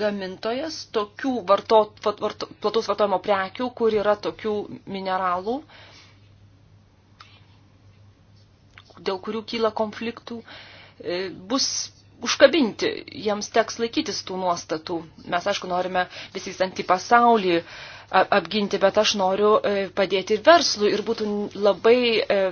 gamintojas tokių varto, varto, plataus vartojimo prekių, kur yra tokių mineralų, dėl kurių kyla konfliktų, e, bus užkabinti, jiems teks laikytis tų nuostatų. Mes, aišku, norime visi į pasaulį apginti, bet aš noriu e, padėti ir verslui ir būtų labai e,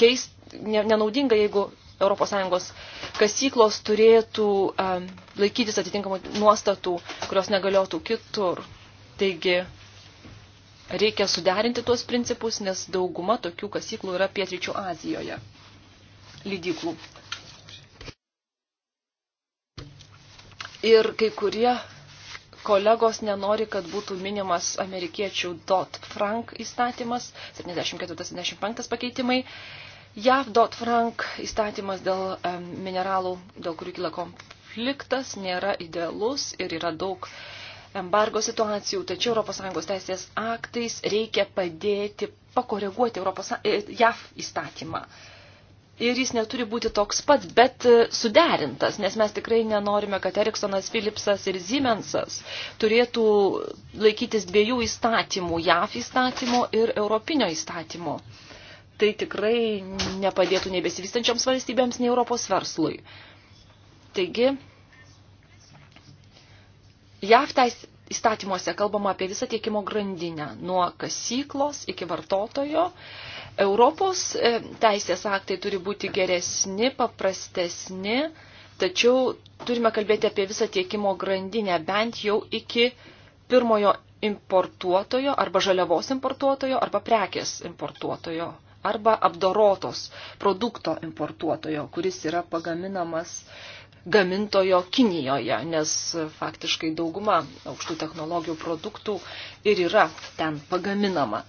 keist, nenaudinga, jeigu ES kasyklos turėtų um, laikytis atitinkamų nuostatų, kurios negaliotų kitur. Taigi reikia suderinti tuos principus, nes dauguma tokių kasyklų yra pietryčių Azijoje lydyklų. Ir kai kurie kolegos nenori, kad būtų minimas amerikiečių Dot Frank įstatymas, 74-75 pakeitimai. JAV Dot Frank įstatymas dėl mineralų, dėl kurių kyla konfliktas, nėra idealus ir yra daug embargo situacijų, tačiau ES teisės aktais reikia padėti pakoreguoti Europos, e, JAV įstatymą. Ir jis neturi būti toks pats, bet e, suderintas, nes mes tikrai nenorime, kad Eriksonas, Philipsas ir Siemensas turėtų laikytis dviejų įstatymų - JAV įstatymo ir Europinio įstatymo tai tikrai nepadėtų nei besivystančioms valstybėms, nei Europos verslui. Taigi, JAV teis įstatymuose kalbama apie visą tiekimo grandinę, nuo kasyklos iki vartotojo. Europos e, teisės aktai turi būti geresni, paprastesni, tačiau turime kalbėti apie visą tiekimo grandinę, bent jau iki pirmojo importuotojo arba žaliavos importuotojo arba prekės importuotojo arba apdorotos produkto importuotojo, kuris yra pagaminamas gamintojo Kinijoje, nes faktiškai dauguma aukštų technologijų produktų ir yra ten pagaminama.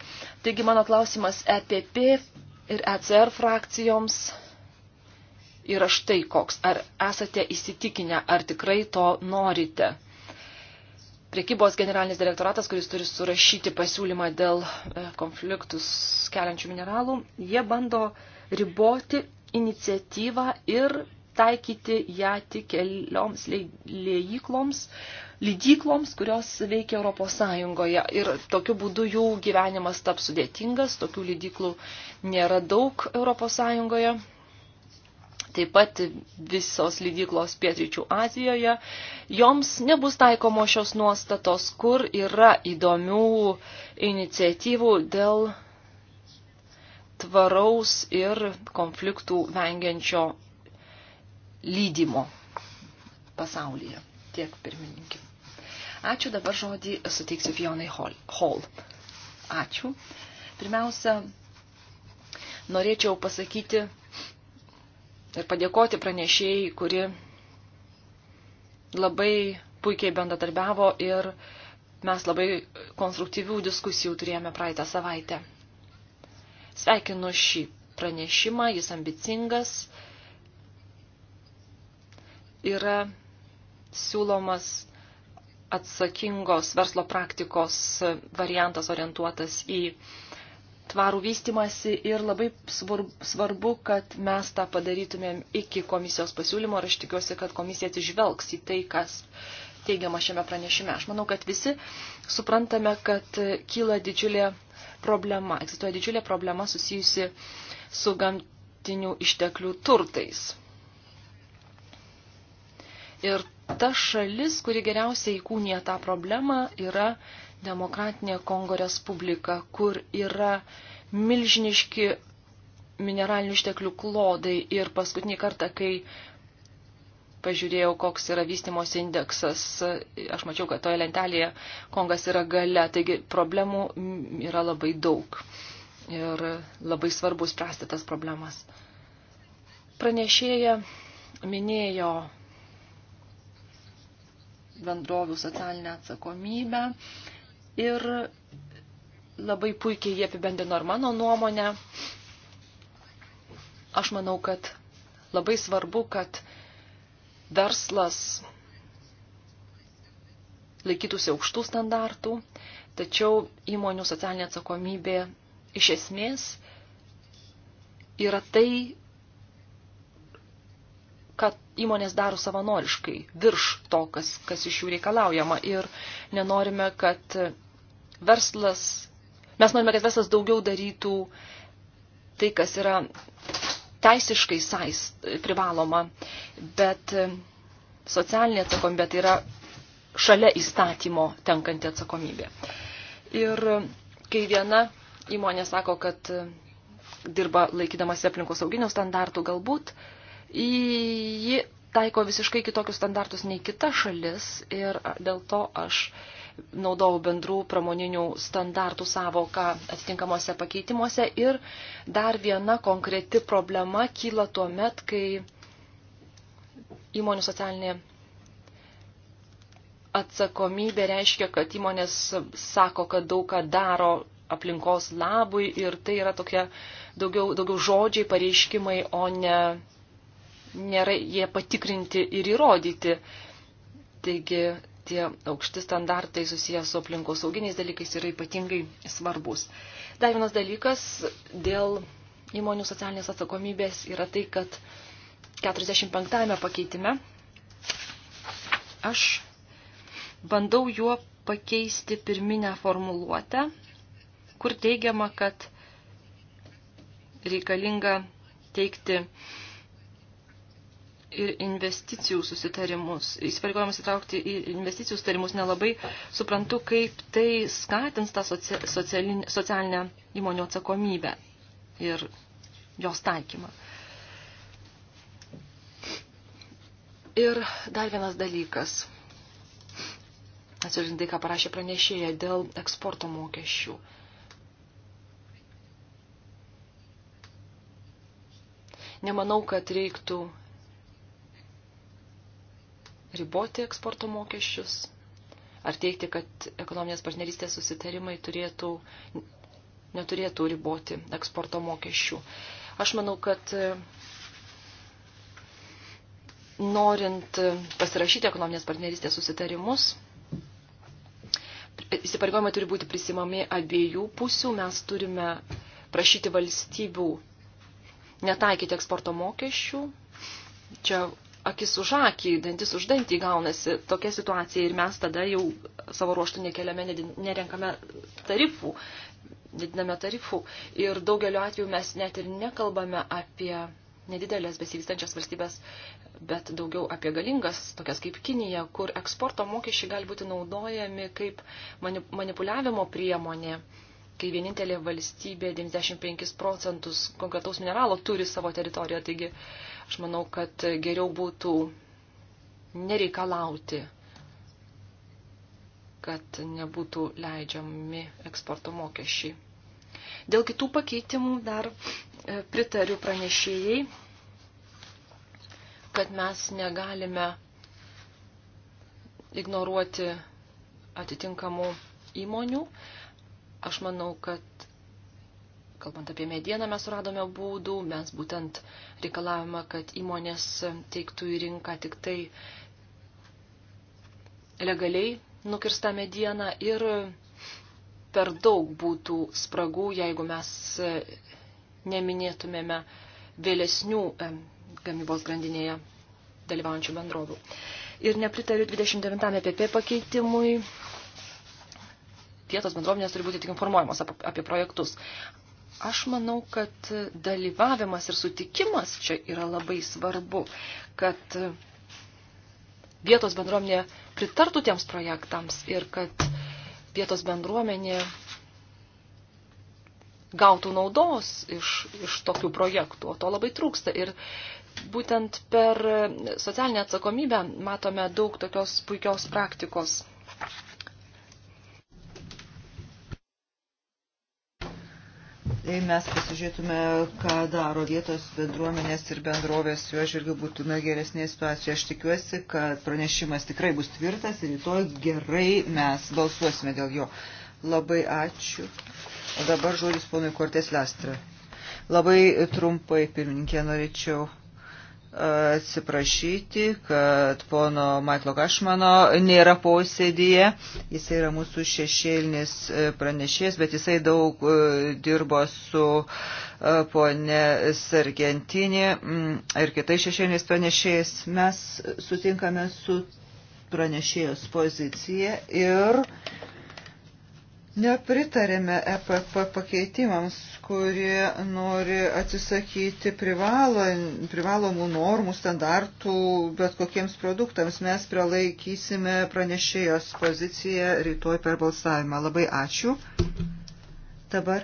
Taigi mano klausimas EPP ir ECR frakcijoms yra štai koks. Ar esate įsitikinę, ar tikrai to norite? priekybos generalinis direktoratas, kuris turi surašyti pasiūlymą dėl e, konfliktus keliančių mineralų, jie bando riboti iniciatyvą ir taikyti ją tik kelioms liejykloms, lydykloms, kurios veikia Europos Sąjungoje. Ir tokiu būdu jų gyvenimas taps sudėtingas, tokių lydyklų nėra daug Europos Sąjungoje taip pat visos lydyklos pietryčių Azijoje, joms nebus taikomo šios nuostatos, kur yra įdomių iniciatyvų dėl tvaraus ir konfliktų vengiančio lydimo pasaulyje. Tiek pirmininkė. Ačiū, dabar žodį suteiksiu Fionai Hall. Ačiū. Pirmiausia, norėčiau pasakyti, ir padėkoti pranešėjai, kuri labai puikiai bendradarbiavo ir mes labai konstruktyvių diskusijų turėjome praeitą savaitę. Sveikinu šį pranešimą, jis ambicingas, yra siūlomas atsakingos verslo praktikos variantas orientuotas į tvarų vystimasi ir labai svarbu, kad mes tą padarytumėm iki komisijos pasiūlymo ir aš tikiuosi, kad komisija atsižvelgs į tai, kas teigiama šiame pranešime. Aš manau, kad visi suprantame, kad kyla didžiulė problema, egzistuoja didžiulė problema susijusi su gamtinių išteklių turtais. Ir ta šalis, kuri geriausiai įkūnija tą problemą, yra Demokratinė Kongo Respublika, kur yra milžiniški mineralinių išteklių klodai ir paskutinį kartą, kai pažiūrėjau, koks yra vystimos indeksas, aš mačiau, kad toje lentelėje Kongas yra gale, taigi problemų yra labai daug ir labai svarbu spręsti tas problemas. Pranešėja minėjo bendrovių socialinę atsakomybę, ir labai puikiai jie apibendino ir mano nuomonę. Aš manau, kad labai svarbu, kad verslas laikytųsi aukštų standartų, tačiau įmonių socialinė atsakomybė iš esmės yra tai, kad įmonės daro savanoriškai virš to, kas, kas iš jų reikalaujama. Ir nenorime, kad verslas, mes norime, kad verslas daugiau darytų tai, kas yra teisiškai sais, privaloma, bet e, socialinė atsakomybė tai yra šalia įstatymo tenkanti atsakomybė. Ir e, kai viena įmonė sako, kad e, dirba laikydamasi aplinkos auginio standartų, galbūt ji taiko visiškai kitokius standartus nei kita šalis ir dėl to aš naudojau bendrų pramoninių standartų savoką atitinkamuose pakeitimuose. Ir dar viena konkreti problema kyla tuo met, kai įmonių socialinė atsakomybė reiškia, kad įmonės sako, kad daug ką daro aplinkos labui ir tai yra tokie daugiau, daugiau žodžiai, pareiškimai, o ne nėra jie patikrinti ir įrodyti. Taigi tie aukšti standartai susijęs su aplinkos sauginiais dalykais yra ypatingai svarbus. Dar vienas dalykas dėl įmonių socialinės atsakomybės yra tai, kad 45 pakeitime aš bandau juo pakeisti pirminę formuluotę, kur teigiama, kad reikalinga teikti ir investicijų susitarimus, įsipareigojimus įtraukti į investicijų susitarimus, nelabai suprantu, kaip tai skatins tą socialinę įmonių atsakomybę ir jos taikymą. Ir dar vienas dalykas, atsižintai, ką parašė pranešėja dėl eksporto mokesčių. Nemanau, kad reiktų riboti eksporto mokesčius, ar teikti, kad ekonominės partnerystės susitarimai turėtų, neturėtų riboti eksporto mokesčių. Aš manau, kad e, norint pasirašyti ekonominės partnerystės susitarimus, įsipareigojimai turi būti prisimami abiejų pusių, mes turime prašyti valstybių netaikyti eksporto mokesčių. Čia akis už akį, dantis už dantį gaunasi tokia situacija ir mes tada jau savo ruoštų nekeliame, nerenkame tarifų, didiname tarifų. Ir daugeliu atveju mes net ir nekalbame apie nedidelės besivystančias valstybės, bet daugiau apie galingas, tokias kaip Kinija, kur eksporto mokesčiai gali būti naudojami kaip manipuliavimo priemonė kai vienintelė valstybė 95 procentus konkretaus mineralo turi savo teritorijoje. Taigi Aš manau, kad geriau būtų nereikalauti, kad nebūtų leidžiami eksporto mokesčiai. Dėl kitų pakeitimų dar e, pritariu pranešėjai, kad mes negalime ignoruoti atitinkamų įmonių. Aš manau, kad Kalbant apie medieną, mes suradome būdų, mes būtent reikalavome, kad įmonės teiktų į rinką tik tai legaliai nukirsta mediena ir per daug būtų spragų, jeigu mes e, neminėtumėme vėlesnių e, gamybos grandinėje dalyvaujančių bendrovų. Ir nepritariu 29 e PP pakeitimui. Vietos bendruomenės turi būti tik informuojamos apie projektus. Aš manau, kad dalyvavimas ir sutikimas čia yra labai svarbu, kad vietos bendruomenė pritartų tiems projektams ir kad vietos bendruomenė gautų naudos iš, iš tokių projektų, o to labai trūksta. Ir būtent per socialinę atsakomybę matome daug tokios puikios praktikos Jei mes pasižiūrėtume, ką daro vietos bendruomenės ir bendrovės, juo žvilgiu būtume geresnėje situacijoje. Aš tikiuosi, kad pranešimas tikrai bus tvirtas ir rytoj gerai mes balsuosime dėl jo. Labai ačiū. O dabar žodis ponui Kortės Lestra. Labai trumpai, pirmininkė, norėčiau atsiprašyti, kad pono Maiklo Kašmano nėra posėdėje. Jis yra mūsų šešėlinis e, pranešėjas, bet jisai daug e, dirbo su e, ponė Sargentinė mm, ir kitais šešėliniais pranešėjais. Mes sutinkame su pranešėjos pozicija ir uh, Nepritarėme EPP pakeitimams, kurie nori atsisakyti privalo, privalomų normų, standartų bet kokiems produktams. Mes pralaikysime pranešėjos poziciją rytoj per balsavimą. Labai ačiū. Dabar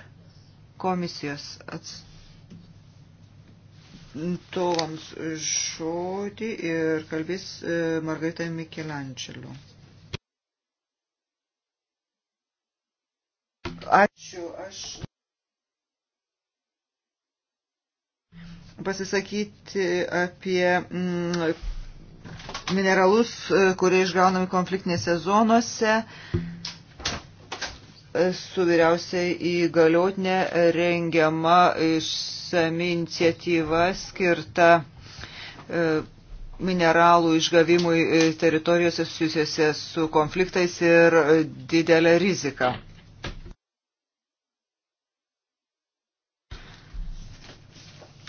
komisijos atstovams žodį ir kalbės e, Margarita Mikelančeliu. Ačiū. Aš pasisakyti apie mm, mineralus, kurie išgaunami konfliktinėse zonose su vyriausiai įgaliotinė rengiama išsami iniciatyva skirta e, mineralų išgavimui teritorijose susijusiuose su konfliktais ir didelė rizika.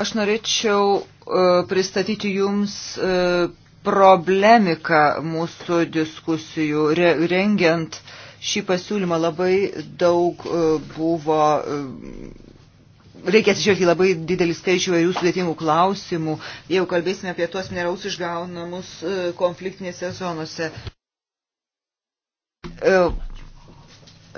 Aš norėčiau e, pristatyti Jums e, problemiką mūsų diskusijų. Rengiant šį pasiūlymą labai daug e, buvo reikia atsižvelgti labai didelį skaičių įvairių sudėtingų klausimų. Jau kalbėsime apie tuos mineralus išgaunamus konfliktinėse zonose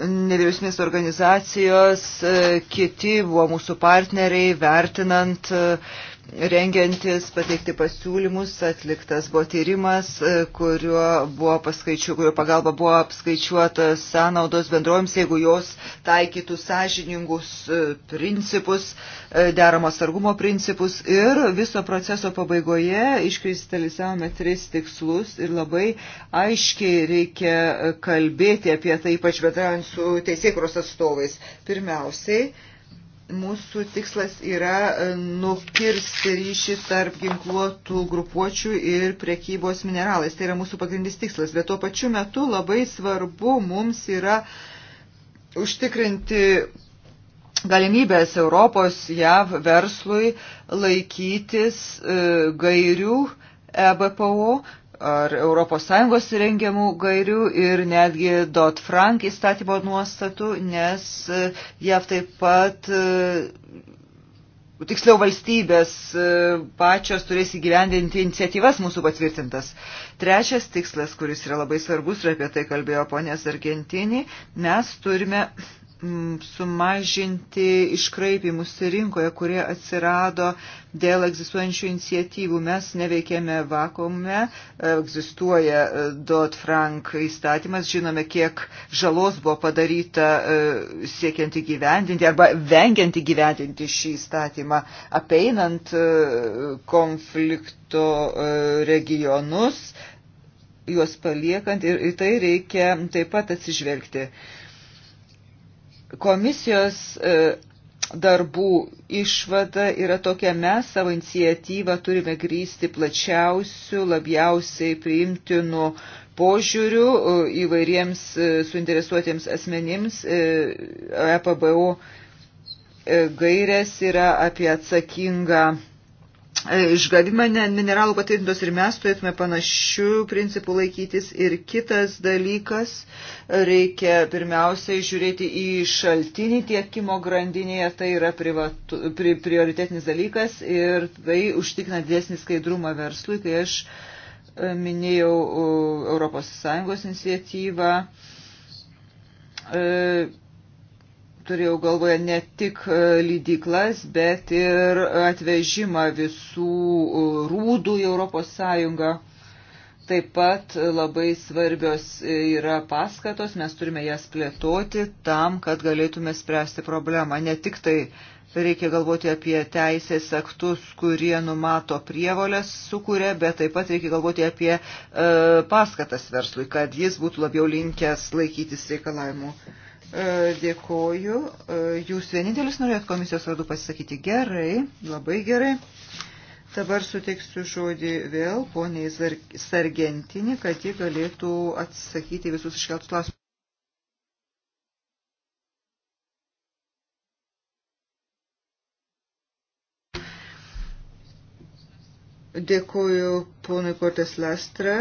nevyriausybinės organizacijos, e, kiti buvo mūsų partneriai, vertinant uh, rengiantis pateikti pasiūlymus, atliktas buvo tyrimas, e, kurio, buvo paskaičiu, kurio pagalba buvo apskaičiuotas sąnaudos bendrovėms, jeigu jos taikytų sąžiningus e, principus, e, deramos sargumo principus. Ir viso proceso pabaigoje iškristalizavome tris tikslus ir labai aiškiai reikia kalbėti apie tai, ypač bendraujant su teisėkros atstovais. Pirmiausiai, Mūsų tikslas yra e, nukirsti ryšį tarp ginkluotų grupuočių ir prekybos mineralais. Tai yra mūsų pagrindinis tikslas. Bet tuo pačiu metu labai svarbu mums yra užtikrinti galimybės Europos JAV verslui laikytis e, gairių EBPO ar ES rengiamų gairių ir netgi Dodd-Frank įstatymo nuostatų, nes e, jav taip pat, e, tiksliau valstybės e, pačios turės įgyvendinti iniciatyvas mūsų patvirtintas. Trečias tikslas, kuris yra labai svarbus ir apie tai kalbėjo ponės Argentinį, mes turime sumažinti iškraipimus rinkoje, kurie atsirado dėl egzistuojančių iniciatyvų. Mes neveikėme vakume, e, egzistuoja e, Dodd-Frank įstatymas, žinome, kiek žalos buvo padaryta e, siekiant įgyvendinti arba vengiant įgyvendinti šį įstatymą, apeinant konflikto regionus juos paliekant ir į tai reikia taip pat atsižvelgti. Uh, Komisijos e, darbų išvada yra tokia, mes savo inicijatyvą turime grįsti plačiausių, labiausiai priimtinų požiūrių e, įvairiems e, suinteresuotiems asmenims. EPBO gairės yra apie atsakingą E, išgavimą mineralų patvirtintos ir mes turėtume panašių principų laikytis. Ir kitas dalykas, reikia pirmiausiai žiūrėti į šaltinį tiekimo grandinėje, tai yra privatu, pri, prioritetinis dalykas ir tai užtikrina didesnį skaidrumą verslui, kai aš e, minėjau ES iniciatyvą. E, turėjau galvoje ne tik e, lydyklas, bet ir atvežimą visų e, rūdų į Europos Sąjungą. Taip pat labai svarbios yra paskatos, mes turime jas plėtoti tam, kad galėtume spręsti problemą. Ne tik tai reikia galvoti apie teisės aktus, kurie numato prievolės sukūrė, bet taip pat reikia galvoti apie e, paskatas verslui, kad jis būtų labiau linkęs laikytis reikalavimų. E, E, dėkoju. E, jūs vienintelis norėjot komisijos vardu pasisakyti. Gerai, labai gerai. Dabar suteiksiu žodį vėl poniai Sargentinį, kad ji galėtų atsakyti visus iškeltus klausimus. Dėkuoju ponui Kortes Lestra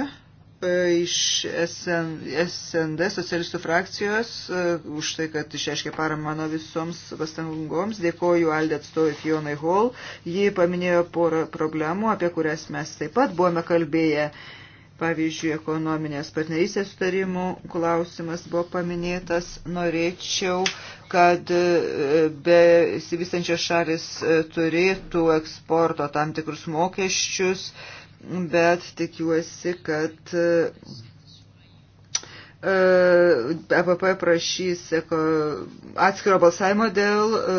E, iš SND socialistų frakcijos e, už tai, kad išreiškė paramą mano visoms pastangoms. Dėkoju Aldė atstovui Fionai Hall. Ji paminėjo porą problemų, apie kurias mes taip pat buvome kalbėję. Pavyzdžiui, ekonominės partnerystės sutarimų klausimas buvo paminėtas. Norėčiau, kad e, besivystančios šalis turėtų eksporto tam tikrus mokesčius bet tikiuosi, kad EPP e prašys atskiro balsavimo dėl e,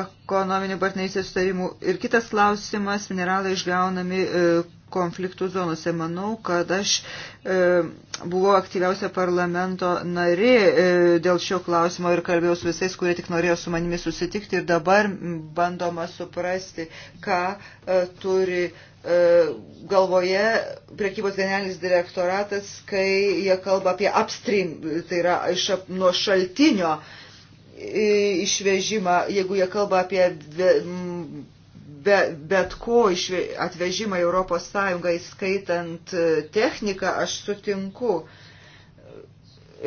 ekonominių partnerystės sutarimų. Ir kitas klausimas - mineralai išgaunami e, konfliktų zonose. Manau, kad aš e, buvau aktyviausia parlamento nari e, dėl šio klausimo ir kalbėjau su visais, kurie tik norėjo su manimi susitikti ir dabar bandoma suprasti, ką e, turi e, galvoje priekybos generalinis direktoratas, kai jie kalba apie upstream, tai yra iš, nuo šaltinio išvežimą, jeigu jie kalba apie be, bet ko atvežimą į Europos Sąjungą, įskaitant e, techniką, aš sutinku.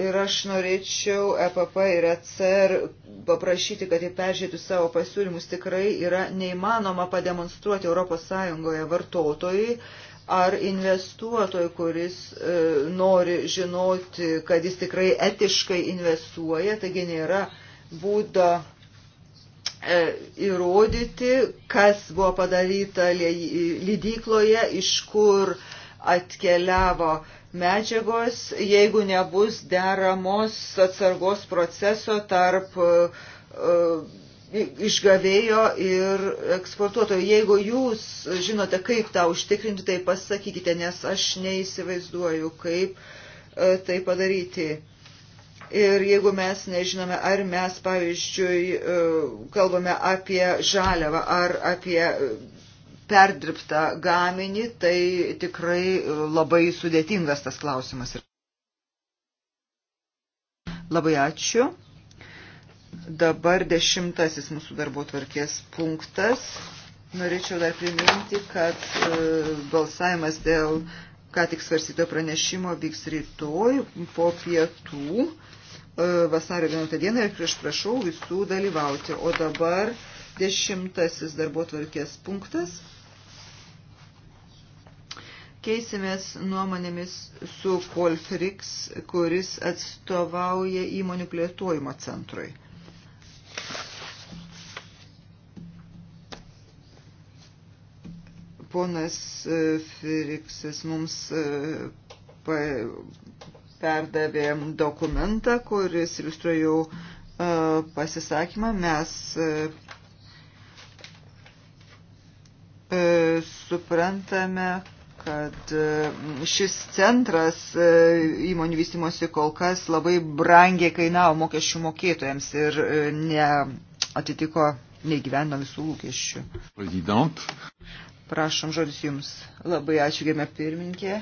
Ir aš norėčiau EPP ir ECR paprašyti, kad jie peržiūrėtų savo pasiūlymus. Tikrai yra neįmanoma pademonstruoti Europos Sąjungoje vartotojai ar investuotojai, kuris e, nori žinoti, kad jis tikrai etiškai investuoja, taigi nėra būdo E, įrodyti, kas buvo padaryta lydykloje, iš kur atkeliavo medžiagos, jeigu nebus deramos atsargos proceso tarp e, e, išgavėjo ir eksportuotojo. Jeigu jūs žinote, kaip tą užtikrinti, tai pasakykite, nes aš neįsivaizduoju, kaip tai padaryti. Ir jeigu mes nežinome, ar mes, pavyzdžiui, e, kalbame apie žaliavą ar apie e, perdirbtą gaminį, tai tikrai e, labai sudėtingas tas klausimas. Labai ačiū. Dabar dešimtasis mūsų darbo tvarkės punktas. Norėčiau dar priminti, kad balsavimas dėl ką tik svarstyto pranešimo vyks rytoj po pietų e, vasario 11 dieną ir prieš prašau visų dalyvauti. O dabar dešimtasis darbo tvarkės punktas. Keisimės nuomonėmis su Polfriks, kuris atstovauja įmonių plėtojimo centrui. Ponas e, Firiksas mums e, perdavė dokumentą, kuris iliustruoja jau e, pasisakymą. Mes suprantame, kad šis centras įmonių vystimosi kol kas labai brangiai kainavo mokesčių mokėtojams ir neatitiko neįgyveno visų lūkesčių. Prezident. Prašom žodis Jums. Labai ačiū, gėme pirmininkė.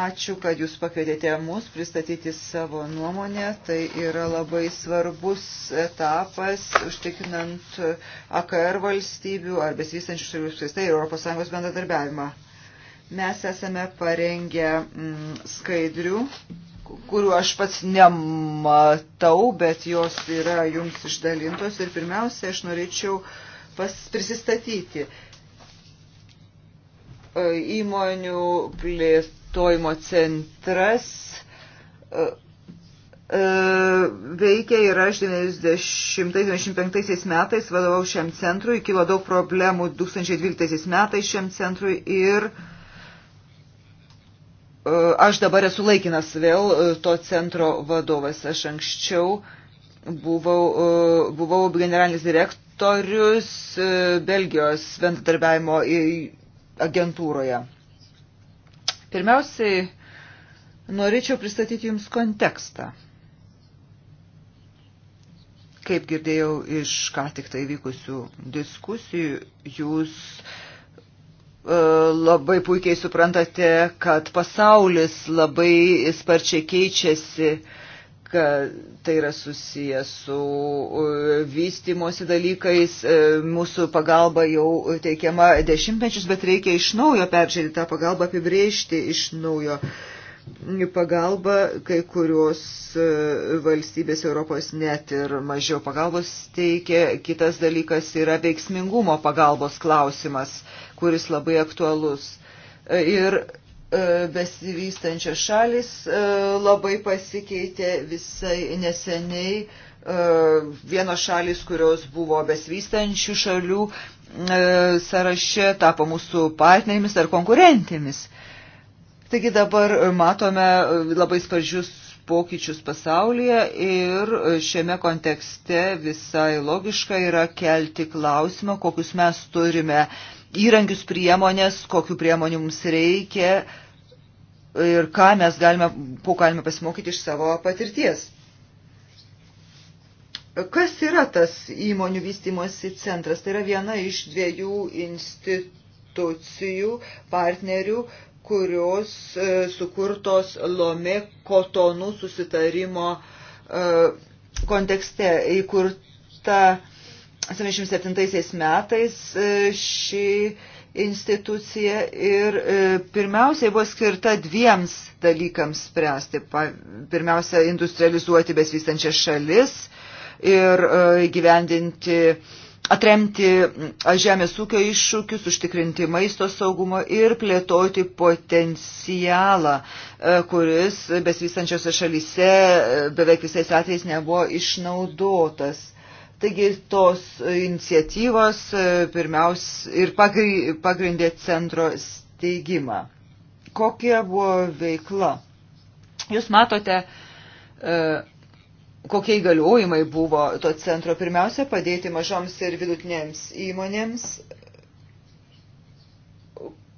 Ačiū, kad Jūs pakvietėte mus pristatyti savo nuomonę. Tai yra labai svarbus etapas, užtikrinant AKR valstybių ar besivystančių šalių apskritai ir ES bendradarbiavimą. Mes esame parengę mm, skaidrių kurių aš pats nematau, bet jos yra jums išdalintos. Ir pirmiausia, aš norėčiau prisistatyti. E, įmonių plėtojimo centras e, e, veikia ir aš 1995 metais vadovau šiam centrui, kilo daug problemų 2012 metais šiam centrui ir aš dabar esu laikinas vėl to centro vadovas. Aš anksčiau buvau, buvau generalinis direktorius Belgijos bendradarbiavimo agentūroje. Pirmiausiai, norėčiau pristatyti Jums kontekstą. Kaip girdėjau iš ką tik tai vykusių diskusijų, Jūs e, labai puikiai suprantate, kad pasaulis labai sparčiai keičiasi, kad tai yra susijęs su e, vystimosi dalykais. E, mūsų pagalba jau teikiama dešimtmečius, bet reikia iš naujo peržiūrėti tą pagalbą, apibrėžti iš naujo pagalbą, kai kurios e, valstybės Europos net ir mažiau pagalbos teikia. Kitas dalykas yra veiksmingumo pagalbos klausimas, kuris labai aktualus. Ir E, besivystančios šalis e, labai pasikeitė visai neseniai. E, vienos šalis, kurios buvo besivystančių šalių sąraše, tapo mūsų partnerėmis ar konkurentėmis. Taigi dabar matome labai sparžius pokyčius pasaulyje ir šiame kontekste visai logiška yra kelti klausimą, kokius mes turime uh, įrankius priemonės, kokiu priemonių mums reikia ir ką mes galime, ko galime pasimokyti iš savo patirties. Kas yra tas įmonių vystimosi centras? Tai yra viena iš dviejų institucijų, partnerių, kurios e, sukurtos Lome Kotonų susitarimo e, kontekste įkurta 77 metais e, šį institucija ir e, pirmiausiai buvo skirta dviems dalykams spręsti. Pirmiausia, industrializuoti besvystančias šalis ir e, gyvendinti, atremti žemės ūkio iššūkius, užtikrinti maisto saugumo ir plėtoti potencialą, kuris besvystančiose šalyse beveik visais atvejais nebuvo išnaudotas Taigi tos iniciatyvos e, pirmiausia ir pagrindė centro steigimą. Kokia buvo veikla? Jūs matote, e, kokie įgaliojimai buvo to centro. Pirmiausia, padėti mažoms ir vidutinėms įmonėms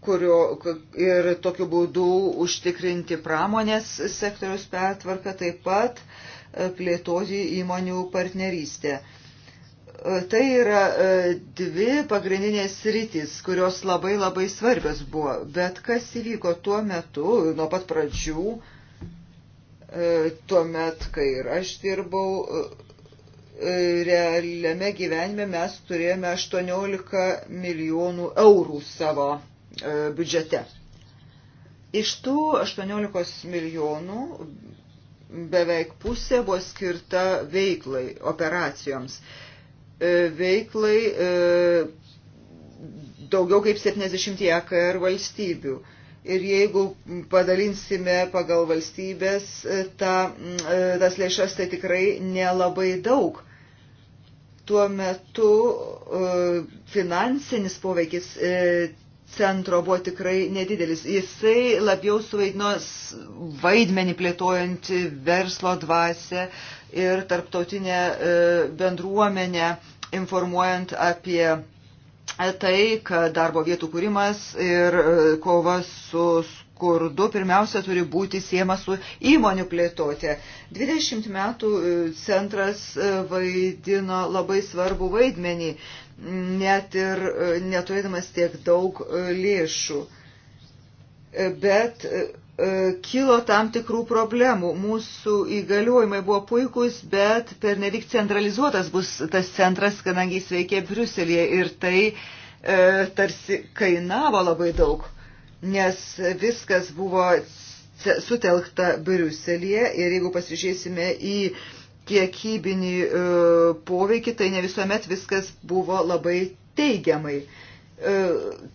kurio ir tokiu būdu užtikrinti pramonės sektoriaus pertvarką, taip pat e, plėtoti įmonių partnerystę. Tai yra e, dvi pagrindinės rytis, kurios labai labai svarbios buvo. Bet kas įvyko tuo metu, nuo pat pradžių, e, tuo met, kai ir aš dirbau, e, realiame gyvenime mes turėjome 18 milijonų eurų savo biudžete. Iš tų 18 milijonų beveik pusė buvo skirta veiklai, operacijoms. E, veiklai e, daugiau kaip 70 AKR e valstybių. Ir jeigu padalinsime pagal valstybės ta, tas lėšas, tai tikrai nelabai daug. Tuo metu finansinis poveikis centro buvo tikrai nedidelis. Jisai labiau suvaidino vaidmenį plėtojant verslo dvasę ir tarptautinę bendruomenę informuojant apie tai, kad darbo vietų kūrimas ir e, kova su skurdu pirmiausia turi būti siema su įmonių plėtotė. 20 metų e, centras e, vaidino labai svarbų vaidmenį, net ir neturėdamas tiek daug lėšų. Bet E, kilo tam tikrų problemų. Mūsų įgaliojimai buvo puikūs, bet per nedik centralizuotas bus tas centras, kadangi jis veikė Briuselėje ir tai e, tarsi kainavo labai daug, nes viskas buvo sutelkta Briuselėje ir jeigu pasižiūrėsime į kiekybinį e, poveikį, tai ne visuomet viskas buvo labai teigiamai. E, E,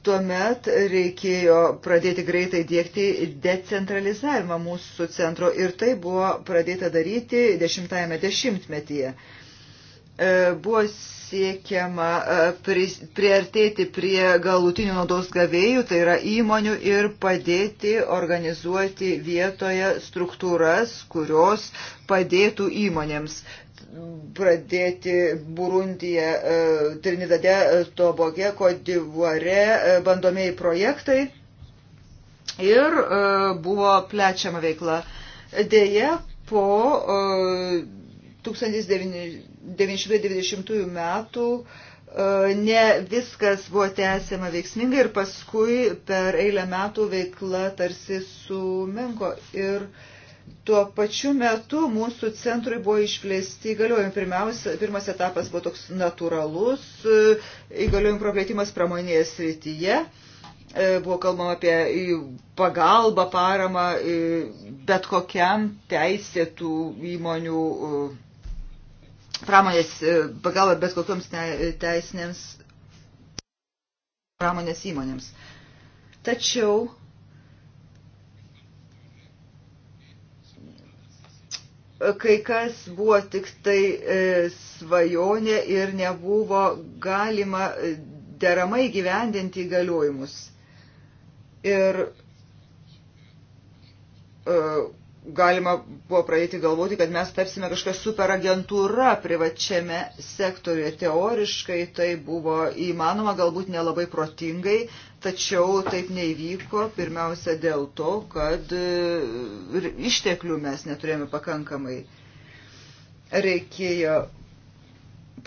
tuomet reikėjo pradėti greitai dėkti decentralizavimą mūsų centro ir tai buvo pradėta daryti dešimtajame dešimtmetyje. E, buvo siekiama e, priartėti prie galutinių naudos gavėjų, tai yra įmonių, ir padėti organizuoti vietoje struktūras, kurios padėtų įmonėms pradėti Burundija, e, Trinidade, e, Toboge, Kodivore e, bandomieji projektai ir buvo plečiama veikla. Deja, po 1990 metų ne viskas buvo tęsiama veiksmingai ir paskui per eilę metų veikla tarsi sumenko ir uh, Tuo pačiu metu mūsų centrui buvo išplėsti įgaliojimai. Pirmas etapas buvo toks natūralus e, įgaliojimų praplėtimas pramonėje srityje. E, buvo kalbama apie pagalbą, paramą bet kokiam teisėtų įmonių e, pramonės, pagalbą bet kokioms teisinėms pramonės įmonėms. Tačiau kai kas buvo tik tai e, svajonė ir nebuvo galima e, deramai gyvendinti įgaliojimus. Ir e, galima buvo praeiti galvoti, kad mes tapsime kažkokia superagentūra privačiame sektoriuje. Teoriškai tai buvo įmanoma, galbūt nelabai protingai, Tačiau taip neįvyko pirmiausia dėl to, kad e, išteklių mes neturėjome pakankamai. Reikėjo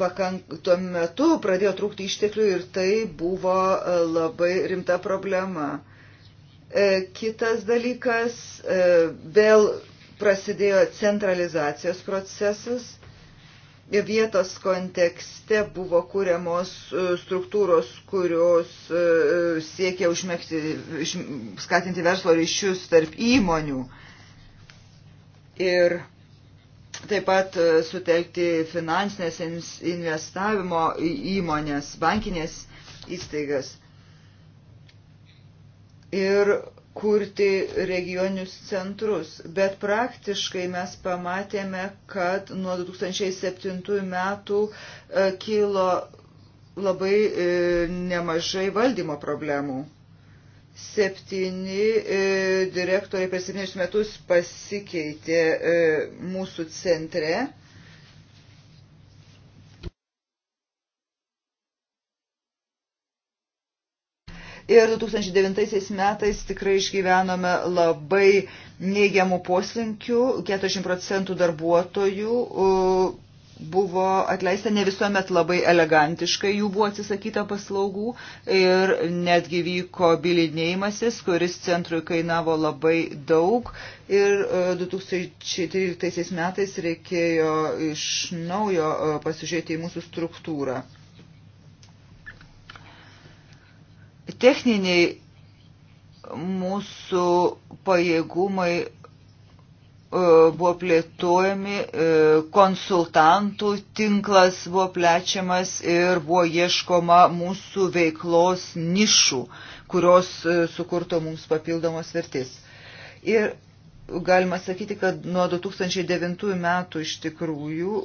pakank, tuo metu pradėjo trūkti išteklių ir tai buvo e, labai rimta problema. E, kitas dalykas, vėl prasidėjo centralizacijos procesas vietos kontekste buvo kūriamos e, struktūros, kurios e, siekia užmėgti, skatinti verslo ryšius tarp įmonių ir taip pat e, sutelkti finansinės investavimo įmonės, bankinės įstaigas. Ir kurti regioninius centrus, bet praktiškai mes pamatėme, kad nuo 2007 metų e, kilo labai e, nemažai valdymo problemų. Septyni e, direktoriai per septynius metus pasikeitė mūsų centre ir 2009 metais tikrai išgyvenome labai neigiamų poslinkių, 40 procentų darbuotojų buvo atleista ne visuomet labai elegantiškai, jų buvo atsisakyta paslaugų ir netgi vyko bilinėjimasis, kuris centrui kainavo labai daug ir 2013 e, metais reikėjo iš naujo e, pasižiūrėti į mūsų struktūrą. techniniai mūsų pajėgumai e, buvo plėtojami, e, konsultantų tinklas buvo plečiamas ir buvo ieškoma mūsų veiklos nišų, kurios e, sukurto mums papildomos vertės. Ir galima sakyti, kad nuo 2009 metų iš tikrųjų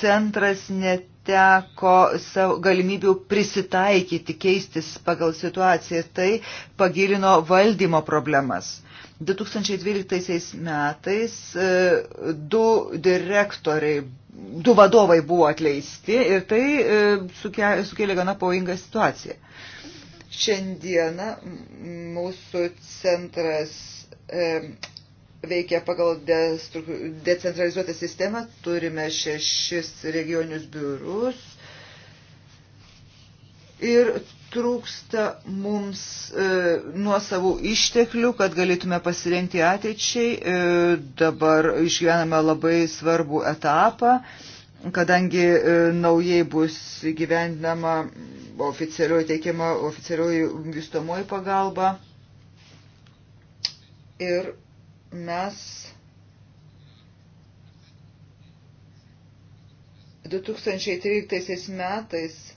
centras neteko savo galimybių prisitaikyti, keistis pagal situaciją, tai pagilino valdymo problemas. 2012 metais e, du direktoriai, du vadovai buvo atleisti ir tai e, sukėlė gana pavojingą situaciją. Šiandieną mūsų centras e, veikia pagal decentralizuotą sistemą, turime šešis regionius biurus ir trūksta mums e, nuo savų išteklių, kad galėtume pasirengti ateičiai. E, dabar išgyvename labai svarbų etapą, kadangi e, naujai bus gyvendinama oficialioji teikiama oficialioji vystomoji pagalba. Ir mes 2013 metais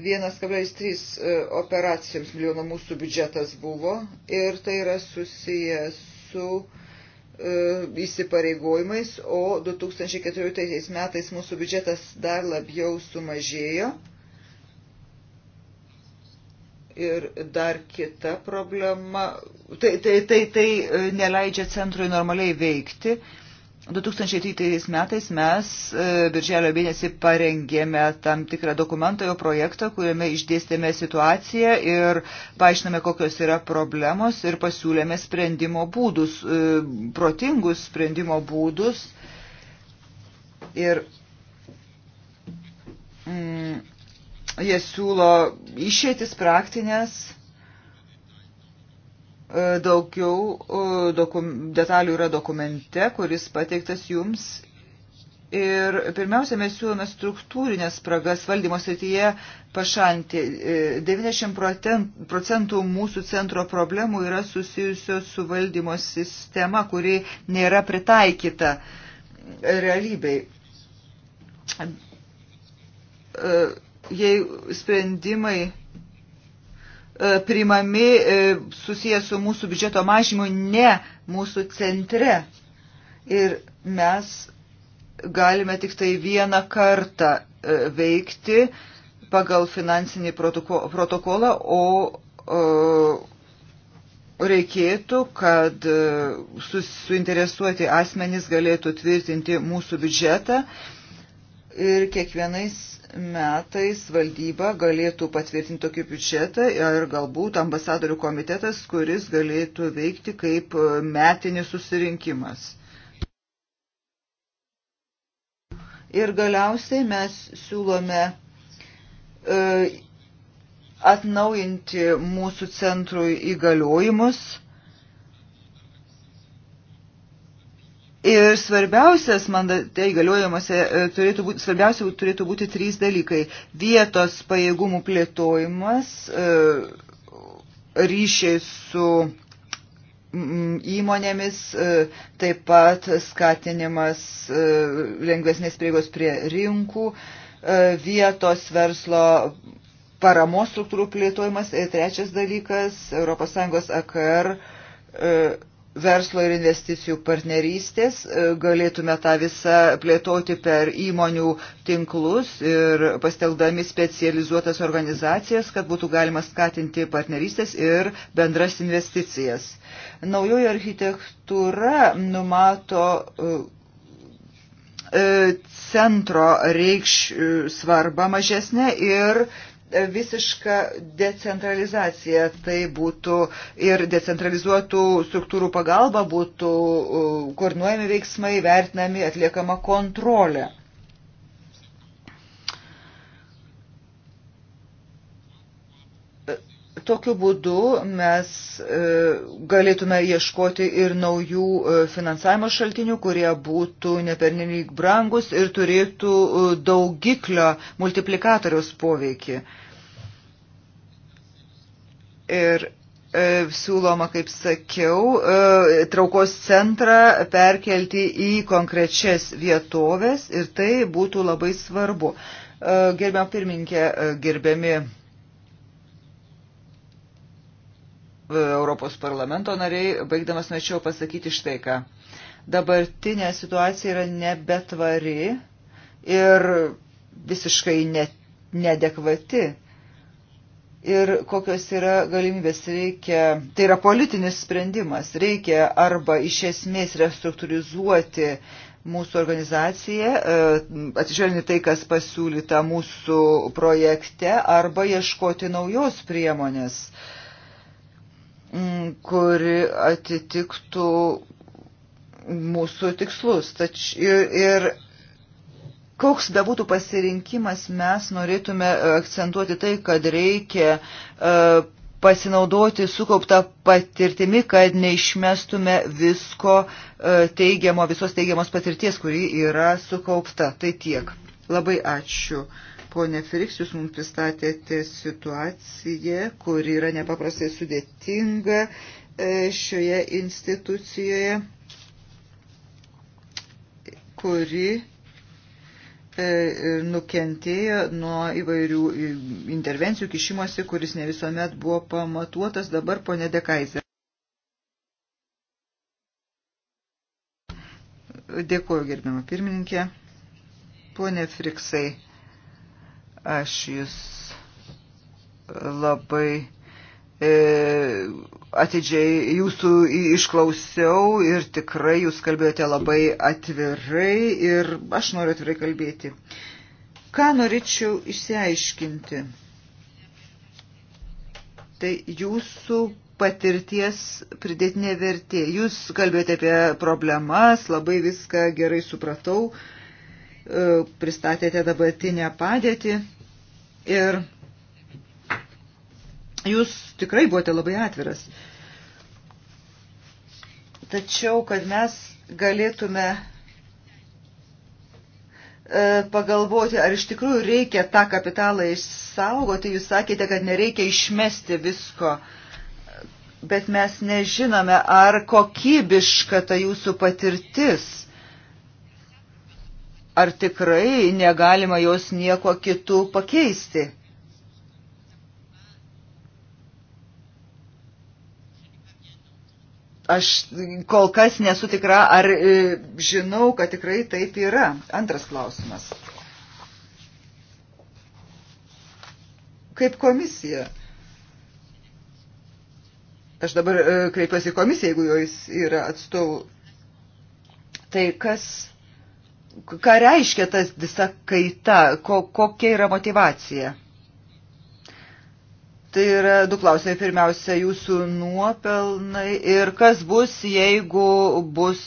1,3 e, operacijoms milijono mūsų biudžetas buvo ir tai yra susiję su e, įsipareigojimais, o 2014 metais mūsų biudžetas dar labiau sumažėjo Ir dar kita problema, tai, tai, tai, tai e, neleidžia centrui normaliai veikti. 2003 metais mes e, birželio mėnesį parengėme tam tikrą dokumentą, jo projektą, kuriame išdėstėme situaciją ir paaiškiname, kokios yra problemos ir pasiūlėme sprendimo būdus, e, protingus sprendimo būdus. Ir mm, Jie siūlo išėtis praktinės, e, daugiau e, dokum, detalių yra dokumente, kuris pateiktas jums. Ir pirmiausia, mes siūlome struktūrinės spragas valdymo srityje pašalinti. 90 e, procentų mūsų centro problemų yra susijusios su valdymo sistema, kuri nėra pritaikyta realybei jei sprendimai e, priimami e, susijęs su mūsų biudžeto mažymu, ne mūsų centre. Ir mes galime tik tai vieną kartą e, veikti pagal finansinį protokolą, o reikėtų, kad suinteresuoti asmenys galėtų tvirtinti mūsų biudžetą ir kiekvienais metais valdyba galėtų patvirtinti tokį biudžetą ir galbūt ambasadorių komitetas, kuris galėtų veikti kaip metinis susirinkimas. Ir galiausiai mes siūlome e, atnaujinti mūsų centrui įgaliojimus Ir svarbiausias mandate įgaliojimuose e, turėtų būti, svarbiausia turėtų būti trys dalykai. Vietos pajėgumų plėtojimas, e, ryšiai su įmonėmis, e, taip pat skatinimas lengvesnės prieigos prie rinkų, vietos verslo paramos struktūrų plėtojimas ir trečias dalykas - ES AKR verslo ir investicijų partnerystės, e, galėtume tą visą plėtoti per įmonių tinklus ir pasteldami specializuotas organizacijas, kad būtų galima skatinti partnerystės ir bendras investicijas. Naujoji architektūra numato e, e, centro reikš svarbą mažesnę ir visišką decentralizaciją. Tai būtų ir decentralizuotų struktūrų pagalba, būtų koordinuojami veiksmai, vertinami, atliekama kontrolė. Tokiu būdu mes e, galėtume ieškoti ir naujų e, finansavimo šaltinių, kurie būtų nepernelyg brangus ir turėtų e, daugiklio multiplikatoriaus poveikį. Ir siūloma, kaip sakiau, traukos centrą perkelti į konkrečias vietovės ir tai būtų labai svarbu. Gerbiam pirminkė, gerbiami Europos parlamento nariai, baigdamas norėčiau pasakyti štai ką. Dabartinė situacija yra nebetvari ir visiškai net, nedekvati. Ir kokios yra galimybės reikia, tai yra politinis sprendimas, reikia arba iš esmės restruktūrizuoti mūsų organizacija, e, atsižvelgiant tai, kas pasiūlyta mūsų projekte, arba ieškoti naujos priemonės. Uh, Mm, kuri atitiktų mūsų tikslus. Tač, ir, ir koks be būtų pasirinkimas, mes norėtume akcentuoti tai, kad reikia e, pasinaudoti sukauptą patirtimi, kad neišmestume visko e, teigiamo, visos teigiamos patirties, kuri yra sukaupta. Tai tiek. Labai ačiū Pone Firiks, jūs mums pristatėte situaciją, kuri yra nepaprastai sudėtinga e, šioje institucijoje, kuri e, nukentėjo nuo įvairių intervencijų kišimosi, kuris ne visuomet buvo pamatuotas dabar ponė Dekaizė. Dėkuoju, gerbiamą pirmininkę. Pone Friksai, Aš jūs labai e, atidžiai jūsų išklausiau ir tikrai jūs kalbėjote labai atvirai ir aš noriu atvirai kalbėti. Ką norėčiau išsiaiškinti? Tai jūsų patirties pridėtinė vertė. Jūs kalbėjote apie problemas, labai viską gerai supratau, e, pristatėte dabartinę padėtį. Ir jūs tikrai buvote labai atviras. Tačiau, kad mes galėtume e, pagalvoti, ar iš tikrųjų reikia tą kapitalą išsaugoti, jūs sakėte, kad nereikia išmesti visko, bet mes nežinome, ar kokybiška ta jūsų patirtis ar tikrai negalima jos nieko kitų pakeisti? Aš kol kas nesu tikra, ar e, žinau, kad tikrai taip yra. Antras klausimas. Kaip komisija? Aš dabar e, kreipiuosi komisiją, jeigu jos yra atstovų. Tai kas ką reiškia tas visa kaita, ko, kokia yra motivacija? Tai yra du klausimai. Pirmiausia, jūsų nuopelnai ir kas bus, jeigu bus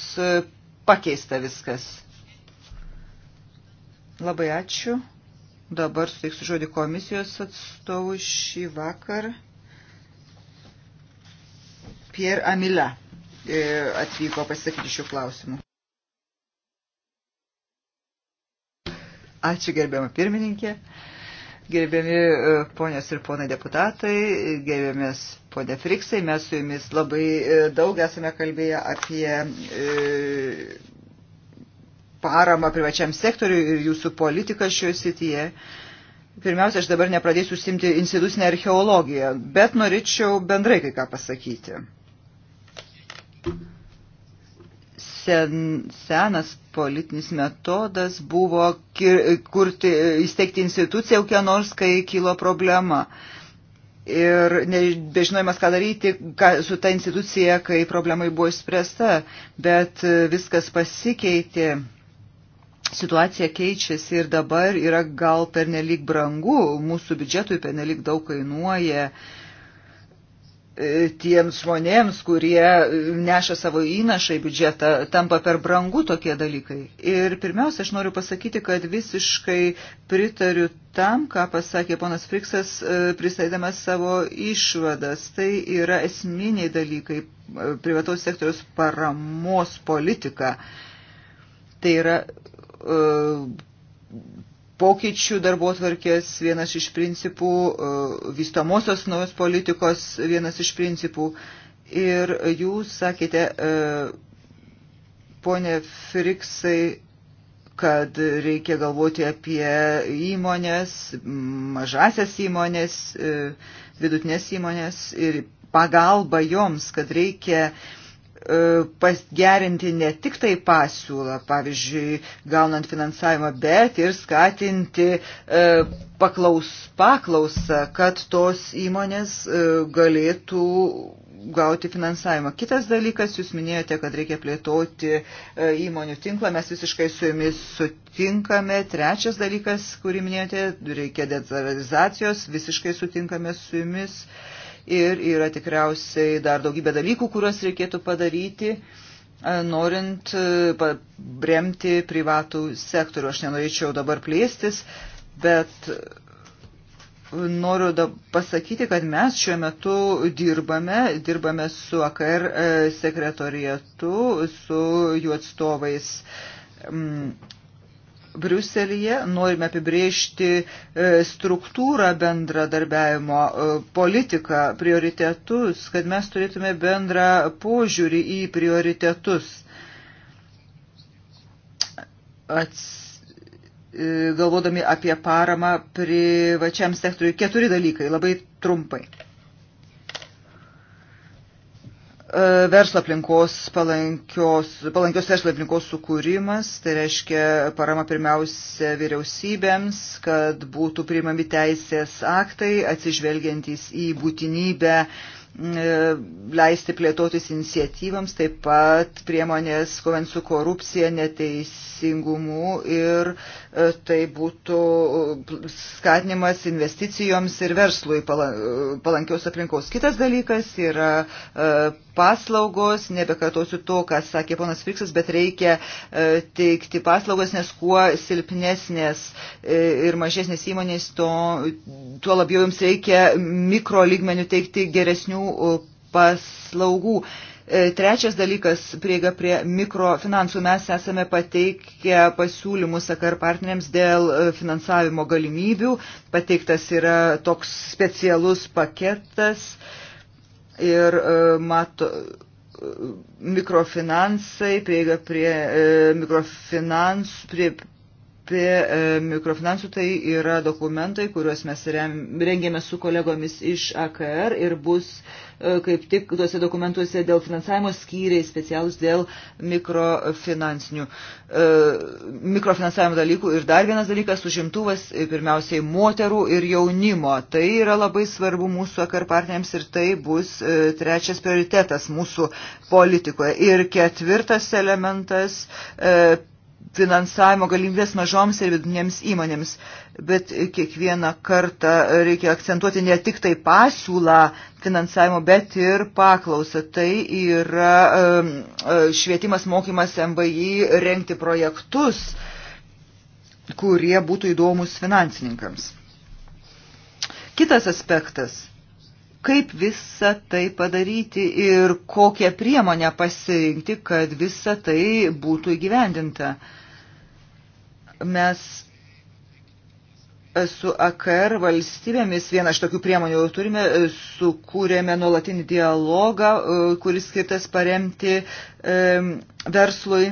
pakeista viskas. Labai ačiū. Dabar suteiksiu žodį komisijos atstovų šį vakar. Pierre Amila e, atvyko pasakyti šių klausimų. Ačiū gerbiamą pirmininkę, gerbiami e, ponios ir ponai deputatai, gerbiamės ponė Friksai, mes su jumis labai e, daug esame kalbėję apie e, paramą privačiam sektoriui ir jūsų politiką šioje sityje. Pirmiausia, aš dabar nepradėsiu simti institucinę archeologiją, bet norėčiau bendrai kai ką pasakyti. sen, senas politinis metodas buvo kir, kurti, įsteigti instituciją kokią nors, kai kilo problema. Ir nebežinojimas, ką daryti ką, su ta institucija, kai problemai buvo išspręsta, bet e, viskas pasikeitė, situacija keičiasi ir dabar yra gal pernelyg brangu, mūsų biudžetui pernelyg daug kainuoja uh, E, tiems žmonėms, kurie neša savo įnašą į biudžetą, tampa per brangu tokie dalykai. Ir pirmiausia, aš noriu pasakyti, kad visiškai pritariu tam, ką pasakė ponas Friksas, e, pristaidamas savo išvadas. Tai yra esminiai dalykai e, privataus sektoriaus paramos politika. Tai yra pokyčių darbo tvarkės vienas iš principų, e, vystamosios naujos politikos vienas iš principų. Ir jūs sakėte, e, ponė Friksai, kad reikia galvoti apie įmonės, mažasias įmonės, e, vidutinės įmonės ir pagalbą joms, kad reikia uh, E, pasgerinti ne tik tai pasiūlą, pavyzdžiui, gaunant finansavimą, bet ir skatinti e, paklaus, paklausą, kad tos įmonės e, galėtų gauti finansavimą. Kitas dalykas, jūs minėjote, kad reikia plėtoti įmonių tinklą, mes visiškai su jumis sutinkame. Trečias dalykas, kurį minėjote, reikia decentralizacijos, visiškai sutinkame su jumis. Uh, ir yra tikriausiai dar daugybė dalykų, kuriuos reikėtų padaryti e, norint e, remti privatų sektorių. Aš nenorėčiau dabar plėstis, bet e, noriu pasakyti, kad mes šiuo metu dirbame, dirbame su AKR sekretorietu, su jų atstovais mm, Briuselėje norime apibriežti e, struktūrą bendradarbiavimo, e, politiką, prioritetus, kad mes turėtume bendrą požiūrį į prioritetus. Ats, e, galvodami apie paramą privačiam sektoriui, keturi dalykai, labai trumpai. E, verslo aplinkos palankios, palankios verslo aplinkos sukūrimas, tai reiškia parama pirmiausia vyriausybėms, kad būtų priimami teisės aktai, atsižvelgiantys į būtinybę e, leisti plėtotis iniciatyvams, taip pat priemonės kovant su korupcija, neteisingumu ir E, tai būtų e, skatinimas investicijoms ir verslui e, palankiaus aplinkos. Kitas dalykas yra paslaugos, nebekartosiu to, ką sakė ponas Friksas, bet reikia teikti paslaugas, nes kuo silpnesnės ir mažesnės įmonės, to, tuo labiau jums reikia mikro lygmenių teikti geresnių paslaugų. E, trečias dalykas - prieiga prie mikrofinansų. Mes esame pateikę pasiūlymus AKR partneriams dėl e, finansavimo galimybių. Pateiktas yra toks specialus paketas ir e, mato mikrofinansai, prieiga prie mikrofinansų, prie apie e, mikrofinansų, tai yra dokumentai, kuriuos mes rengėme su kolegomis iš AKR ir bus e, kaip tik tuose dokumentuose dėl finansavimo skyriai specialus dėl mikrofinansinių, e, mikrofinansavimo dalykų. Ir dar vienas dalykas, užimtuvas pirmiausiai moterų ir jaunimo. Tai yra labai svarbu mūsų AKR partneriams ir tai bus trečias prioritetas mūsų politikoje. Ir ketvirtas elementas finansavimo galimybės mažoms ir vidinėms įmonėms. Bet kiekvieną kartą reikia akcentuoti ne tik tai pasiūlą finansavimo, bet ir paklausą. Tai yra e, švietimas, mokymas MVI renkti projektus, kurie būtų įdomus finansininkams. Kitas aspektas kaip visą tai padaryti ir kokią priemonę pasirinkti, kad visa tai būtų įgyvendinta. Uh, Mes su AKR valstybėmis vieną iš tokių priemonių turime, sukūrėme nuolatinį dialogą, e, kuris skirtas paremti e, verslui,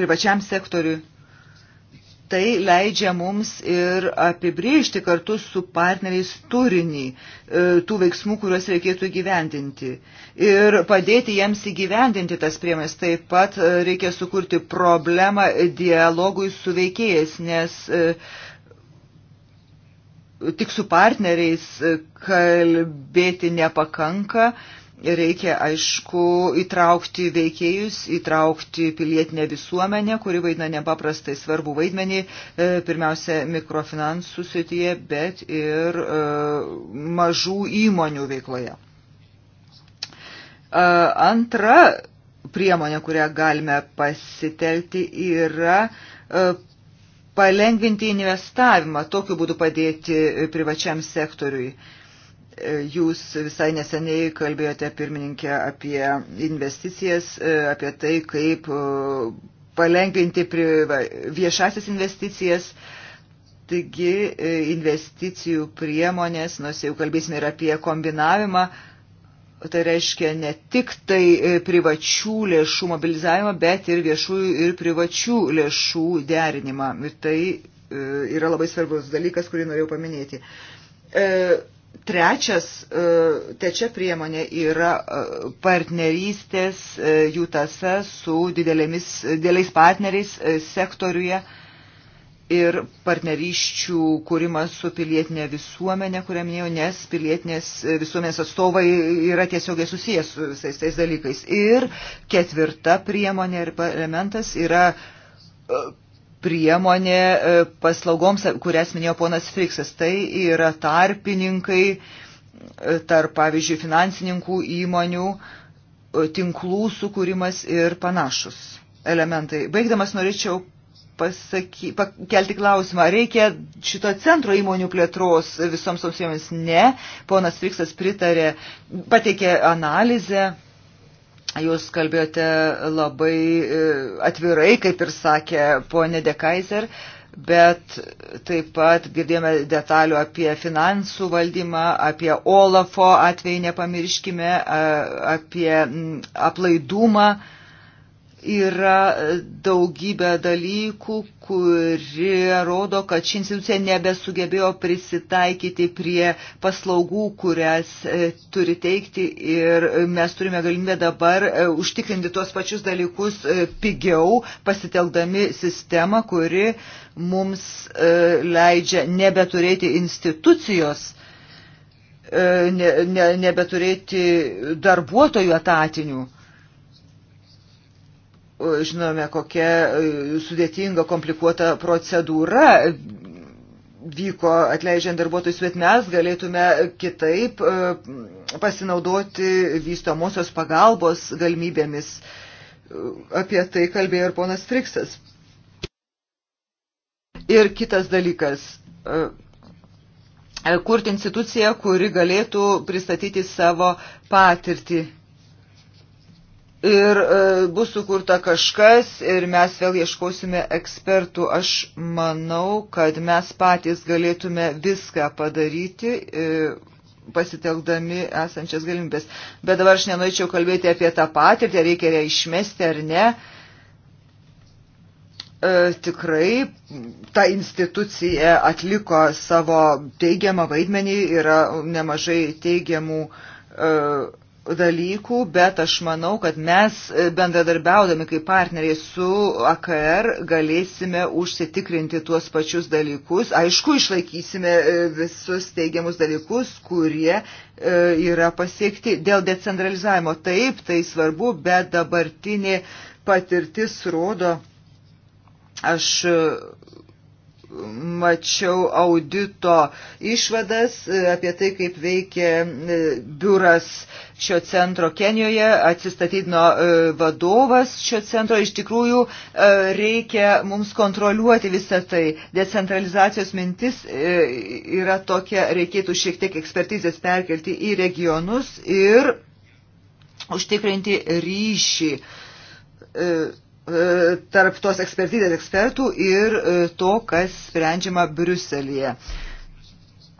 privačiam sektoriui tai leidžia mums ir apibriežti kartu su partneriais turinį e, tų veiksmų, kuriuos reikėtų gyvendinti. Ir padėti jiems įgyvendinti tas priemonės. Taip pat e, reikia sukurti problemą dialogui su veikėjais, nes e, tik su partneriais kalbėti nepakanka Reikia, aišku, įtraukti veikėjus, įtraukti pilietinę visuomenę, kuri vaidina nepaprastai svarbu vaidmenį, e, pirmiausia, mikrofinansų srityje, bet ir e, mažų įmonių veikloje. E, antra priemonė, kurią galime pasitelti, yra palengvinti investavimą, tokiu būdu padėti privačiam sektoriui. Jūs visai neseniai kalbėjote pirmininkę apie investicijas, e, apie tai, kaip e, palengvinti viešasis investicijas. Taigi e, investicijų priemonės, nors jau kalbėsime ir apie kombinavimą, tai reiškia ne tik tai privačių lėšų mobilizavimą, bet ir viešųjų ir privačių lėšų derinimą. Ir tai yra labai svarbus dalykas, kurį norėjau paminėti Trečias, e, trečia priemonė yra e, partnerystės e, jūtase su didelėmis, dideliais partneriais sektoriuje ir partnerysčių kūrimas su pilietinė visuomenė, kurią minėjau, nes pilietinės visuomenės atstovai yra tiesiogiai susijęs su visais tais dalykais. Ir ketvirta priemonė ir elementas yra priemonė e, paslaugoms, kurias minėjo ponas Friksas. Tai yra tarpininkai e, tarp, pavyzdžiui, finansininkų įmonių, e, tinklų sukūrimas ir panašus elementai. Baigdamas norėčiau pasaky, pakelti klausimą, reikia šito centro įmonių plėtros visoms toms jomis? Ne. Ponas Friksas pritarė, pateikė analizę Jūs kalbėjote labai e, atvirai, kaip ir sakė ponė Dekaiser, bet taip pat girdėjome detalių apie finansų valdymą, apie Olafo atvejį nepamirškime, apie aplaidumą yra daugybė dalykų, kurie rodo, kad ši institucija nebesugebėjo prisitaikyti prie paslaugų, kurias e, turi teikti ir mes turime galimybę dabar e, užtikrinti tuos pačius dalykus e, pigiau, pasitelkdami sistemą, kuri mums leidžia nebeturėti institucijos ne, ne, nebeturėti darbuotojų etatinių Žinome, kokia e, sudėtinga, komplikuota procedūra vyko atleidžiant darbuotojus, bet mes galėtume kitaip e, pasinaudoti vystomosios pagalbos galimybėmis. E, apie tai kalbėjo ir ponas Friksas. Ir kitas dalykas kurti instituciją, kuri galėtų pristatyti savo patirtį ir e, bus sukurta kažkas ir mes vėl ieškosime ekspertų. Aš manau, kad mes patys galėtume viską padaryti e, pasitelkdami esančias galimybės. Bet dabar aš nenorėčiau kalbėti apie tą patirtį, ar reikia ją išmesti ar ne. E, tikrai ta institucija atliko savo teigiamą vaidmenį, yra nemažai teigiamų e, dalykų, bet aš manau, kad mes e, bendradarbiaudami kaip partneriai su AKR galėsime užsitikrinti tuos pačius dalykus. Aišku, išlaikysime e, visus teigiamus dalykus, kurie e, yra pasiekti. Dėl decentralizavimo taip, tai svarbu, bet dabartinė patirtis rodo, aš mačiau audito išvadas e, apie tai, kaip veikia e, biuras šio centro Kenijoje, atsistatydino e, vadovas šio centro. Iš tikrųjų reikia mums kontroliuoti visą tai. Decentralizacijos mintis yra tokia, reikėtų šiek tiek ekspertizės perkelti į regionus ir užtikrinti ryšį E, tarp tos ekspertizės ekspertų ir e, to, kas sprendžiama Briuselėje.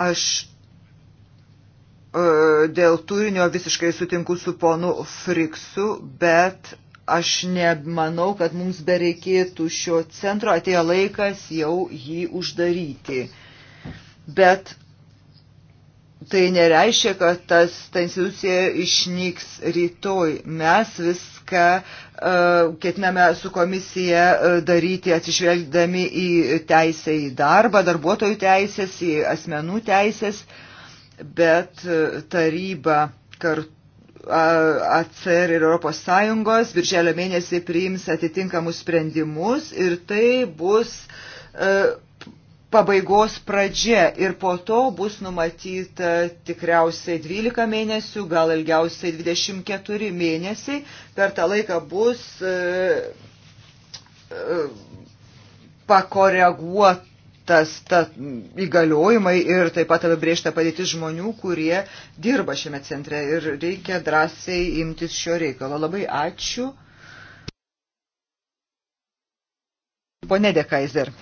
Aš e, dėl turinio visiškai sutinku su ponu Friksu, bet aš nemanau, kad mums bereikėtų šio centro, atėjo laikas jau jį uždaryti. Bet tai nereiškia, kad tas, ta institucija išnyks rytoj. Mes vis viską e, ketiname su komisija e, daryti atsižvelgdami į teisę į darbą, darbuotojų teisės, į asmenų teisės, bet e, taryba kartu ACR ir ES birželio mėnesį priims atitinkamus sprendimus ir tai bus uh, pabaigos pradžia ir po to bus numatyta tikriausiai 12 mėnesių, gal ilgiausiai 24 mėnesiai. Per tą laiką bus e, e, pakoreguotas ta įgaliojimai ir taip pat apibriešta padėti žmonių, kurie dirba šiame centre ir reikia drąsiai imtis šio reikalo. Labai ačiū. Pone Dekaiser.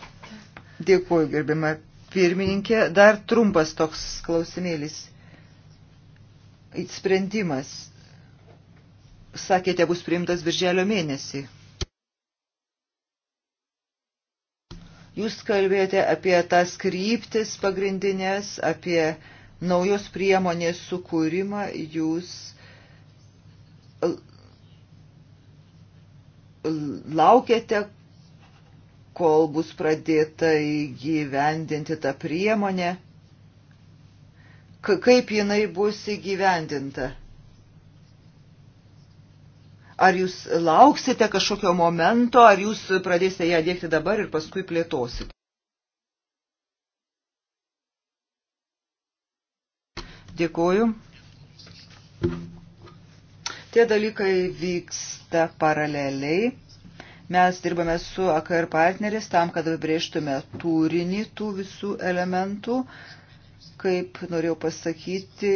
Dėkuoju, gerbima pirmininkė. Dar trumpas toks klausimėlis. Sprendimas, sakėte, bus priimtas birželio mėnesį. Jūs kalbėjote apie tas kryptis pagrindinės, apie naujos priemonės sukūrimą. Jūs laukiate, kol bus pradėta įgyvendinti tą priemonę, kaip jinai bus įgyvendinta. Ar jūs lauksite kažkokio momento, ar jūs pradėsite ją dėkti dabar ir paskui plėtosite? Dėkuoju. Tie dalykai vyksta paraleliai Mes dirbame su AKR partneris tam, kad apibrėžtume turinį tų visų elementų. Kaip norėjau pasakyti,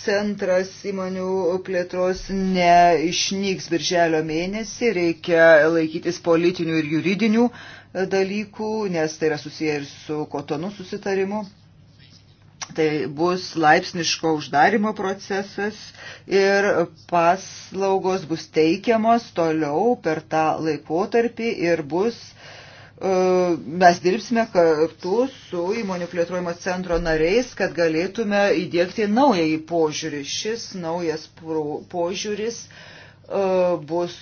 centras įmonių plėtros neišnyks birželio mėnesį, reikia laikytis politinių ir juridinių dalykų, nes tai yra susiję ir su kotonų susitarimu. Tai bus laipsniško uždarimo procesas ir paslaugos bus teikiamos toliau per tą laikotarpį ir bus, e, mes dirbsime kartu su įmonių plėtrojimo centro nariais, kad galėtume įdėkti naująjį požiūrį. Šis naujas požiūris e, bus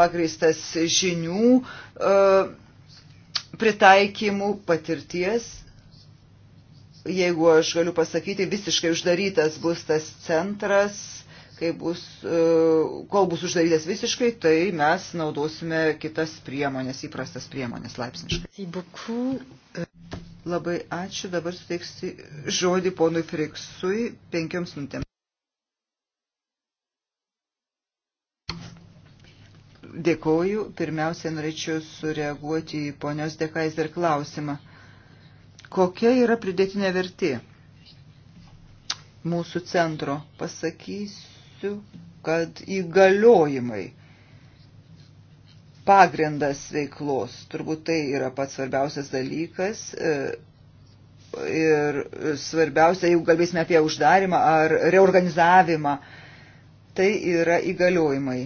pagristas žinių e, pritaikymų patirties jeigu aš galiu pasakyti, visiškai uždarytas bus tas centras, kai bus, e, kol bus uždarytas visiškai, tai mes naudosime kitas priemonės, įprastas priemonės laipsniškai. Labai ačiū, dabar suteiksiu žodį ponui Friksui penkioms minutėms. Dėkoju. Pirmiausia, norėčiau sureaguoti į ponios Dekaiser klausimą. Kokia yra pridėtinė vertė mūsų centro? Pasakysiu, kad įgaliojimai pagrindas veiklos, turbūt tai yra pats svarbiausias dalykas. E, ir svarbiausia, jeigu kalbėsime apie uždarimą ar reorganizavimą, tai yra įgaliojimai.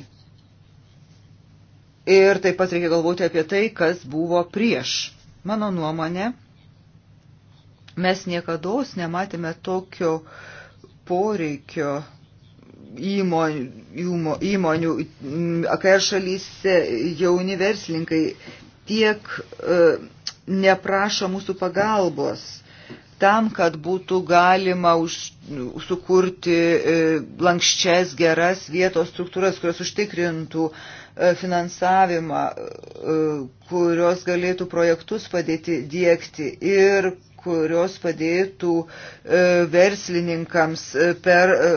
Ir taip pat reikia galvoti apie tai, kas buvo prieš. Mano nuomonė, Mes niekada nematėme tokio poreikio įmonių, įmonių mm, AKR šalyse jauni verslininkai tiek e, neprašo mūsų pagalbos tam, kad būtų galima už, sukurti e, lankščias geras vietos struktūras, kurios užtikrintų e, finansavimą, kurios galėtų projektus padėti dėkti ir kurios padėtų e, verslininkams e, per e,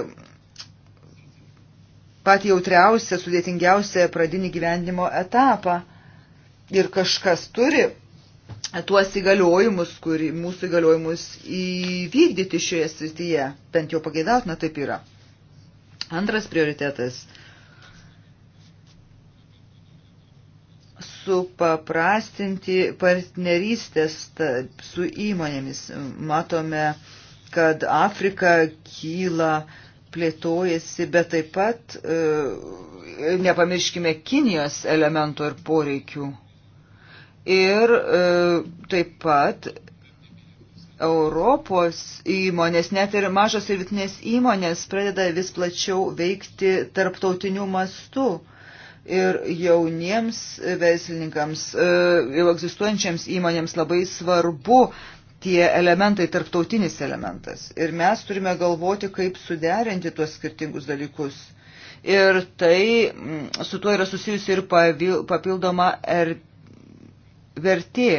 patį jautriausią, sudėtingiausią pradinį gyvenimo etapą. Ir kažkas turi tuos įgaliojimus, kuri, mūsų įgaliojimus įvykdyti šioje srityje. Bent jau pageidautina taip yra. Antras prioritetas supaprastinti partnerystės su įmonėmis. Matome, kad Afrika kyla, plėtojasi, bet taip pat e, nepamirškime Kinijos elemento ir poreikių. Ir e, taip pat Europos įmonės, net ir mažos ir vidutinės įmonės pradeda vis plačiau veikti tarptautiniu mastu ir jauniems verslininkams, e, jau egzistuojančiams įmonėms labai svarbu tie elementai, tarptautinis elementas. Ir mes turime galvoti, kaip suderinti tuos skirtingus dalykus. Ir tai mm, su tuo yra susijusi ir papildoma er, vertė.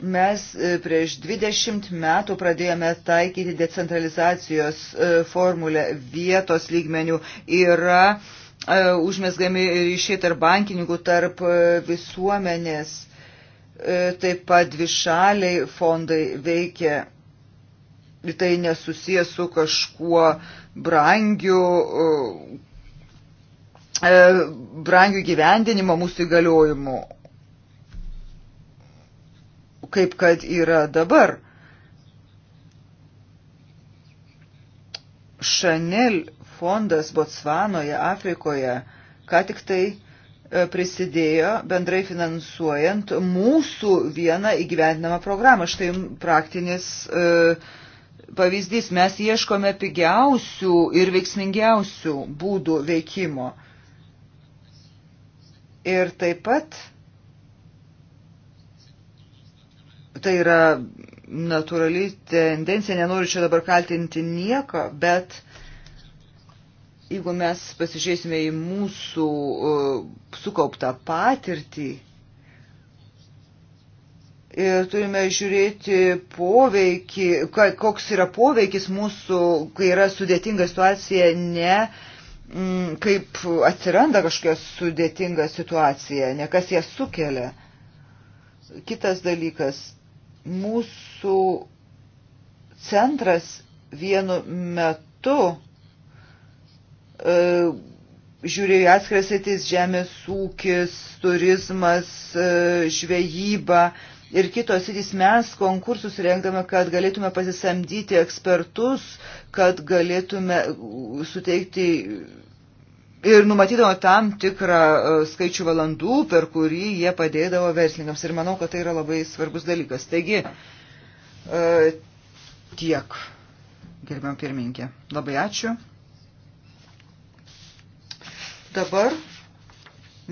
Mes e, prieš 20 metų pradėjome taikyti decentralizacijos e, formulę vietos lygmenių. Yra e, užmesgami ryšiai tarp bankininkų, tarp visuomenės, taip pat dvišaliai fondai veikia. Tai nesusijęs su kažkuo brangiu, brangių gyvendinimo mūsų įgaliojimų, kaip kad yra dabar. Chanel fondas Botsvanoje, Afrikoje, ką tik tai e, prisidėjo bendrai finansuojant mūsų vieną įgyvendinamą programą. Štai praktinis e, pavyzdys, mes ieškome pigiausių ir veiksmingiausių būdų veikimo. Ir taip pat tai yra natūrali tendencija, nenoriu čia dabar kaltinti nieko, bet jeigu mes pasižiūrėsime į mūsų uh, sukauptą patirtį ir turime žiūrėti poveikį, koks yra poveikis mūsų, kai yra sudėtinga situacija, ne mm, kaip atsiranda kažkokia sudėtinga situacija, ne kas ją sukelia. Kitas dalykas Mūsų centras vienu metu e, žiūrėjo atskiras sritis žemės ūkis, turizmas, e, žvejyba ir kitos sritys. Mes konkursus rengdame, kad galėtume pasisamdyti ekspertus, kad galėtume suteikti ir numatydavo tam tikrą e, skaičių valandų, per kurį jie padėdavo verslininkams. Ir manau, kad tai yra labai svarbus dalykas. Taigi, e, tiek, gerbiam pirmininkė. Labai ačiū. Dabar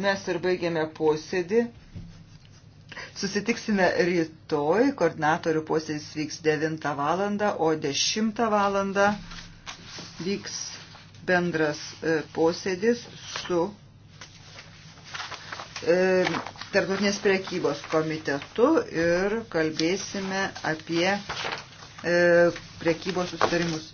mes ir baigėme posėdį. Susitiksime rytoj, koordinatorių posėdis vyks 9 valandą, o 10 valandą vyks bendras e, posėdis su e, Tartutinės priekybos komitetu ir kalbėsime apie e, priekybos sustarimus.